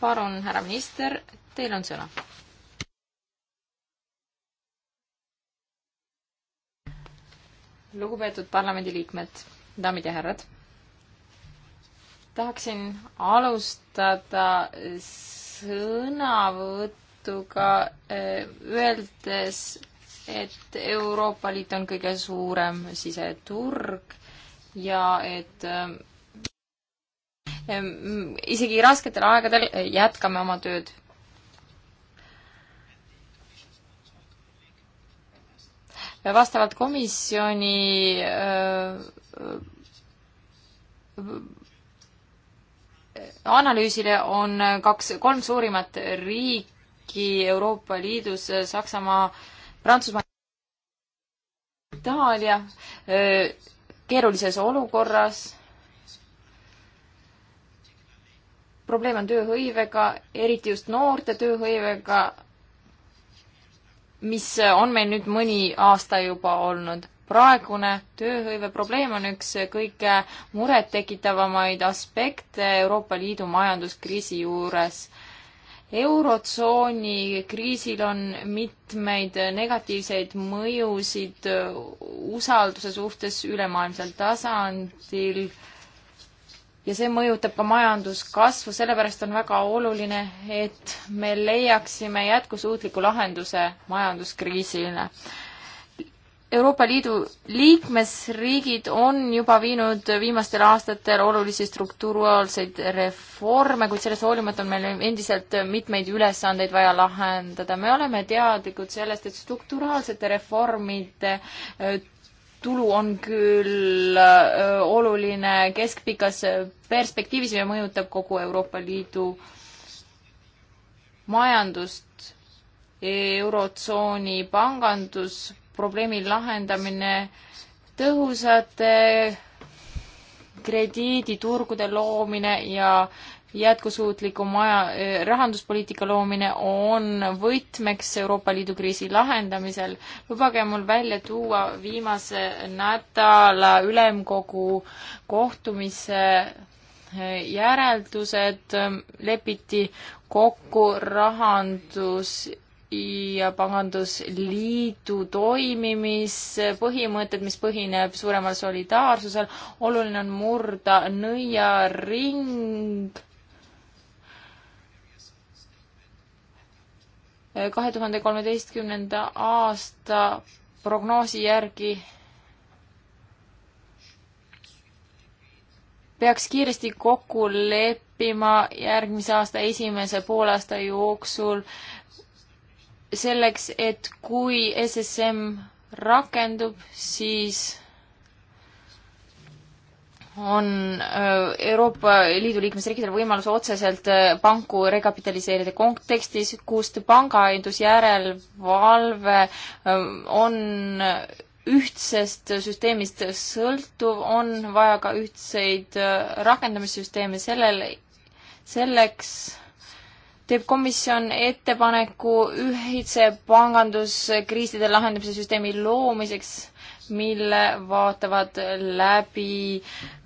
palun, härra minister, teil on sõna. lugupeetud parlamendiliikmed, daamid ja härrad. tahaksin alustada sõnavõttu Liiduga eh, öeldes, et Euroopa Liit on kõige suurem siseturg ja et eh, mm, isegi rasketel aegadel eh, jätkame oma tööd. vastavalt komisjoni analüüsile on kaks, kolm suurimat riiki riiki Euroopa Liidus, Saksamaa, Prantsusmaa, Itaalia keerulises olukorras. probleem on tööhõivega, eriti just noorte tööhõivega, mis on meil nüüd mõni aasta juba olnud praegune tööhõive probleem on üks kõige murettekitavamaid aspekte Euroopa Liidu majanduskriisi juures eurotsooni kriisil on mitmeid negatiivseid mõjusid äh, usalduse suhtes ülemaailmsel tasandil ja see mõjutab ka majanduskasvu, sellepärast on väga oluline, et me leiaksime jätkusuutliku lahenduse majanduskriisile. Euroopa Liidu liikmesriigid on juba viinud viimastel aastatel olulisi struktuuraalseid reforme, kuid sellest hoolimata on meil endiselt mitmeid ülesandeid vaja lahendada. me oleme teadlikud sellest, et strukturaalsete reformide äh, tulu on küll äh, oluline keskpikas perspektiivis ja mõjutab kogu Euroopa Liidu majandust, Eurotsooni pangandus probleemi lahendamine tõhusate krediiditurgude loomine ja jätkusuutliku maja, eh, rahanduspoliitika loomine on võtmeks Euroopa Liidu kriisi lahendamisel. lubage mul välja tuua viimase nädala ülemkogu kohtumise eh, järeldused, lepiti kokku rahandus ja pangandusliidu toimimispõhimõtted, mis põhineb suuremal solidaarsusel. oluline on murda nõiaring. kahe tuhande kolmeteistkümnenda aasta prognoosi järgi peaks kiiresti kokku leppima järgmise aasta esimese poolaasta jooksul äh, selleks, et kui SSM rakendub, siis on äh, Euroopa Liidu liikmesriikidel võimalus otseselt äh, panku rekapitaliseerida kontekstis, kust pangaindusjärelevalve äh, on ühtsest süsteemist sõltuv, on vaja ka ühtseid rakendamissüsteeme sellel, selleks teeb komisjon ettepaneku ühise panganduskriiside lahendamise süsteemi loomiseks, mille vaatavad läbi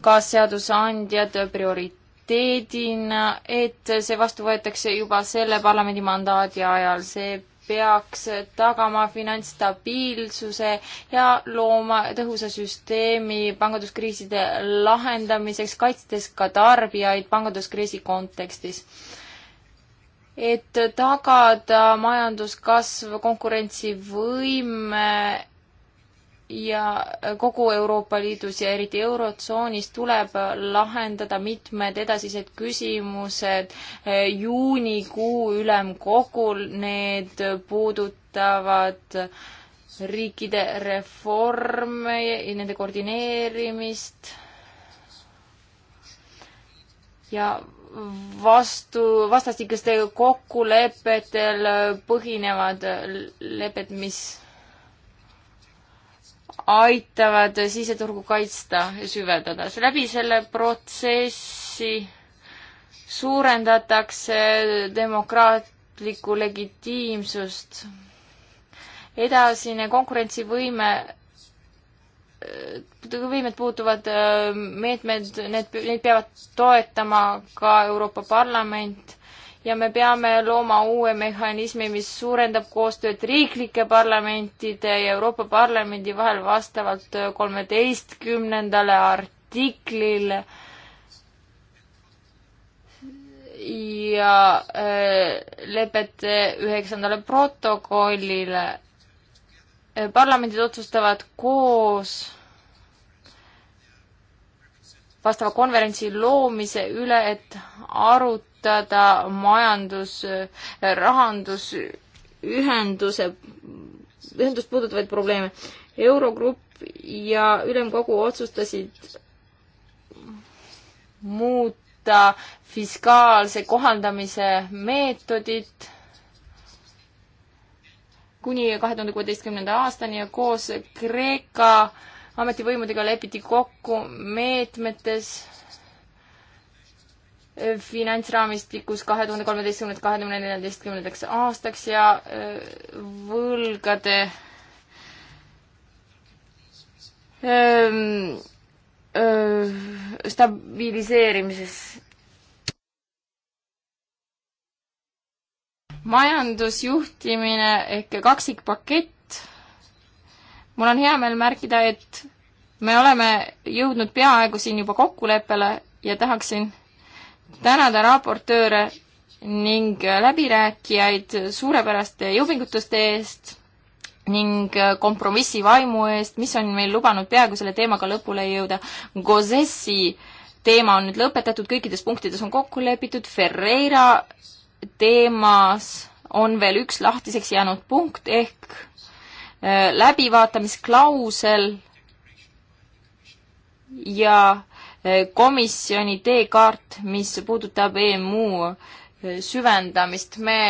ka seadusandjad prioriteedina, et see vastu võetakse juba selle parlamendi mandaadi ajal. see peaks tagama finantsstabiilsuse ja looma tõhusa süsteemi panganduskriiside lahendamiseks, kaitstes ka tarbijaid panganduskriisi kontekstis et tagada majanduskasv, konkurentsivõime ja kogu Euroopa Liidus ja eriti Eurotsoonis tuleb lahendada mitmed edasised küsimused eh, juunikuu ülemkogul, need puudutavad riikide reforme ja nende koordineerimist ja vastu, vastastikustel kokkulepetel põhinevad lepped, mis aitavad siseturgu kaitsta ja süvendada. läbi selle protsessi suurendatakse demokraatlikku legitiimsust. edasine konkurentsivõime võimed puutuvad äh, meetmed, need, neid peavad toetama ka Euroopa Parlament ja me peame looma uue mehhanismi, mis suurendab koostööd riiklike parlamentide ja Euroopa Parlamendi vahel vastavalt kolmeteistkümnendale artiklile. ja äh, lepete üheksandale protokollile Äh, parlamendid otsustavad koos vastava konverentsi loomise üle, et arutada majandus, äh, rahandusühenduse, ühendust puudutavaid probleeme. eurogrupp ja ülemkogu otsustasid muuta fiskaalse kohandamise meetodit kuni kahe tuhande kuueteistkümnenda aastani ja koos Kreeka ametivõimudega lepiti kokku meetmetes finantsraamistikus kahe tuhande kolmeteistkümnendast kahekümne neljateistkümnendaks aastaks ja äh, võlgade ähm, äh, stabiliseerimises majandusjuhtimine ehk kaksikpakett. mul on hea meel märkida, et me oleme jõudnud peaaegu siin juba kokkuleppele ja tahaksin tänada raportööre ning läbirääkijaid suurepäraste jõupingutuste eest ning kompromissi vaimu eest, mis on meil lubanud peaaegu selle teemaga lõpule jõuda. Gozessi teema on nüüd lõpetatud, kõikides punktides on kokku lepitud, Ferreira teemas on veel üks lahtiseks jäänud punkt ehk äh, läbivaatamisklausel ja äh, komisjoni teekaart, mis puudutab EMU äh, süvendamist. me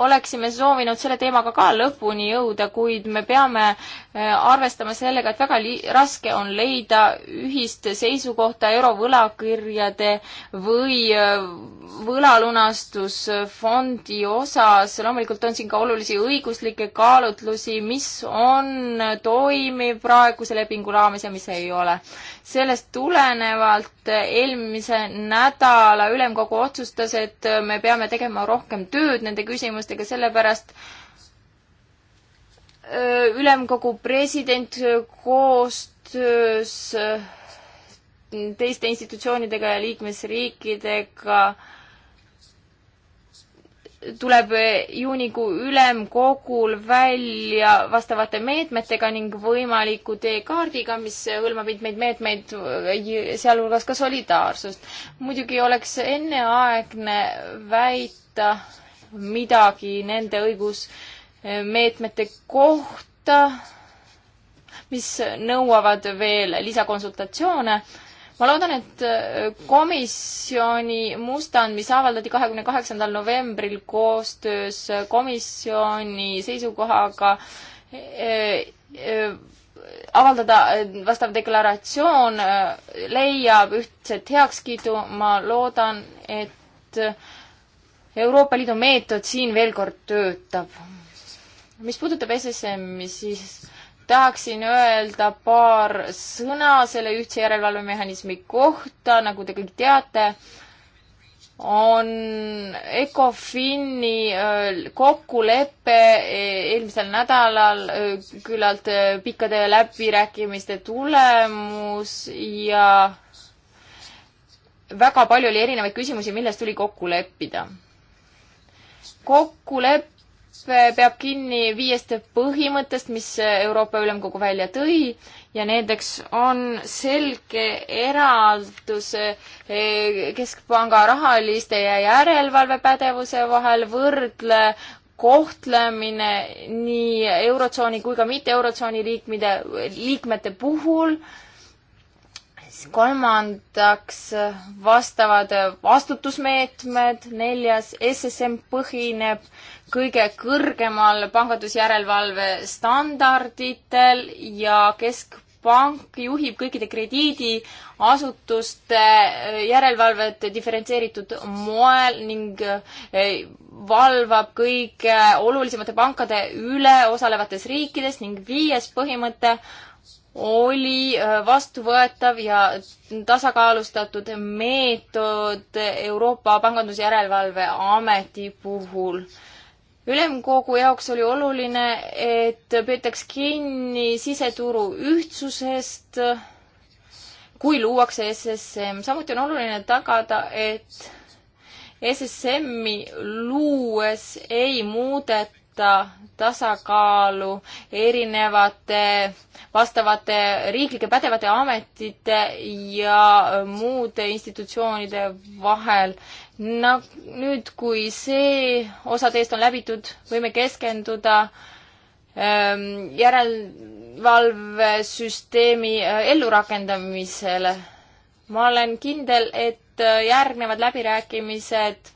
oleksime soovinud selle teemaga ka lõpuni jõuda, kuid me peame äh, arvestama sellega, et väga li-, raske on leida ühist seisukohta eurovõlakirjade või äh, võlalunastusfondi osas. loomulikult on siin ka olulisi õiguslikke kaalutlusi, mis on toimiv praeguse lepingu raames ja mis ei ole sellest tulenevalt eelmise nädala ülemkogu otsustas, et me peame tegema rohkem tööd nende küsimustega, sellepärast äh, ülemkogu president koostöös äh, teiste institutsioonidega ja liikmesriikidega äh, tuleb juunikuu ülemkogul välja vastavate meetmetega ning võimaliku teekaardiga, mis hõlmab mitmeid meetmeid, sealhulgas ka solidaarsust. muidugi oleks enneaegne väita midagi nende õigusmeetmete kohta, mis nõuavad veel lisakonsultatsioone ma loodan, et äh, komisjoni mustand, mis avaldati kahekümne kaheksandal novembril koostöös äh, komisjoni seisukohaga äh, avaldada vastav deklaratsioon leiab ühtset heakskiidu, ma loodan, et Euroopa Liidu meetod siin veel kord töötab. mis puudutab SSM-i, siis tahaksin öelda paar sõna selle ühtse järelevalvemehhanismi kohta, nagu te kõik teate, on Ecofini äh, kokkulepe äh, eelmisel nädalal äh, küllalt pikkade läbirääkimiste tulemus ja väga palju oli erinevaid küsimusi, milles tuli kokku leppida kokkulepe peab kinni viiest põhimõttest, mis Euroopa Ülemkogu välja tõi ja nendeks on selge eraldus eh, keskpanga rahaliste ja järelevalvepädevuse vahel, võrdle kohtlemine nii Eurotsooni kui ka mitte Eurotsooni liikmide, liikmete puhul kolmandaks vastavad vastutusmeetmed, neljas SSM põhineb kõige kõrgemal pangandusjärelevalve standarditel ja keskpank juhib kõikide krediidiasutuste äh, järelevalvet diferentseeritud moel ning äh, valvab kõige olulisemate pankade üle osalevates riikides ning viies põhimõte oli äh, vastuvõetav ja tasakaalustatud meetod Euroopa Pangandusjärelevalve Ameti puhul ülemkogu jaoks oli oluline, et peetaks kinni siseturu ühtsusest, kui luuakse SSM. samuti on oluline tagada, et SSM-i luues ei muudeta jätta tasakaalu erinevate vastavate riiklike pädevate ametite ja muude institutsioonide vahel. no nüüd, kui see osa teest on läbitud, võime keskenduda ähm, järelevalvesüsteemi äh, ellurakendamisele. ma olen kindel, et äh, järgnevad läbirääkimised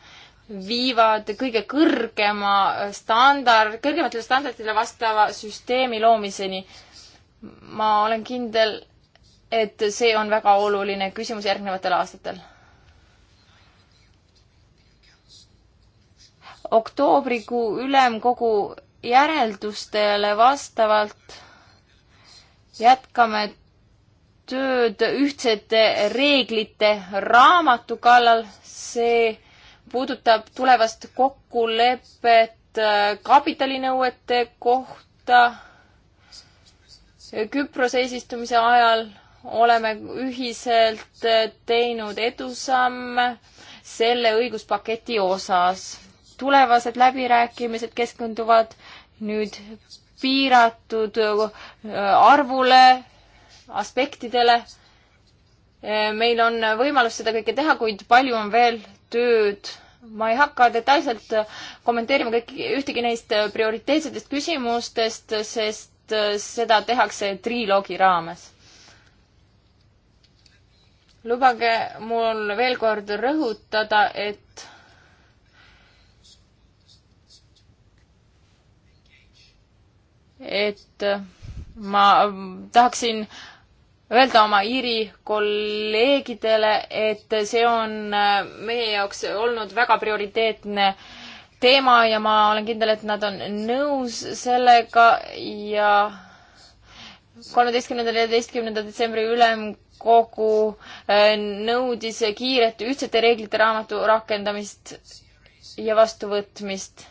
viivad kõige kõrgema standard, kõrgematele standarditele vastava süsteemi loomiseni. ma olen kindel, et see on väga oluline küsimus järgnevatel aastatel. oktoobrikuu ülemkogu järeldustele vastavalt jätkame tööd ühtsete reeglite raamatu kallal, see puudutab tulevast kokkulepet äh, kapitalinõuete kohta. Küprose eesistumise ajal oleme ühiselt äh, teinud edusamme selle õiguspaketi osas. tulevased läbirääkimised keskenduvad nüüd piiratud äh, arvule, aspektidele. meil on võimalus seda kõike teha, kuid palju on veel tööd. ma ei hakka detailselt kommenteerima kõiki, ühtegi neist prioriteetsetest küsimustest, sest seda tehakse triloogi raames. lubage mul veel kord rõhutada, et et ma tahaksin äh, öelda oma Iiri kolleegidele, et see on äh, meie jaoks olnud väga prioriteetne teema ja ma olen kindel, et nad on nõus sellega ja kolmeteistkümnenda, neljateistkümnenda detsembri ülemkogu äh, nõudis kiiret ühtsete reeglite raamatu rakendamist ja vastuvõtmist.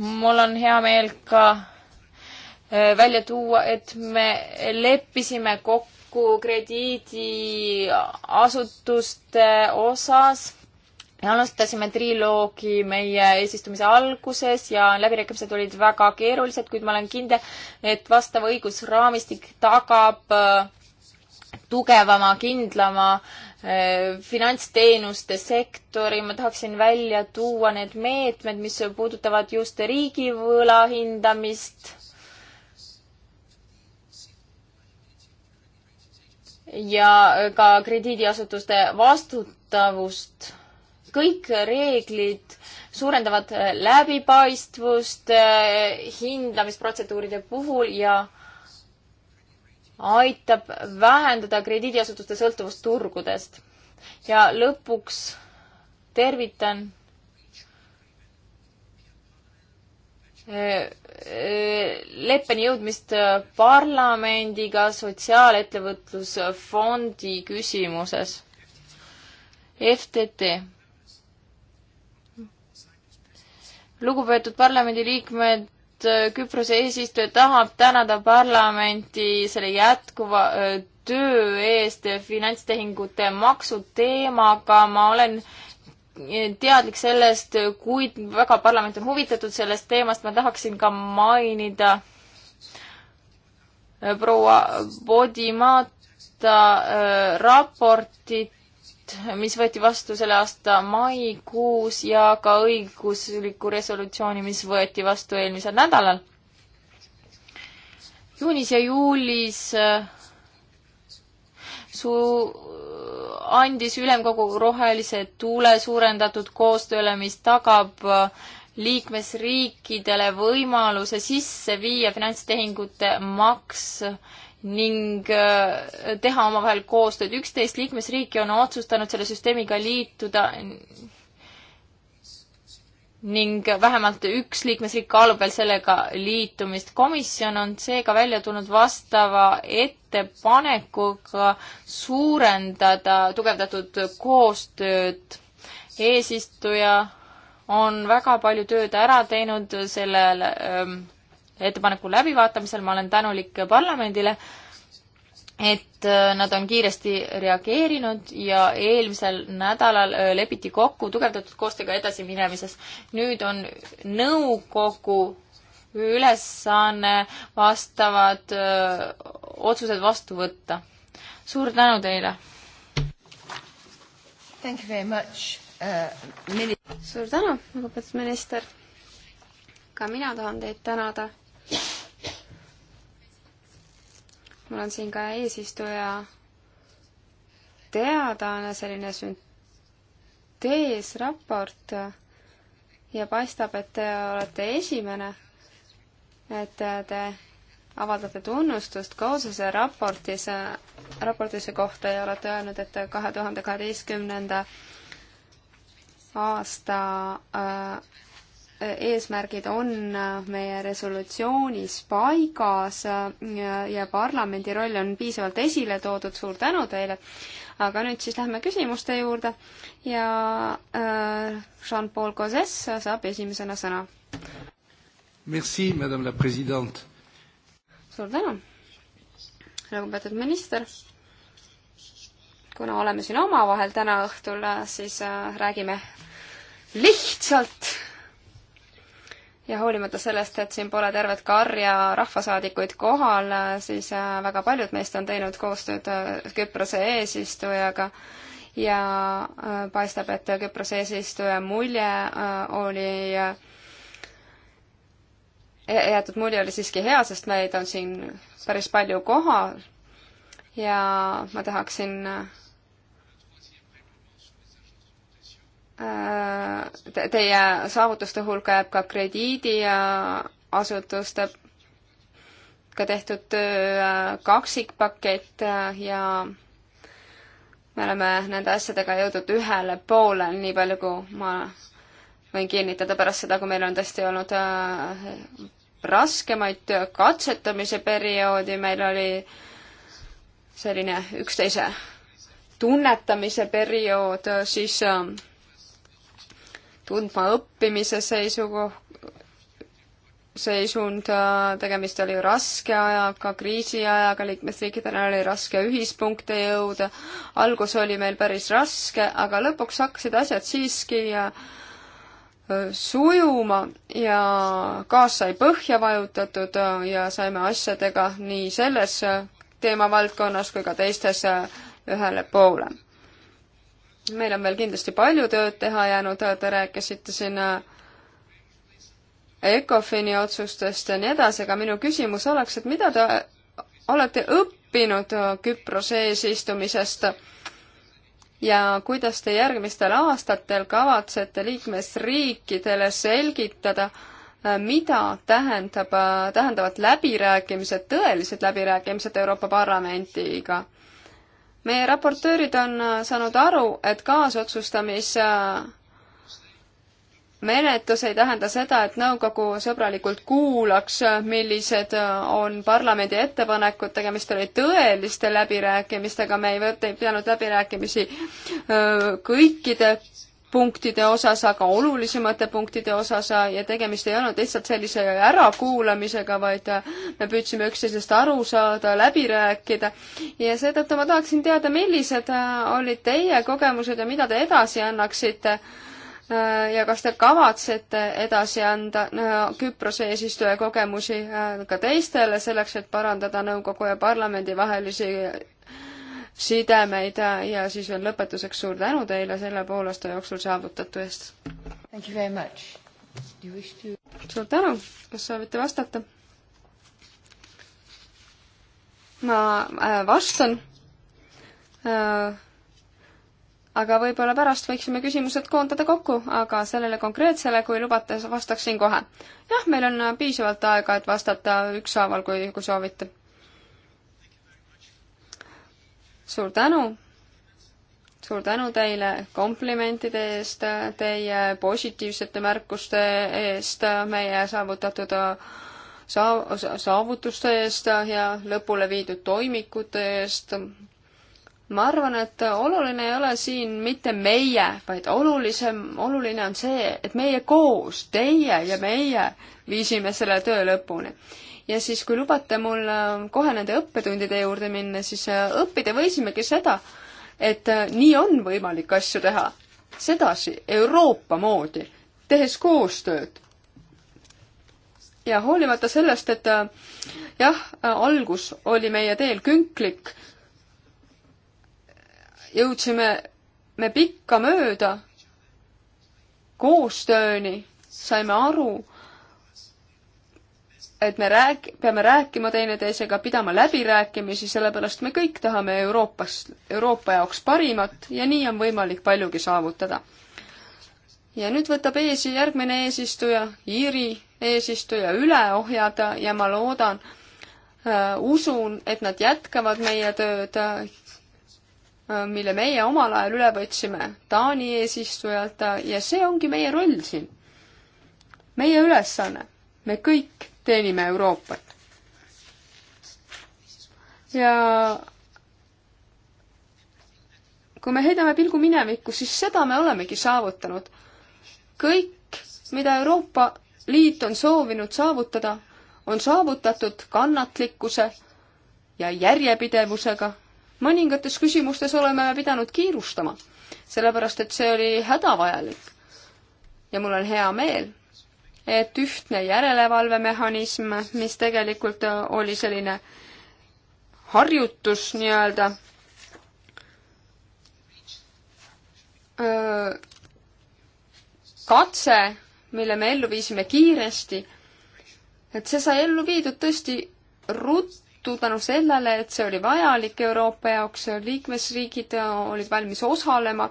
mul on hea meel ka Äh, välja tuua, et me leppisime kokku krediidiasutuste osas ja alustasime triloogi meie eesistumise alguses ja läbirääkimised olid väga keerulised, kuid ma olen kindel, et vastav õigusraamistik tagab äh, tugevama, kindlama äh, finantsteenuste sektori, ma tahaksin välja tuua need meetmed, mis puudutavad just riigivõla hindamist ja ka krediidiasutuste vastutavust. kõik reeglid suurendavad läbipaistvust eh, hindamisprotseduuride puhul ja aitab vähendada krediidiasutuste sõltuvust turgudest. ja lõpuks tervitan eh, Äh, leppeni jõudmist äh, parlamendiga sotsiaalettevõtlusfondi küsimuses. FTT. lugupeetud parlamendiliikmed, äh, Küprose eesistuja tahab tänada parlamenti selle jätkuva töö eest finantstehingute maksu teemaga. ma olen äh, teadlik sellest, kuid väga parlament on huvitatud sellest teemast, ma tahaksin ka mainida äh, proua Bodimata äh, raportit, mis võeti vastu selle aasta maikuus ja ka õigusliku resolutsiooni, mis võeti vastu eelmisel nädalal. juunis ja juulis äh, su andis ülemkogu rohelise tuule suurendatud koostööle, mis tagab liikmesriikidele võimaluse sisse viia finantstehingute maks ning äh, teha omavahel koostööd. üksteist liikmesriiki on otsustanud selle süsteemiga liituda ning vähemalt üks liikmesriik kaalub veel sellega liitumist. komisjon on seega välja tulnud vastava ettepanekuga suurendada tugevdatud koostööd. eesistuja on väga palju tööd ära teinud sellel ähm, ettepaneku läbivaatamisel, ma olen tänulik parlamendile äh, et äh, nad on kiiresti reageerinud ja eelmisel nädalal äh, lepiti kokku tugevdatud koostööga edasiminemises. nüüd on nõukogu ülesanne vastavad öö, äh, otsused vastu võtta. suur tänu teile! Thank you very much uh,, suur tänu, lugupeetud minister! ka mina tahan teid tänada mul on siin ka eesistuja teadaanne, selline süntees, raport ja paistab, et te olete esimene, et te avaldate tunnustust Kausase raportis, raportisse kohta ja olete öelnud, et kahe tuhande kaheteistkümnenda aasta äh, eesmärgid on äh, meie resolutsioonis paigas äh, ja parlamendi roll on piisavalt esile toodud, suur tänu teile. aga nüüd siis lähme küsimuste juurde ja äh, Jean-Paul Gauzes saab esimesena sõna. Merci, madame la president. suur tänu, lugupeetud minister. kuna oleme siin omavahel täna õhtul, siis räägime lihtsalt ja hoolimata sellest, et siin pole tervet karja rahvasaadikuid kohal, siis äh, väga paljud meist on teinud koostööd äh, Küprose eesistujaga ja äh, paistab, et Küprose eesistuja mulje oli e-, jäetud mulje oli siiski hea, sest meid on siin päris palju kohal ja ma tahaksin Äh, teie saavutuste hulka jääb ka krediidiasutuste ka tehtud töö äh, kaksikpakett äh, ja me oleme nende asjadega jõudnud ühele poole, nii palju kui ma võin kinnitada pärast seda, kui meil on tõesti olnud raskemaid katsetamise perioodi, meil oli selline üksteise tunnetamise periood, siis tundma õppimise seisukoht, seisund, äh, tegemist oli raske ajaga, kriisiajaga, liikmesriikidel oli raske ühispunkte jõuda. algus oli meil päris raske, aga lõpuks hakkasid asjad siiski äh, sujuma ja gaas sai põhja vajutatud äh, ja saime asjadega nii selles teemavaldkonnas kui ka teistes ühele poole meil on veel kindlasti palju tööd teha jäänud, te rääkisite siin äh, ECOFIN-i otsustest ja nii edasi, aga minu küsimus oleks, et mida te olete õppinud äh, Küprose eesistumisest ja kuidas te järgmistel aastatel kavatsete liikmesriikidele selgitada, äh, mida tähendab, tähendavad läbirääkimised, tõelised läbirääkimised Euroopa Parlamendiga meie raportöörid on äh, saanud aru, et kaasotsustamise äh, menetlus ei tähenda seda, et nõukogu sõbralikult kuulaks, äh, millised on parlamendi ettepanekud, tegemist oli tõeliste läbirääkimistega, me ei võt-, ei pidanud läbirääkimisi kõikide punktide osas, aga olulisemate punktide osas ja tegemist ei olnud lihtsalt sellise ärakuulamisega, vaid äh, me püüdsime üksteisest aru saada, läbi rääkida ja seetõttu ma tahaksin teada, millised äh, olid teie kogemused ja mida te edasi annaksite äh, ja kas te kavatsete edasi anda Küprose eesistuja kogemusi ka teistele, selleks et parandada nõukogu ja parlamendi vahelisi sidemeid ja siis veel lõpetuseks suur tänu teile selle poolaasta jooksul saavutatu eest! To... suur tänu, kas soovite vastata? ma äh, vastan. Äh, aga võib-olla pärast võiksime küsimused koondada kokku, aga sellele konkreetsele, kui lubate, vastaksin kohe. jah, meil on piisavalt aega, et vastata ükshaaval, kui, kui soovite suur tänu! suur tänu teile komplimentide eest, teie positiivsete märkuste eest, meie saavutatud saav-, saavutuste eest ja lõpule viidud toimikute eest. ma arvan, et oluline ei ole siin mitte meie, vaid olulisem, oluline on see, et meie koos, teie ja meie, viisime selle töö lõpuni ja siis, kui lubate mul äh, kohe nende õppetundide juurde minna, siis äh, õppida võisimegi seda, et äh, nii on võimalik asju teha. sedasi, Euroopa moodi, tehes koostööd. ja hoolimata sellest, et jah, algus oli meie teel künklik, jõudsime me pikkamööda koostööni, saime aru, et me rääk-, peame rääkima teineteisega, pidama läbirääkimisi, sellepärast me kõik tahame Euroopas, Euroopa jaoks parimat ja nii on võimalik paljugi saavutada. ja nüüd võtab eesi järgmine eesistuja, Iiri eesistuja, üle ohjada ja ma loodan äh,, usun, et nad jätkavad meie tööd äh,, mille meie omal ajal üle võtsime Taani eesistujalt äh, ja see ongi meie roll siin. meie ülesanne, me kõik teenime Euroopat. ja kui me heidame pilgu minevikku, siis seda me olemegi saavutanud. kõik, mida Euroopa Liit on soovinud saavutada, on saavutatud kannatlikkuse ja järjepidevusega. mõningates küsimustes oleme pidanud kiirustama, sellepärast et see oli hädavajalik. ja mul on hea meel et ühtne järelevalvemehhanism, mis tegelikult oli selline harjutus nii-öelda, katse, mille me ellu viisime kiiresti, et see sai ellu viidud tõesti ruttu, tänu sellele, et see oli vajalik Euroopa jaoks, liikmesriigid olid valmis osalema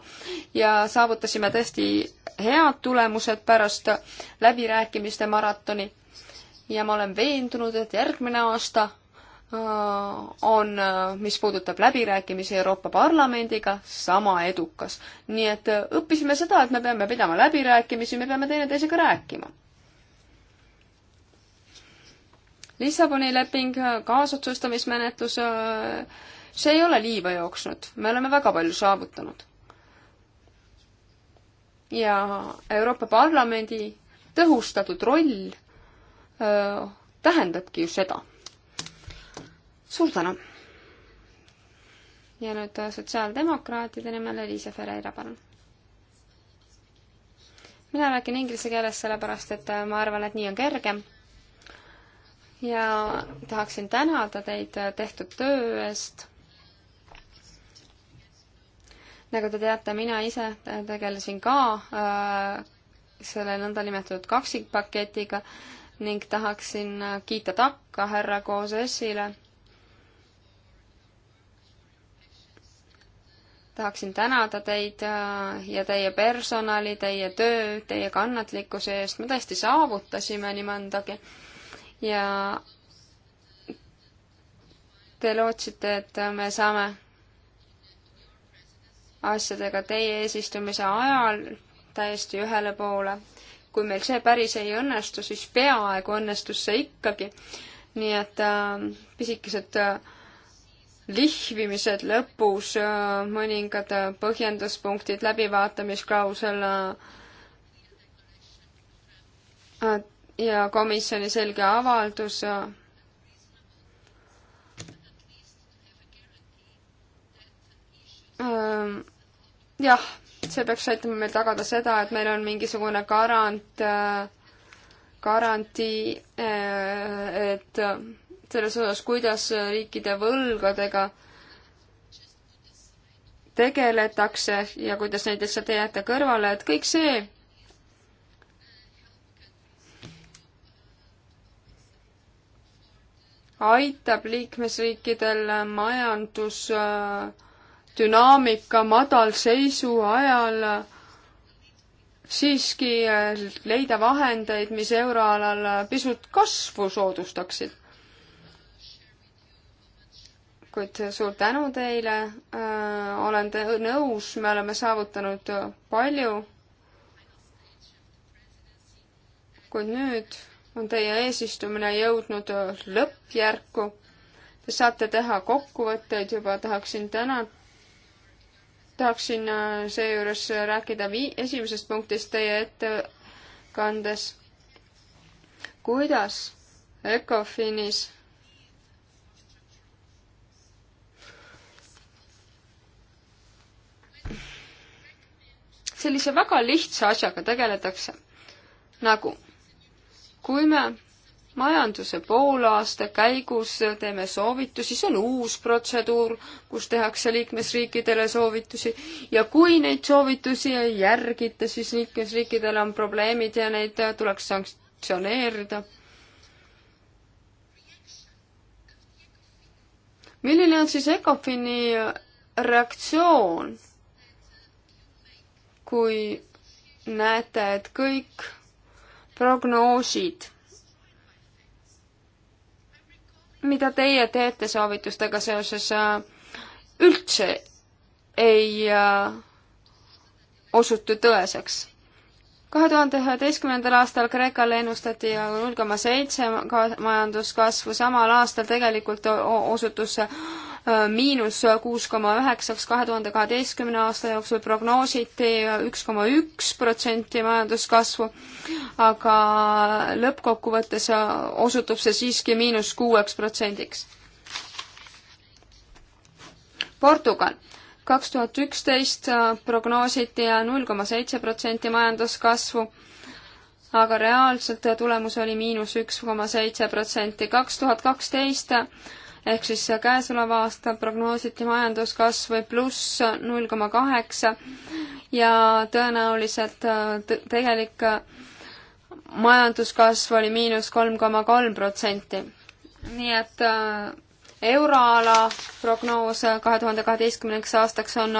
ja saavutasime tõesti head tulemused pärast läbirääkimiste maratoni. ja ma olen veendunud, et järgmine aasta äh, on, äh, mis puudutab läbirääkimisi Euroopa Parlamendiga, sama edukas. nii et äh, õppisime seda, et me peame pidama läbirääkimisi, me peame teineteisega rääkima Lissaboni leping, kaasotsustamismenetlus, see ei ole liiva jooksnud, me oleme väga palju saavutanud. ja Euroopa Parlamendi tõhustatud roll öö, tähendabki ju seda. suur tänu! ja nüüd äh, sotsiaaldemokraatide nimel Elisa Ferreira, palun. mina räägin inglise keeles sellepärast, et äh, ma arvan, et nii on kergem ja tahaksin tänada teid tehtud töö eest. nagu te teate, mina ise tegelesin ka äh, selle nõndanimetatud kaksikpaketiga ning tahaksin äh, kiita takka härra Koosessile. tahaksin tänada teid äh, ja teie personali, teie töö, teie kannatlikkuse eest, me tõesti saavutasime nii mõndagi ja te lootsite, et me saame asjadega teie eesistumise ajal täiesti ühele poole. kui meil see päris ei õnnestu, siis peaaegu õnnestus see ikkagi. nii et äh, pisikesed äh, lihvimised lõpus äh,, mõningad äh, põhjenduspunktid, läbivaatamisklausel äh,, äh ja komisjoni selge avaldus jah, see peaks aitama meil tagada seda, et meil on mingisugune garant, garantii, et selles osas, kuidas riikide võlgadega tegeletakse ja kuidas neid lihtsalt ei jäeta kõrvale, et kõik see aitab liikmesriikidel majandusdünaamika äh, madalseisu ajal siiski äh, leida vahendeid, mis euroalal äh, pisut kasvu soodustaksid. kuid suur tänu teile, olen te nõus, me oleme saavutanud palju. kuid nüüd on teie eesistumine jõudnud lõppjärku. Te saate teha kokkuvõtteid juba, tahaksin täna, tahaksin äh, seejuures rääkida vii-, esimesest punktist teie ettekandes. kuidas ECOFINis sellise väga lihtsa asjaga tegeletakse nagu kui me majanduse poolaasta käigus teeme soovitusi, see on uus protseduur, kus tehakse liikmesriikidele soovitusi ja kui neid soovitusi ei järgita, siis liikmesriikidel on probleemid ja neid tuleks sanktsioneerida. milline on siis ECOFIN-i reaktsioon, kui näete, et kõik prognoosid, mida teie teete soovitustega seoses äh, üldse ei äh, osutu tõeseks kahe tuhande üheteistkümnendal aastal Kreekale ennustati null koma seitse majanduskasvu, samal aastal tegelikult osutus see miinus kuus koma üheksaks kahe tuhande kaheteistkümne aasta jooksul prognoositi üks koma üks protsenti majanduskasvu, aga lõppkokkuvõttes osutub see siiski miinus kuueks protsendiks. Portugal kaks tuhat üksteist prognoositi null koma seitse protsenti majanduskasvu aga reaalselt tulemus oli miinus üks koma seitse protsenti. kaks tuhat kaksteist ehk siis käesoleva aasta prognoositi majanduskasvu pluss null koma kaheksa ja tõenäoliselt äh, tegelik äh, majanduskasv oli miinus kolm koma kolm protsenti. nii et äh, euroala prognoos kahe tuhande kaheteistkümneks aastaks on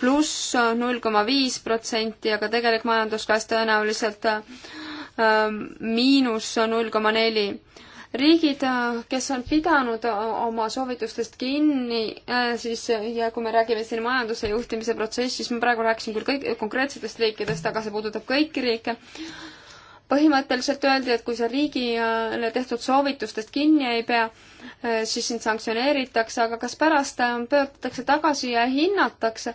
pluss null koma viis protsenti, aga tegelik majanduskasv tõenäoliselt miinus null koma neli riigid, kes on pidanud oma soovitustest kinni, äh, siis ja kui me räägime siin majanduse juhtimise protsessist, ma praegu rääkisin küll kõik konkreetsetest riikidest, aga see puudutab kõiki riike, põhimõtteliselt öeldi, et kui sa riigile tehtud soovitustest kinni ei pea, eh, siis sind sanktsioneeritakse, aga kas pärast eh, pöördutakse tagasi ja hinnatakse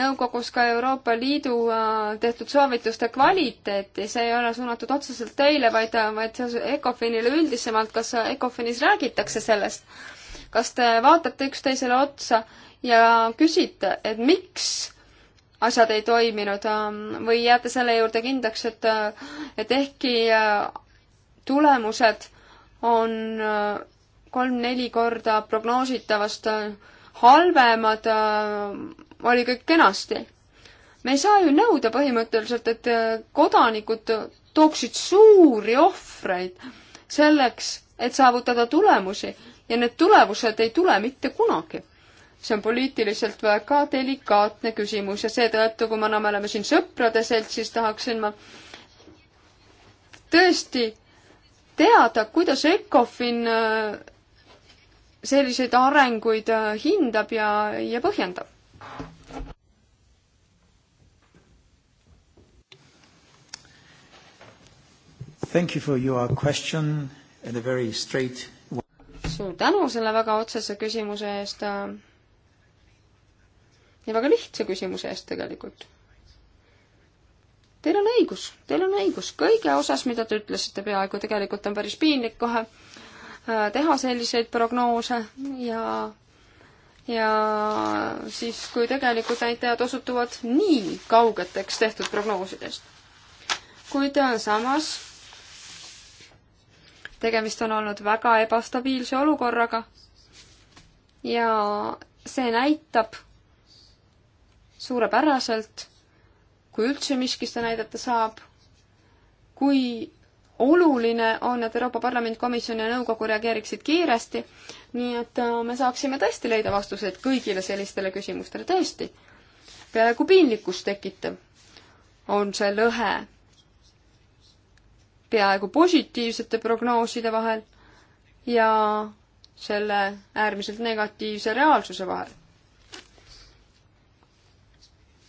nõukogus ka Euroopa Liidu eh, tehtud soovituste kvaliteeti, see ei ole suunatud otseselt teile, vaid, vaid ECOFINile üldisemalt, kas ECOFINis räägitakse sellest? kas te vaatate üksteisele otsa ja küsite, et miks asjad ei toiminud ähm, või jääte selle juurde kindlaks, et, äh, et ehkki äh, tulemused on äh, kolm-neli korda prognoositavast halvemad, oli kõik kenasti. me ei saa ju nõuda põhimõtteliselt, et kodanikud tooksid suuri ohvreid selleks, et saavutada tulemusi ja need tulemused ei tule mitte kunagi see on poliitiliselt väga delikaatne küsimus ja seetõttu, kui me anname, oleme siin sõprade seltsis, tahaksin ma tõesti teada, kuidas Ecofin äh, selliseid arenguid äh, hindab ja, ja põhjendab. Thank you for your question and a very straight suur tänu selle väga otsese küsimuse eest ja väga lihtsa küsimuse eest tegelikult. Teil on õigus, teil on õigus kõige osas, mida te ütlesite peaaegu, tegelikult on päris piinlik kohe äh, teha selliseid prognoose ja, ja siis, kui tegelikult näitajad osutuvad nii kaugeteks tehtud prognoosidest. kuid äh, samas tegemist on olnud väga ebastabiilse olukorraga ja see näitab, suurepäraselt, kui üldse miskist ta näidata saab, kui oluline on, et Euroopa Parlament, komisjon ja nõukogu reageeriksid kiiresti, nii et äh, me saaksime tõesti leida vastuseid kõigile sellistele küsimustele, tõesti. peaaegu piinlikkust tekitav on see lõhe peaaegu positiivsete prognooside vahel ja selle äärmiselt negatiivse reaalsuse vahel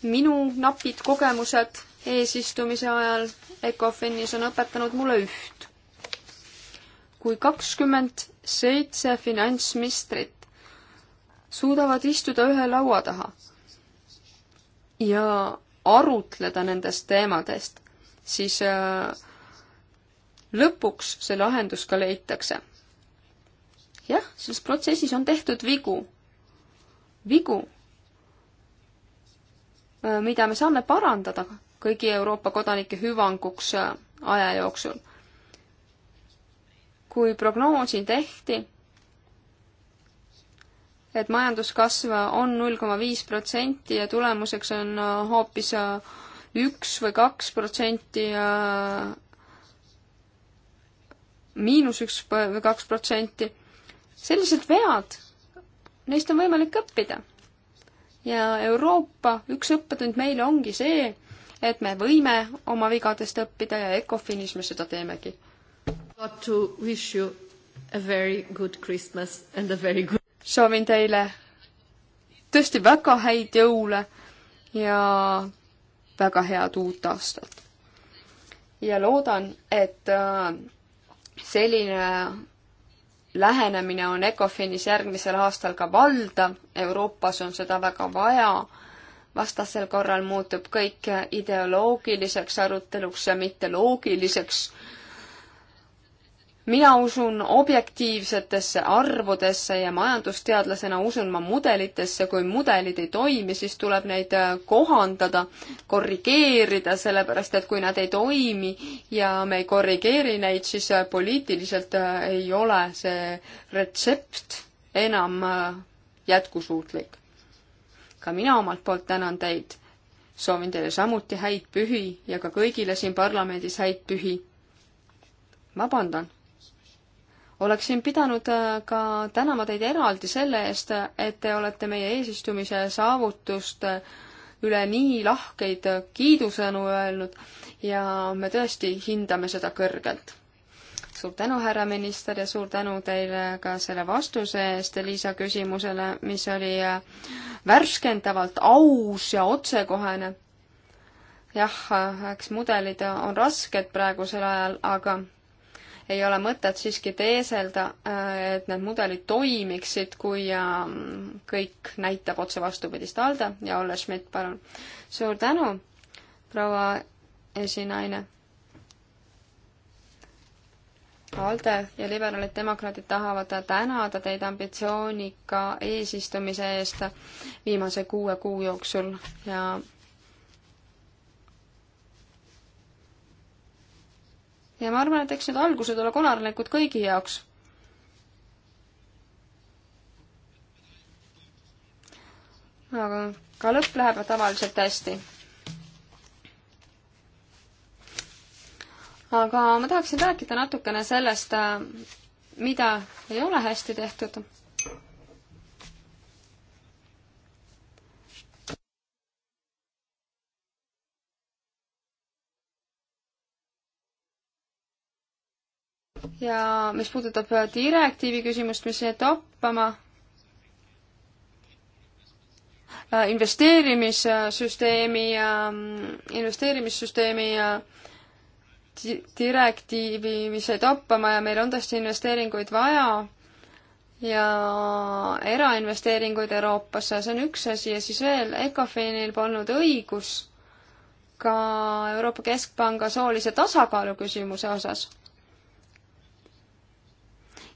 minu napid kogemused eesistumise ajal ECOFINis on õpetanud mulle üht. kui kakskümmend seitse finantsministrit suudavad istuda ühe laua taha ja arutleda nendest teemadest, siis äh, lõpuks see lahendus ka leitakse. jah, selles protsessis on tehtud vigu. vigu, Äh, mida me saame parandada kõigi Euroopa kodanike hüvanguks äh, aja jooksul. kui prognoosi tehti, et majanduskasv on null koma viis protsenti ja tulemuseks on äh, hoopis üks või kaks protsenti miinus üks või kaks protsenti, sellised vead, neist on võimalik õppida ja Euroopa üks õppetund meile ongi see, et me võime oma vigadest õppida ja ECOFINis me seda teemegi. Good... soovin teile tõesti väga häid jõule ja väga head uut aastat. ja loodan, et äh, selline lähenemine on ECOFINis järgmisel aastal ka valdav, Euroopas on seda väga vaja, vastasel korral muutub kõik ideoloogiliseks aruteluks ja mitte loogiliseks mina usun objektiivsetesse arvudesse ja majandusteadlasena usun ma mudelitesse, kui mudelid ei toimi, siis tuleb neid äh, kohandada, korrigeerida, sellepärast et kui nad ei toimi ja me ei korrigeeri neid, siis äh, poliitiliselt äh, ei ole see retsept enam jätkusuutlik. ka mina omalt poolt tänan teid. soovin teile samuti häid pühi ja ka kõigile siin parlamendis häid pühi. vabandan oleksin pidanud äh, ka tänama teid eraldi selle eest, et te olete meie eesistumise saavutuste äh, üle nii lahkeid äh, kiidusõnu öelnud ja me tõesti hindame seda kõrgelt. suur tänu, härra minister, ja suur tänu teile ka selle vastuse eest Liisa küsimusele, mis oli värskendavalt aus ja otsekohene. jah, eks mudelid on rasked praegusel ajal, aga ei ole mõtet siiski teeselda, äh, et need mudelid toimiksid, kui ähm, kõik näitab otse vastupidist. Alde ja Olle Schmidt, palun. suur tänu, proua esinaine. Alde ja liberaalid demokraadid tahavad tänada teid ambitsioonika eesistumise eest viimase kuue kuu jooksul ja ja ma arvan, et eks need algused ole konarlikud kõigi jaoks. aga ka lõpp läheb tavaliselt hästi. aga ma tahaksin rääkida natukene sellest, mida ei ole hästi tehtud ja mis puudutab äh, direktiivi küsimust, mis jäi toppama, äh, investeerimissüsteemi ja ähm, investeerimissüsteemi ja äh, direktiivi, mis jäi toppama ja meil on tõesti investeeringuid vaja ja erainvesteeringuid Euroopasse, see on üks asi ja siis veel, ECOFINil polnud õigus ka Euroopa Keskpanga soolise tasakaalu küsimuse osas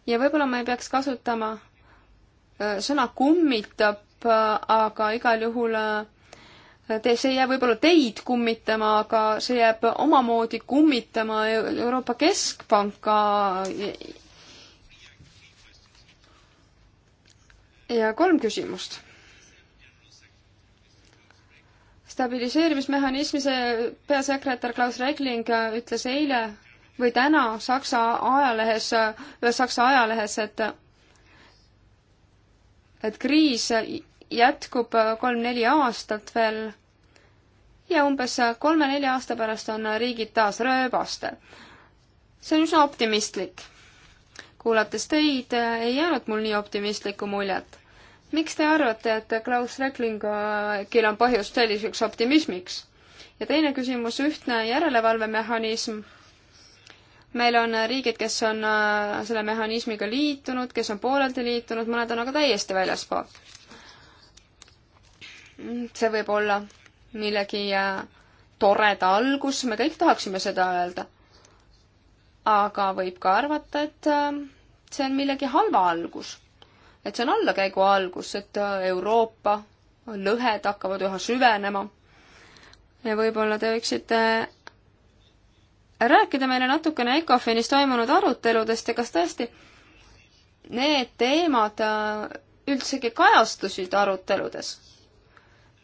ja võib-olla me ei peaks kasutama äh, sõna kummitab, äh, aga igal juhul äh, te, see ei jää võib-olla teid kummitama, aga see jääb omamoodi kummitama Euroopa Keskpanka ja kolm küsimust. stabiliseerimismehhanismi see peasekretär Klaus Regling ütles eile või täna Saksa ajalehes, ühes Saksa ajalehes, et et kriis jätkub kolm-neli aastat veel ja umbes kolme-nelja aasta pärast on riigid taas rööbastel. see on üsna optimistlik. kuulates teid, ei jäänud mul nii optimistlikku muljet. miks te arvate, et Klaus Recklingil on põhjust selliseks optimismiks? ja teine küsimus, ühtne järelevalvemehhanism meil on äh, riigid, kes on äh, selle mehhanismiga liitunud, kes on pooleldi liitunud, mõned on aga täiesti väljaspool. see võib olla millegi äh, toreda algus, me kõik tahaksime seda öelda. aga võib ka arvata, et see on millegi halva algus. et see on allakäigu algus, et Euroopa lõhed hakkavad üha süvenema. ja võib-olla te võiksite rääkida meile natukene ECOFINis toimunud aruteludest ja kas tõesti need teemad äh, üldsegi kajastusid aruteludes?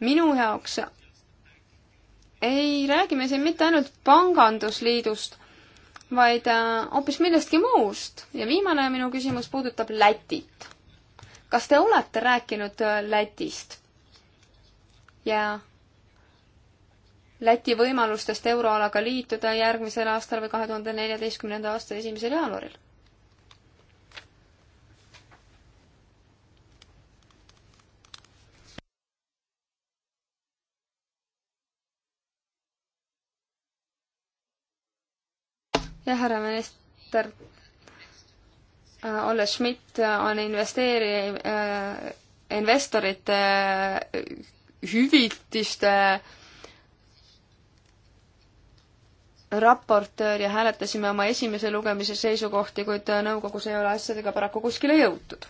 minu jaoks ei räägi me siin mitte ainult pangandusliidust, vaid äh, hoopis millestki muust. ja viimane minu küsimus puudutab Lätit. kas te olete rääkinud äh, Lätist? ja Läti võimalustest euroalaga liituda järgmisel aastal või kahe tuhande neljateistkümnenda aasta esimesel jaanuaril. jah, härra minister, äh, Olle Schmidt äh, on investeeri-, äh, investorite hüvitiste äh, raportöör ja hääletasime oma esimese lugemise seisukohti, kuid nõukogus ei ole asjadega paraku kuskile jõutud.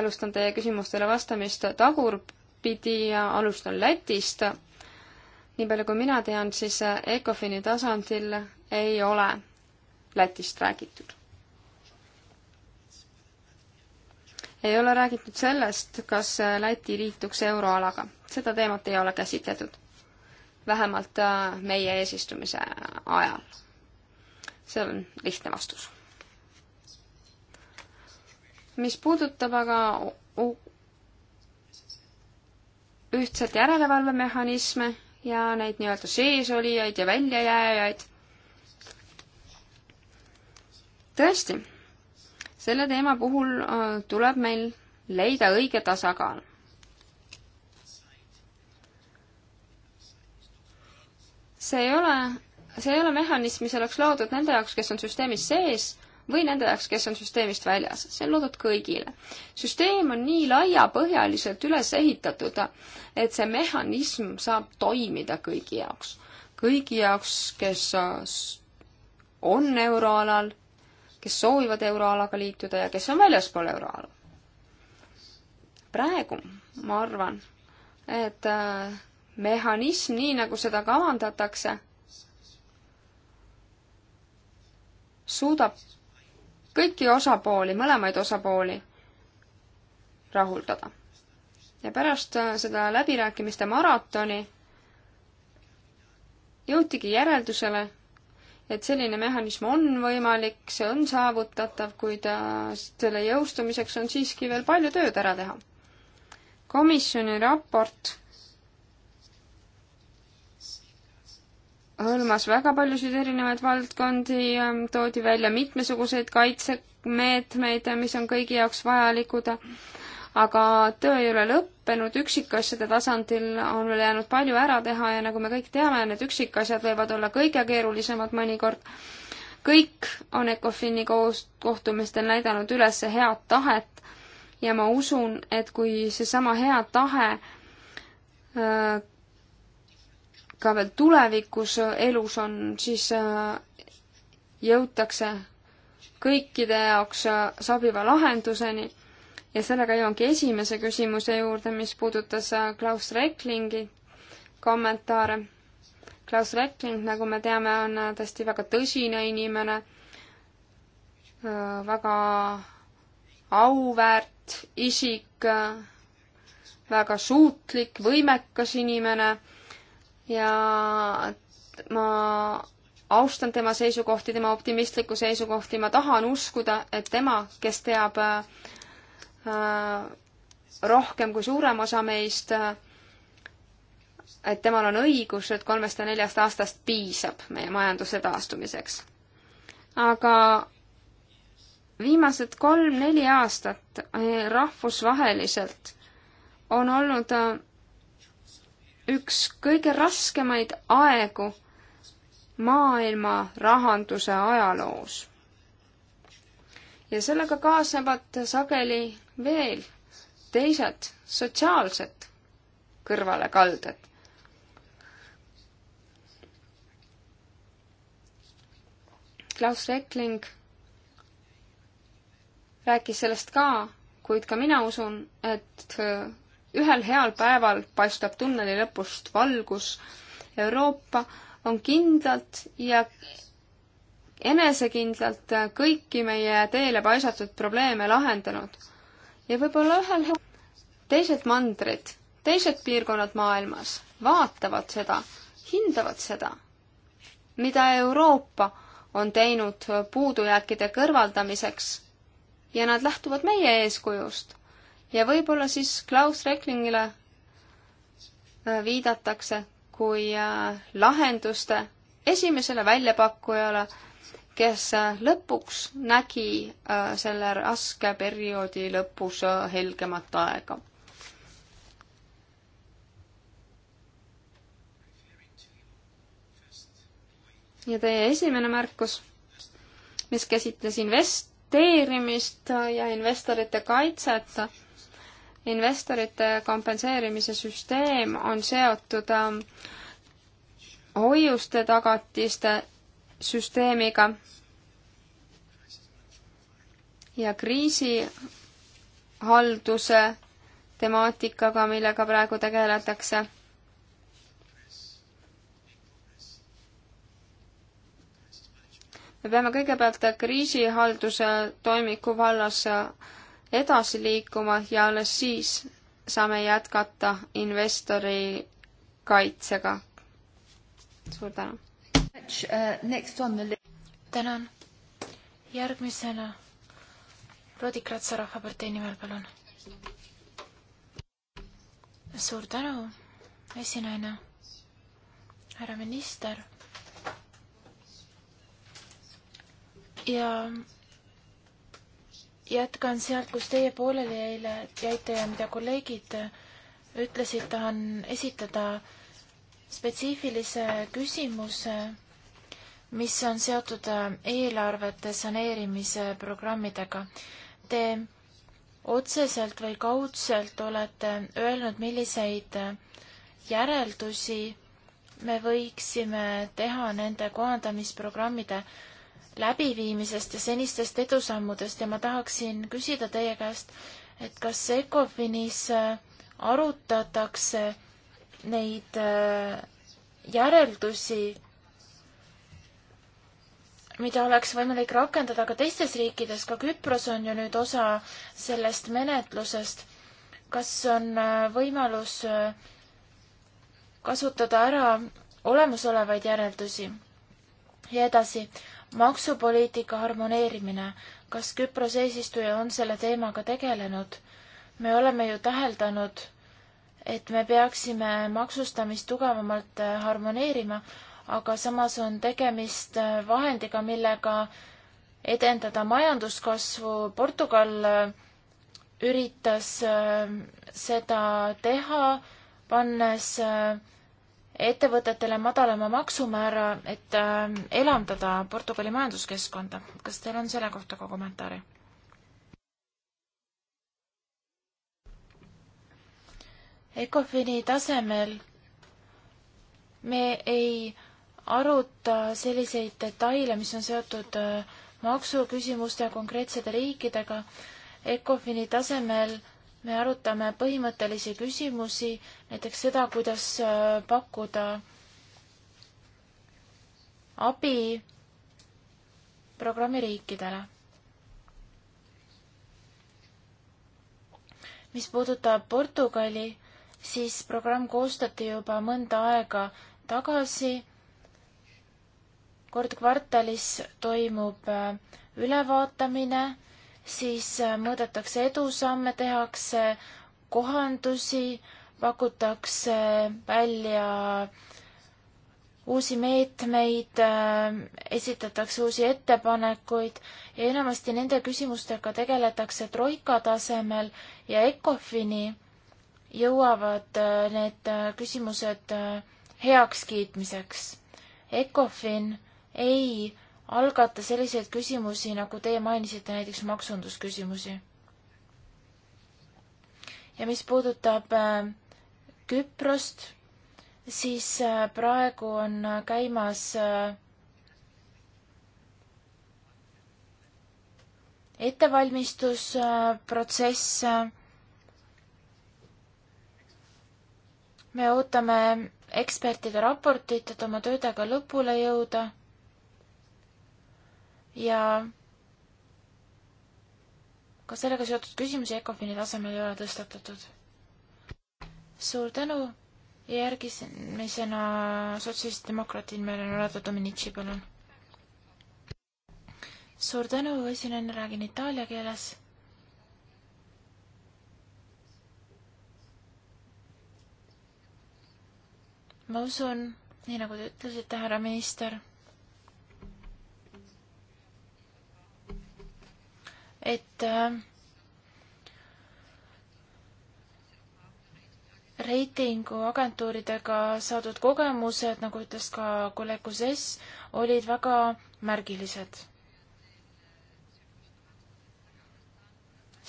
alustan teie küsimustele vastamist tagurpidi ja alustan Lätist. nii palju kui mina tean, siis ECOFIN-i tasandil ei ole Lätist räägitud ei ole räägitud sellest, kas Läti liituks euroalaga. seda teemat ei ole käsitletud. vähemalt äh, meie eesistumise ajal. see on lihtne vastus. mis puudutab aga ühtset järelevalvemehhanisme ja neid nii-öelda seesolijaid ja väljajääjaid, tõesti selle teema puhul äh, tuleb meil leida õige tasakaal. see ei ole, see ei ole mehhanism, mis oleks loodud nende jaoks, kes on süsteemis sees või nende jaoks, kes on süsteemist väljas. see on loodud kõigile. süsteem on nii laiapõhjaliselt üles ehitatud, et see mehhanism saab toimida kõigi jaoks. kõigi jaoks, kes äh, on euroalal kes soovivad euroalaga liituda ja kes on väljaspool euroala. praegu ma arvan, et äh, mehhanism, nii nagu seda kavandatakse, suudab kõiki osapooli, mõlemaid osapooli rahuldada. ja pärast äh, seda läbirääkimiste maratoni jõutigi järeldusele, et selline mehhanism on võimalik, see on saavutatav, kuid selle jõustumiseks on siiski veel palju tööd ära teha. komisjoni raport hõlmas väga paljusid erinevaid valdkondi, ähm, toodi välja mitmesuguseid kaitsemeetmeid, mis on kõigi jaoks vajalikud aga töö ei ole lõppenud, üksikasjade tasandil on veel jäänud palju ära teha ja nagu me kõik teame, need üksikasjad võivad olla kõige keerulisemad mõnikord. kõik on ECOFIN-i koos, kohtumistel näidanud üles head tahet ja ma usun, et kui seesama hea tahe öö, äh, ka veel tulevikus elus on, siis äh, jõutakse kõikide jaoks äh, sobiva lahenduseni ja sellega jõuangi esimese küsimuse juurde, mis puudutas äh, Klaus Recklingi kommentaare. Klaus Reckling, nagu me teame, on äh, tõesti väga tõsine inimene, äh, väga auväärt isik, väga suutlik, võimekas inimene ja ma austan tema seisukohti, tema optimistlikku seisukohti, ma tahan uskuda, et tema, kes teab äh, Äh, rohkem kui suurem osa meist, äh, et temal on õigus, et kolmest ja neljast aastast piisab meie majanduse taastumiseks. aga viimased kolm-neli aastat äh, rahvusvaheliselt on olnud üks kõige raskemaid aegu maailma rahanduse ajaloos. ja sellega kaasnevad sageli veel teised sotsiaalsed kõrvalekalded. Klaus Reckling rääkis sellest ka, kuid ka mina usun, et äh, ühel heal päeval paistab tunneli lõpust valgus. Euroopa on kindlalt ja enesekindlalt äh, kõiki meie teele paisatud probleeme lahendanud ja võib-olla ühel teised mandrid, teised piirkonnad maailmas vaatavad seda, hindavad seda, mida Euroopa on teinud puudujääkide kõrvaldamiseks ja nad lähtuvad meie eeskujust. ja võib-olla siis Klaus Recklingile äh, viidatakse kui äh, lahenduste esimesele väljapakkujale kes lõpuks nägi äh, selle raske perioodi lõpus äh, helgemat aega. ja teie esimene märkus, mis käsitles investeerimist ja investorite kaitset investorite kompenseerimise süsteem on seotud ähm, hoiuste tagatiste süsteemiga ja kriisihalduse temaatikaga, millega praegu tegeletakse. me peame kõigepealt kriisihalduse toimiku vallas edasi liikuma ja alles siis saame jätkata investori kaitsega. suur tänu! Uh, tänan. järgmisena Rodik Ratsa Rahvapartei nimel, palun. suur tänu, esinaine, härra minister. ja jätkan sealt, kus teie pooleli eile jäite ja mida kolleegid ütlesid, tahan esitada spetsiifilise küsimuse mis on seotud äh, eelarvete saneerimise programmidega. Te otseselt või kaudselt olete öelnud, milliseid äh, järeldusi me võiksime teha nende kohandamisprogrammide läbiviimisest ja senistest edusammudest ja ma tahaksin küsida teie käest, et kas ECOFINis äh, arutatakse neid järeldusi mida oleks võimalik rakendada ka teistes riikides, ka Küpros on ju nüüd osa sellest menetlusest. kas on äh, võimalus äh, kasutada ära olemasolevaid järeldusi? ja edasi, maksupoliitika harmoneerimine. kas Küprose eesistuja on selle teemaga tegelenud? me oleme ju täheldanud, et me peaksime maksustamist tugevamalt äh, harmoneerima aga samas on tegemist äh, vahendiga, millega edendada majanduskasvu. Portugal äh, üritas äh, seda teha, pannes ettevõtetele madalama maksumäära, et elavdada Portugali majanduskeskkonda. kas teil on selle kohta ka kommentaari? ECOFIN-i tasemel me ei aruta selliseid detaile, mis on seotud äh, maksuküsimuste konkreetsete riikidega. ECOFIN-i tasemel me arutame põhimõttelisi küsimusi, näiteks seda, kuidas äh, pakkuda abi programmi riikidele. mis puudutab Portugali, siis programm koostati juba mõnda aega tagasi kord kvartalis toimub äh, ülevaatamine, siis äh, mõõdetakse edusamme, tehakse kohandusi, pakutakse välja uusi meetmeid, äh, esitatakse uusi ettepanekuid ja enamasti nende küsimustega tegeletakse troika tasemel ja ECOFIN-i jõuavad need küsimused heakskiitmiseks. ECOFIN ei algata selliseid küsimusi, nagu teie mainisite, näiteks maksundusküsimusi. ja mis puudutab äh, Küprost, siis äh, praegu on äh, käimas ettevalmistusprotsess. me ootame ekspertide raportit, et oma töödega lõpule jõuda ja ka sellega seotud küsimusi ECOFIN-i tasemel ei ole tõstatatud. suur tänu ja järgmisena sotsialistdemokraatid, meil on Rado Dominici, palun. suur tänu, esinen, räägin itaalia keeles ma usun, nii nagu te ütlesite, härra minister et äh, reitinguagentuuridega saadud kogemused, nagu ütles ka kolleeg Kuzess, olid väga märgilised.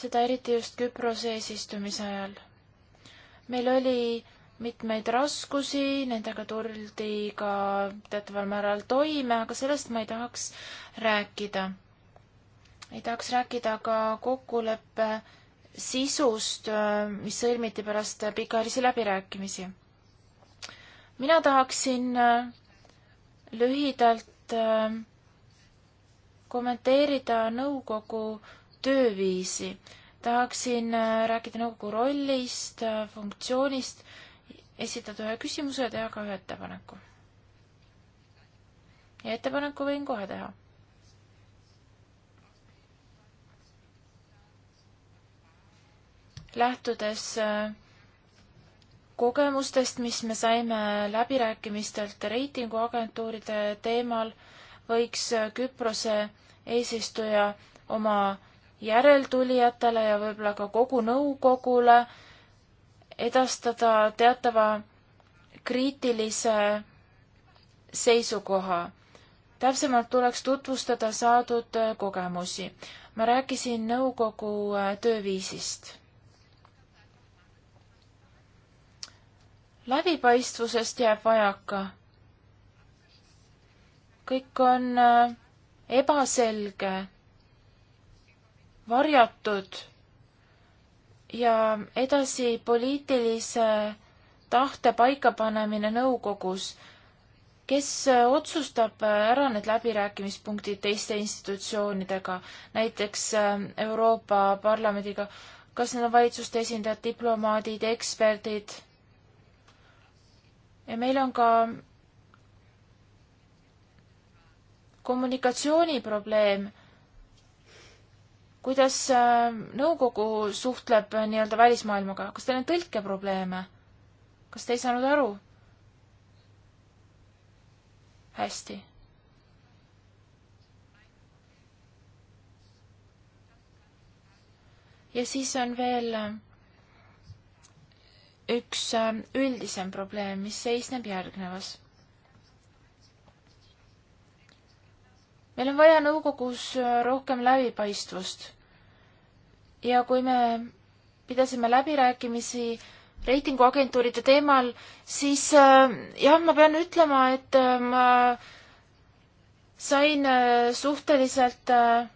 seda eriti just Küprose eesistumise ajal. meil oli mitmeid raskusi, nendega tuldi ka teataval määral toime, aga sellest ma ei tahaks rääkida ei tahaks rääkida ka kokkuleppe sisust, mis sõlmiti pärast pikaajalisi läbirääkimisi. mina tahaksin äh, lühidalt äh, kommenteerida nõukogu tööviisi. tahaksin äh, rääkida nõukogu rollist, funktsioonist, esitada ühe küsimuse ja teha ka ühe ettepaneku. ja ettepaneku võin kohe teha lähtudes äh, kogemustest, mis me saime läbirääkimistelt reitinguagentuuride teemal, võiks äh, Küprose eesistuja oma järeltulijatele ja võib-olla ka kogu nõukogule edastada teatava kriitilise seisukoha. täpsemalt tuleks tutvustada saadud äh, kogemusi. ma rääkisin nõukogu tööviisist läbipaistvusest jääb vajaka. kõik on äh, ebaselge, varjatud ja edasi poliitilise tahte paikapanemine nõukogus. kes äh, otsustab äh, ära need läbirääkimispunktid teiste institutsioonidega, näiteks Euroopa Parlamendiga, kas need on valitsuste esindajad, diplomaadid, eksperdid? ja meil on ka kommunikatsiooniprobleem. kuidas äh, nõukogu suhtleb nii-öelda välismaailmaga, kas teil on tõlkeprobleeme? kas te ei saanud aru? hästi. ja siis on veel äh, üks ähm, üldisem probleem, mis seisneb järgnevas. meil on vaja nõukogus äh, rohkem läbipaistvust. ja kui me pidasime läbirääkimisi reitinguagentuuride teemal, siis ähm, jah, ma pean ütlema, et ma ähm, äh, sain äh, suhteliselt äh,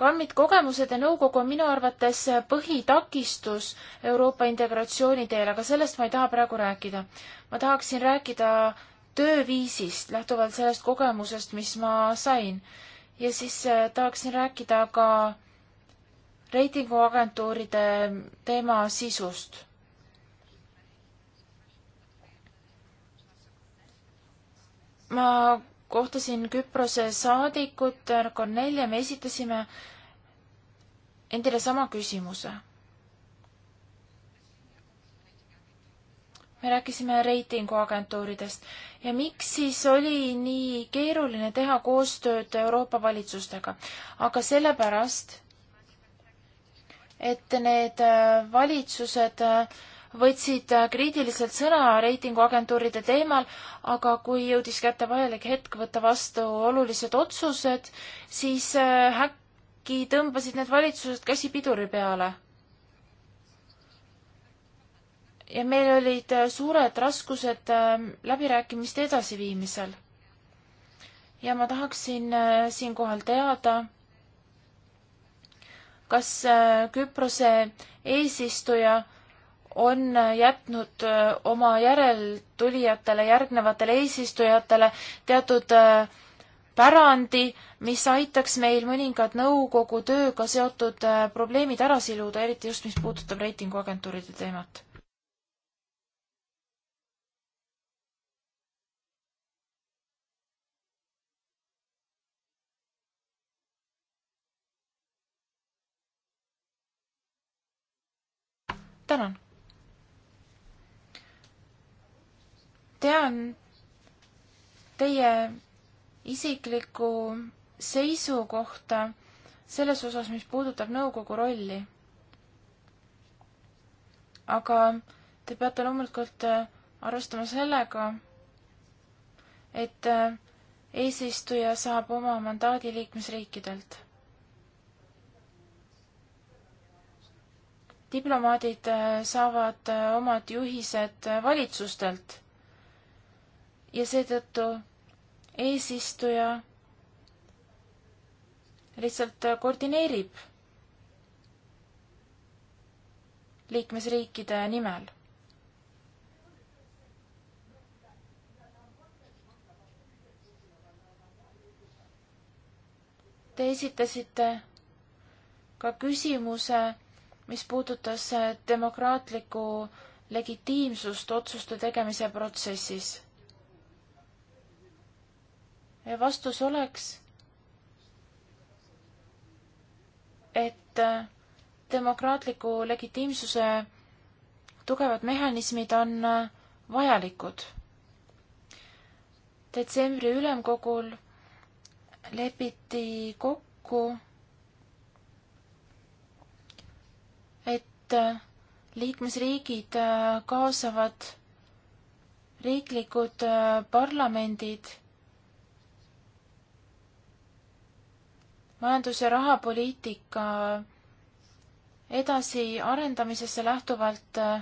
karmid kogemused ja nõukogu on minu arvates põhitakistus Euroopa integratsiooni teel, aga sellest ma ei taha praegu rääkida. ma tahaksin rääkida tööviisist, lähtuvalt sellest kogemusest, mis ma sain. ja siis äh, tahaksin rääkida ka reitinguagentuuride teema sisust ma kohtasin Küprose saadikut Kornelia, me esitasime endile sama küsimuse. me rääkisime reitinguagentuuridest ja miks siis oli nii keeruline teha koostööd Euroopa valitsustega, aga sellepärast, et need äh, valitsused äh, võtsid äh, kriitiliselt sõna reitinguagentuuride teemal, aga kui jõudis kätte vajalik hetk võtta vastu olulised otsused, siis äh, äkki tõmbasid need valitsused käsi piduri peale. ja meil olid äh, suured raskused ähm, läbirääkimiste edasiviimisel. ja ma tahaksin siinkohal teada, kas Küprose eesistuja on jätnud äh, oma järeltulijatele, järgnevatele eesistujatele teatud äh, pärandi, mis aitaks meil mõningad nõukogu tööga seotud äh, probleemid ära siluda, eriti just, mis puudutab reitinguagentuuride teemat. tänan tean teie isiklikku seisukohta selles osas, mis puudutab nõukogu rolli. aga te peate loomulikult äh, arvestama sellega, et äh, eesistuja saab oma mandaadi liikmesriikidelt. diplomaadid äh, saavad omad juhised valitsustelt ja seetõttu eesistuja lihtsalt koordineerib liikmesriikide nimel. Te esitasite ka küsimuse, mis puudutas demokraatlikku legitiimsust otsuste tegemise protsessis vastus oleks, et äh, demokraatliku legitiimsuse tugevad mehhanismid on äh, vajalikud. detsembri ülemkogul lepiti kokku, et äh, liikmesriigid kaasavad riiklikud parlamendid majandus- ja rahapoliitika edasiarendamisesse lähtuvalt äh,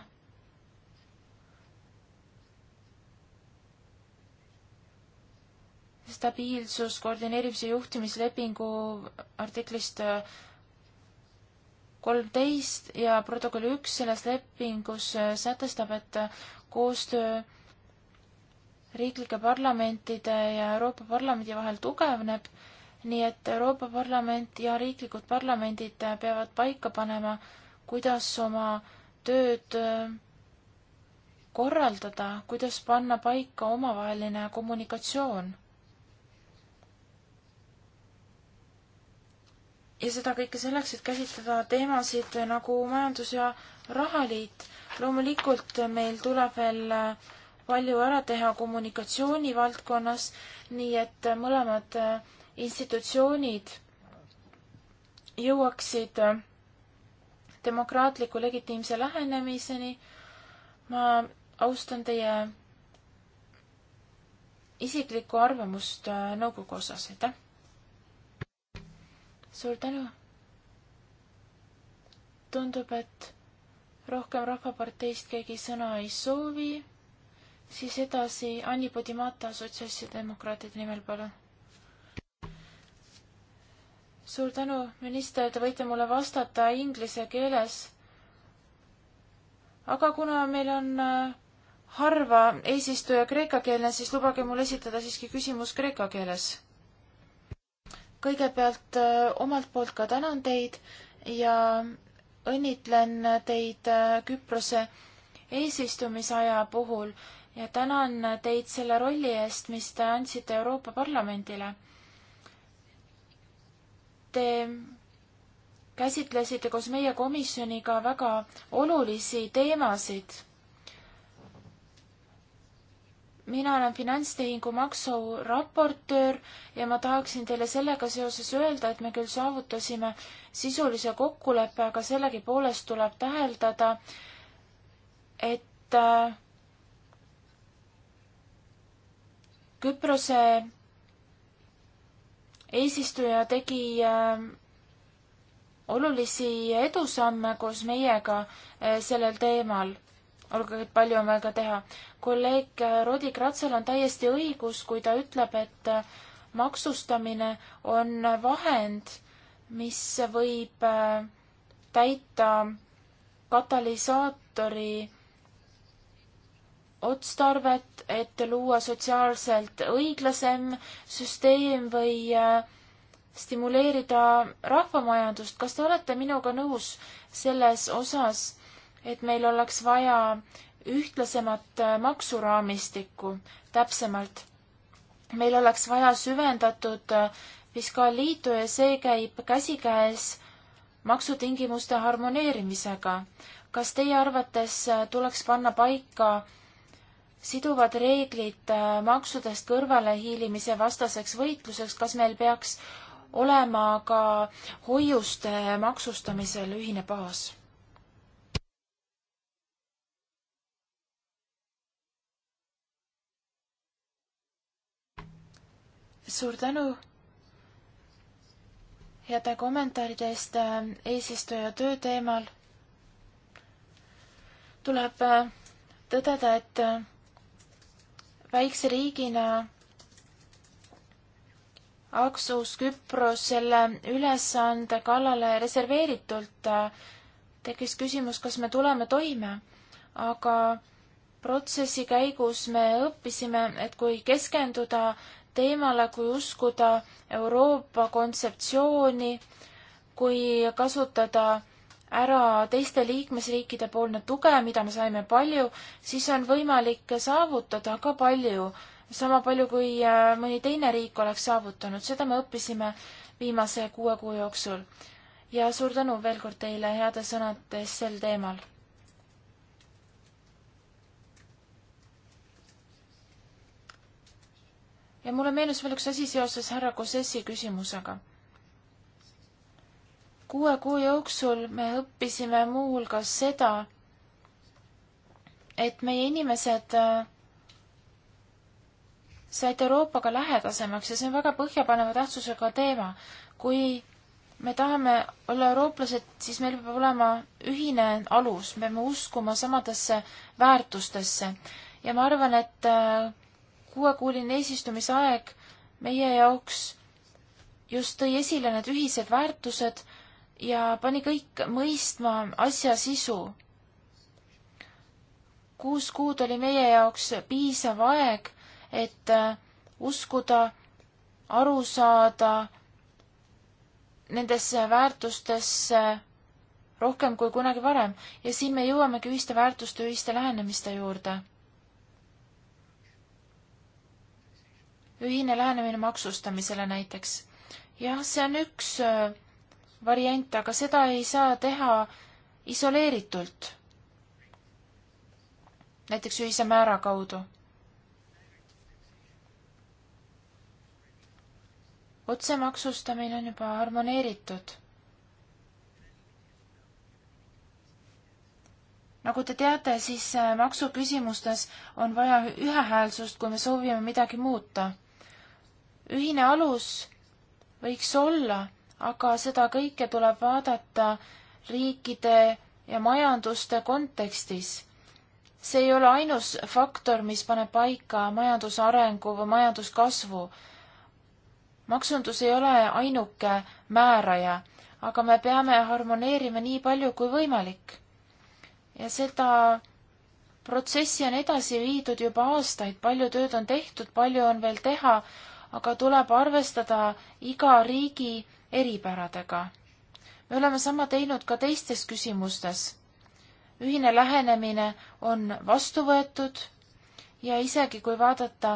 stabiilsus koordineerimise juhtimislepingu artiklist äh, kolmteist ja protokolli üks selles lepingus äh, sätestab, et koostöö riiklike parlamentide ja Euroopa Parlamendi vahel tugevneb nii et Euroopa Parlament ja riiklikud parlamendid äh, peavad paika panema, kuidas oma tööd äh, korraldada, kuidas panna paika omavaheline kommunikatsioon. ja seda kõike selleks, et käsitleda teemasid nagu majandus- ja rahaliit. loomulikult meil tuleb veel äh, palju ära teha kommunikatsiooni valdkonnas, nii et mõlemad institutsioonid jõuaksid äh, demokraatliku legitiimse lähenemiseni. ma austan teie isiklikku arvamust äh, nõukogu osas, aitäh! suur tänu! tundub, et rohkem Rahvaparteist keegi sõna ei soovi, siis edasi Anni Podimata sotsiaalside demokraatide nimel, palun suur tänu, minister, te võite mulle vastata inglise keeles. aga kuna meil on äh, harva eesistuja kreekakeelne, siis lubage mul esitada siiski küsimus kreeka keeles. kõigepealt äh, omalt poolt ka tänan teid ja õnnitlen teid äh, Küprose eesistumisaja puhul ja tänan teid selle rolli eest, mis te andsite Euroopa Parlamendile Te käsitlesite koos meie komisjoniga väga olulisi teemasid. mina olen finantstehingu maksu raportöör ja ma tahaksin teile sellega seoses öelda, et me küll saavutasime sisulise kokkuleppe, aga sellegipoolest tuleb täheldada, et äh, Küprose eesistuja tegi äh, olulisi edusamme koos meiega äh, sellel teemal, olgugi et palju on veel ka teha. kolleeg äh, Rodi Kratsel on täiesti õigus, kui ta ütleb, et maksustamine on vahend, mis võib täita katalüsaatori otstarvet, et luua sotsiaalselt õiglasem süsteem või äh, stimuleerida rahvamajandust. kas te olete minuga nõus selles osas, et meil oleks vaja ühtlasemat äh, maksuraamistikku täpsemalt? meil oleks vaja süvendatud äh, fiskaalliitu ja see käib käsikäes maksutingimuste harmoneerimisega. kas teie arvates tuleks panna paika siduvad reeglid äh, maksudest kõrvalehiilimise vastaseks võitluseks, kas meil peaks olema ka hoiuste maksustamisel ühine baas? suur tänu heade kommentaaride eest äh, eesistuja töö teemal. tuleb äh, tõdeda, et väikse riigina Aksus Küpros selle ülesande kallale reserveeritult. tekkis küsimus, kas me tuleme toime, aga protsessi käigus me õppisime, et kui keskenduda teemale, kui uskuda Euroopa kontseptsiooni, kui kasutada ära teiste liikmesriikide poolne tuge, mida me saime palju, siis on võimalik saavutada ka palju, sama palju kui äh, mõni teine riik oleks saavutanud, seda me õppisime viimase kuue kuu jooksul. ja suur tänu veel kord teile heade sõnade eest sel teemal. ja mulle meenus veel üks asi seoses härra Kosessi küsimusega kuue kuu jooksul me õppisime muuhulgas seda, et meie inimesed äh, said Euroopaga lähedasemaks ja see on väga põhjapaneva tähtsusega teema. kui me tahame olla eurooplased, siis meil peab olema ühine alus, me peame uskuma samadesse väärtustesse ja ma arvan, et äh, kuuekuuline eesistumisaeg meie jaoks just tõi esile need ühised väärtused ja pani kõik mõistma asja sisu. kuus kuud oli meie jaoks piisav aeg, et äh, uskuda, aru saada nendesse väärtustesse rohkem kui kunagi varem ja siin me jõuamegi ühiste väärtuste, ühiste lähenemiste juurde. ühine lähenemine maksustamisele näiteks. jah, see on üks äh, variante, aga seda ei saa teha isoleeritult. näiteks ühise määra kaudu. otsemaksustamine on juba harmoneeritud. nagu te teate, siis äh, maksuküsimustes on vaja ühehäälsust, kui me soovime midagi muuta. ühine alus võiks olla aga seda kõike tuleb vaadata riikide ja majanduste kontekstis. see ei ole ainus faktor, mis paneb paika majanduse arengu või majanduskasvu. maksundus ei ole ainuke määraja, aga me peame harmoneerima nii palju kui võimalik. ja seda protsessi on edasi viidud juba aastaid, palju tööd on tehtud, palju on veel teha, aga tuleb arvestada iga riigi eripäradega. me oleme sama teinud ka teistes küsimustes. ühine lähenemine on vastu võetud ja isegi kui vaadata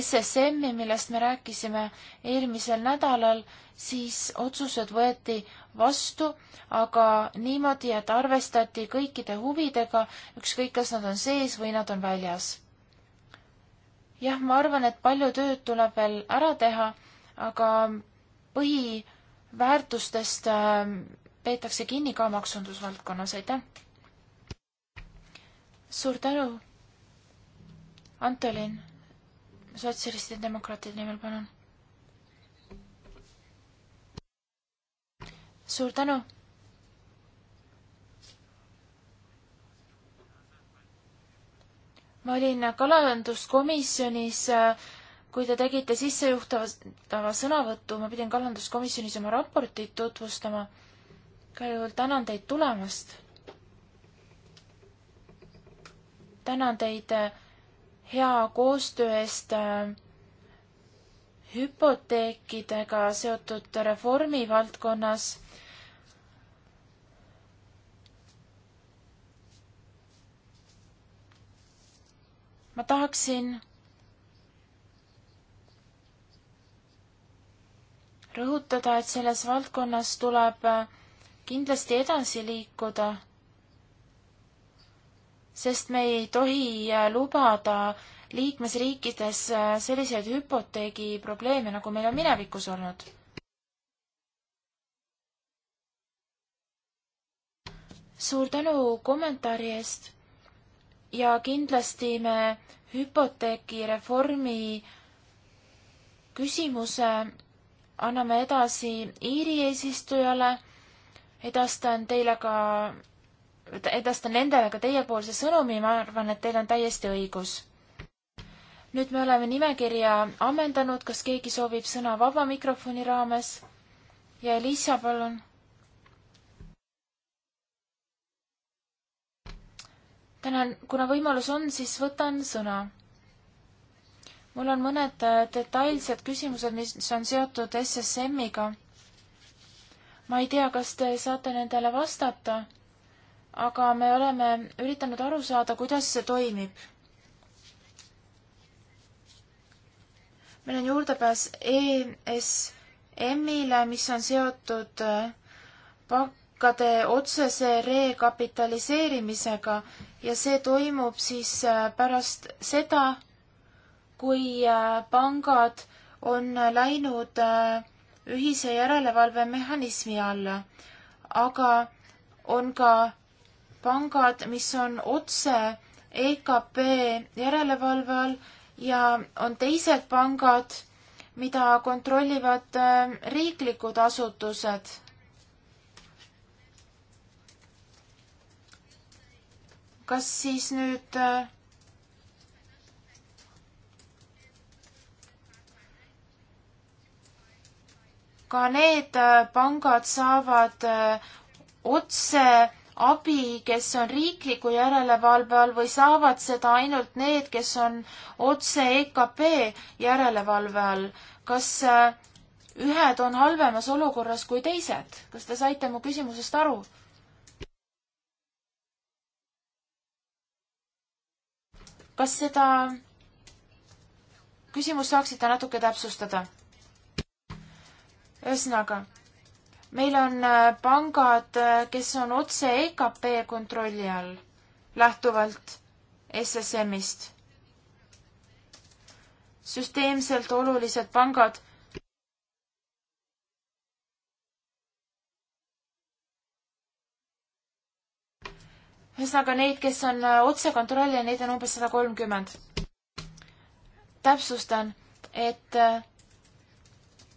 SSM-i, millest me rääkisime eelmisel nädalal, siis otsused võeti vastu, aga niimoodi, et arvestati kõikide huvidega, ükskõik, kas nad on sees või nad on väljas. jah, ma arvan, et palju tööd tuleb veel ära teha, aga põhi väärtustest ähm, peetakse kinni ka maksundusvaldkonnas, aitäh! suur tänu! Antolin, sotsialistide demokraatide nimel, palun! suur tänu! ma olin kalanduskomisjonis äh, kui te tegite sissejuhtava sõnavõttu, ma pidin kalanduskomisjonis oma raportit tutvustama. kõigepealt tänan teid tulemast. tänan teid äh, hea koostöö eest äh, hüpoteekidega seotud reformi valdkonnas ma tahaksin rõhutada, et selles valdkonnas tuleb äh, kindlasti edasi liikuda, sest me ei tohi äh, lubada liikmesriikides äh, selliseid hüpoteegiprobleeme, nagu meil on minevikus olnud. suur tänu kommentaari eest ja kindlasti me hüpoteegireformi küsimuse anname edasi Iiri eesistujale, edastan teile ka, edastan nendele ka teiepoolse sõnumi, ma arvan, et teil on täiesti õigus. nüüd me oleme nimekirja ammendanud, kas keegi soovib sõna vaba mikrofoni raames? ja Elisa, palun. tänan, kuna võimalus on, siis võtan sõna mul on mõned äh, detailsed küsimused, mis on seotud SSM-iga. ma ei tea, kas te saate nendele vastata, aga me oleme üritanud aru saada, kuidas see toimib. meil on juurdepääs ESM-ile, mis on seotud äh, pankade otsese rekapitaliseerimisega ja see toimub siis äh, pärast seda, kui äh, pangad on äh, läinud äh, ühise järelevalvemehhanismi alla, aga on ka pangad, mis on otse EKP järelevalve all ja on teised pangad, mida kontrollivad riiklikud asutused. kas siis nüüd äh, ka need äh, pangad saavad äh, otse abi, kes on riikliku järelevalve all või saavad seda ainult need, kes on otse EKP järelevalve all. kas äh, ühed on halvemas olukorras kui teised? kas te saite mu küsimusest aru? kas seda küsimust saaksite natuke täpsustada? ühesõnaga, meil on äh, pangad, äh, kes on otse EKP kontrolli all, lähtuvalt SSM-ist. süsteemselt olulised pangad ühesõnaga neid, kes on äh, otsekontrolli, neid on umbes sada kolmkümmend. täpsustan, et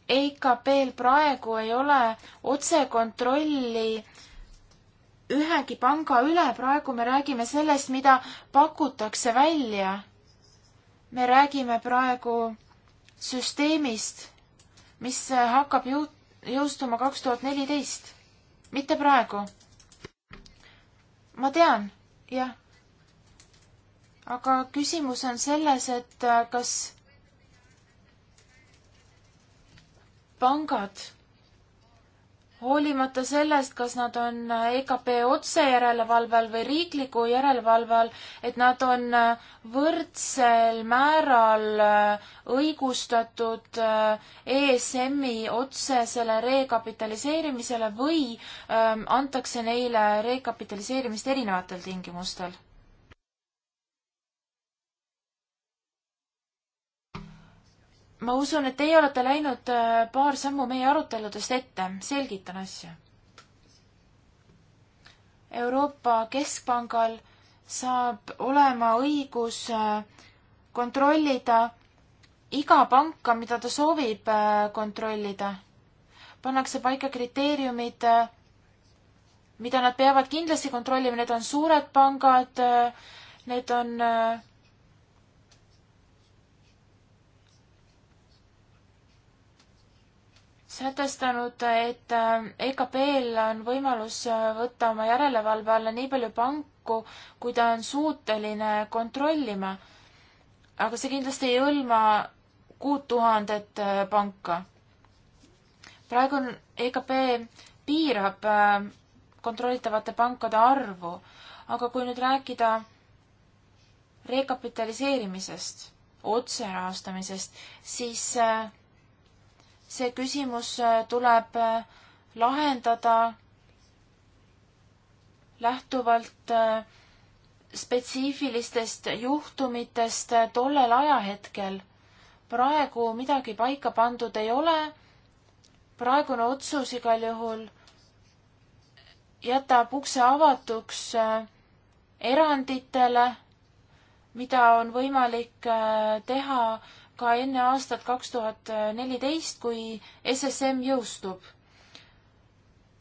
EKP-l praegu ei ole otsekontrolli ühegi panga üle, praegu me räägime sellest, mida pakutakse välja. me räägime praegu süsteemist, mis hakkab jõu-, jõustuma kaks tuhat neliteist, mitte praegu. ma tean, jah. aga küsimus on selles, et kas pangad, hoolimata sellest, kas nad on EKP otsejärelevalvel või riikliku järelevalvel, et nad on võrdsel määral õigustatud ESM-i otsesele rekapitaliseerimisele või ähm, antakse neile rekapitaliseerimist erinevatel tingimustel? ma usun, et teie olete läinud äh, paar sammu meie aruteludest ette, selgitan asja. Euroopa Keskpangal saab olema õigus äh, kontrollida iga panka, mida ta soovib äh, kontrollida. pannakse paika kriteeriumid, mida nad peavad kindlasti kontrollima, need on suured pangad, need on äh, sätestanud, et äh, EKP-l on võimalus äh, võtta oma järelevalve alla nii palju panku, kui ta on suuteline kontrollima. aga see kindlasti ei hõlma kuut tuhandet äh, panka. praegu on EKP piirab kontrollitavate pankade arvu, aga kui nüüd rääkida rekapitaliseerimisest, otserahastamisest, siis äh, see küsimus äh, tuleb äh, lahendada lähtuvalt äh, spetsiifilistest juhtumitest tollel ajahetkel. praegu midagi paika pandud ei ole. praegune otsus igal juhul jätab ukse avatuks eranditele, mida on võimalik teha ka enne aastat kaks tuhat neliteist, kui SSM jõustub.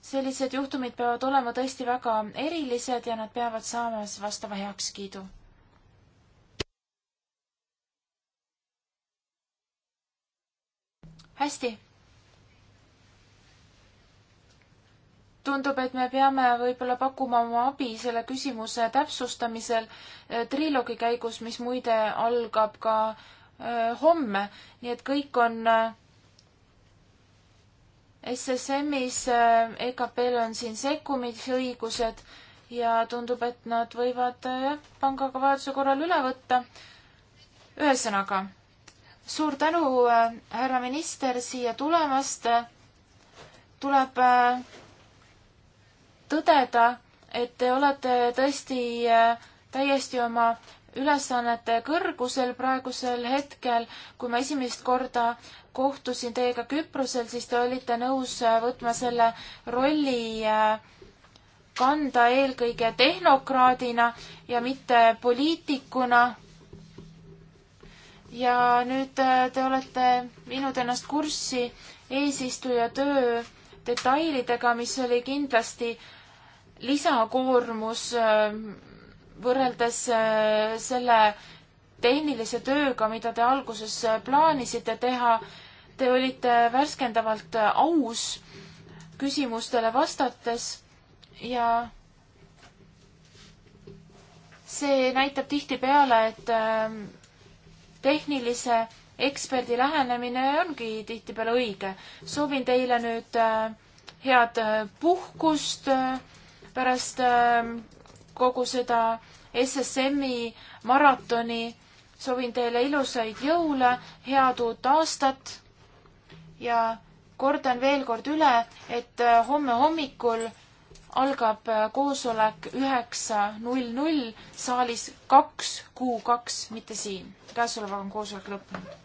sellised juhtumid peavad olema tõesti väga erilised ja nad peavad saama siis vastava heakskiidu. hästi. tundub, et me peame võib-olla pakkuma oma abi selle küsimuse täpsustamisel eh, triloogi käigus, mis muide algab ka äh, Äh, homme, nii et kõik on äh, SSM-is, äh, EKP-l on siin sekkumisõigused ja tundub, et nad võivad pangaga vajaduse korral üle võtta. ühesõnaga, suur tänu, härra minister, siia tulemast. tuleb tõdeda, et te olete tõesti täiesti oma ülesannete kõrgusel praegusel hetkel. kui ma esimest korda kohtusin teiega Küprosel, siis te olite nõus äh, võtma selle rolli äh, kanda eelkõige tehnokraadina ja mitte poliitikuna. ja nüüd äh, te olete viinud ennast kurssi eesistuja töö detailidega, mis oli kindlasti lisakoormus võrreldes äh, selle tehnilise tööga, mida te alguses äh, plaanisite teha, te olite värskendavalt äh, aus küsimustele vastates ja see näitab tihtipeale, et ähm, tehnilise eksperdi lähenemine ongi tihtipeale õige. soovin teile nüüd head puhkust pärast ähm, kogu seda SSM-i maratoni. soovin teile ilusaid jõule, head uut aastat ja kordan veel kord üle, et äh, homme hommikul algab äh, koosolek üheksa null null saalis kaks kuu kaks, mitte siin. käesolevaga on koosolek lõppenud.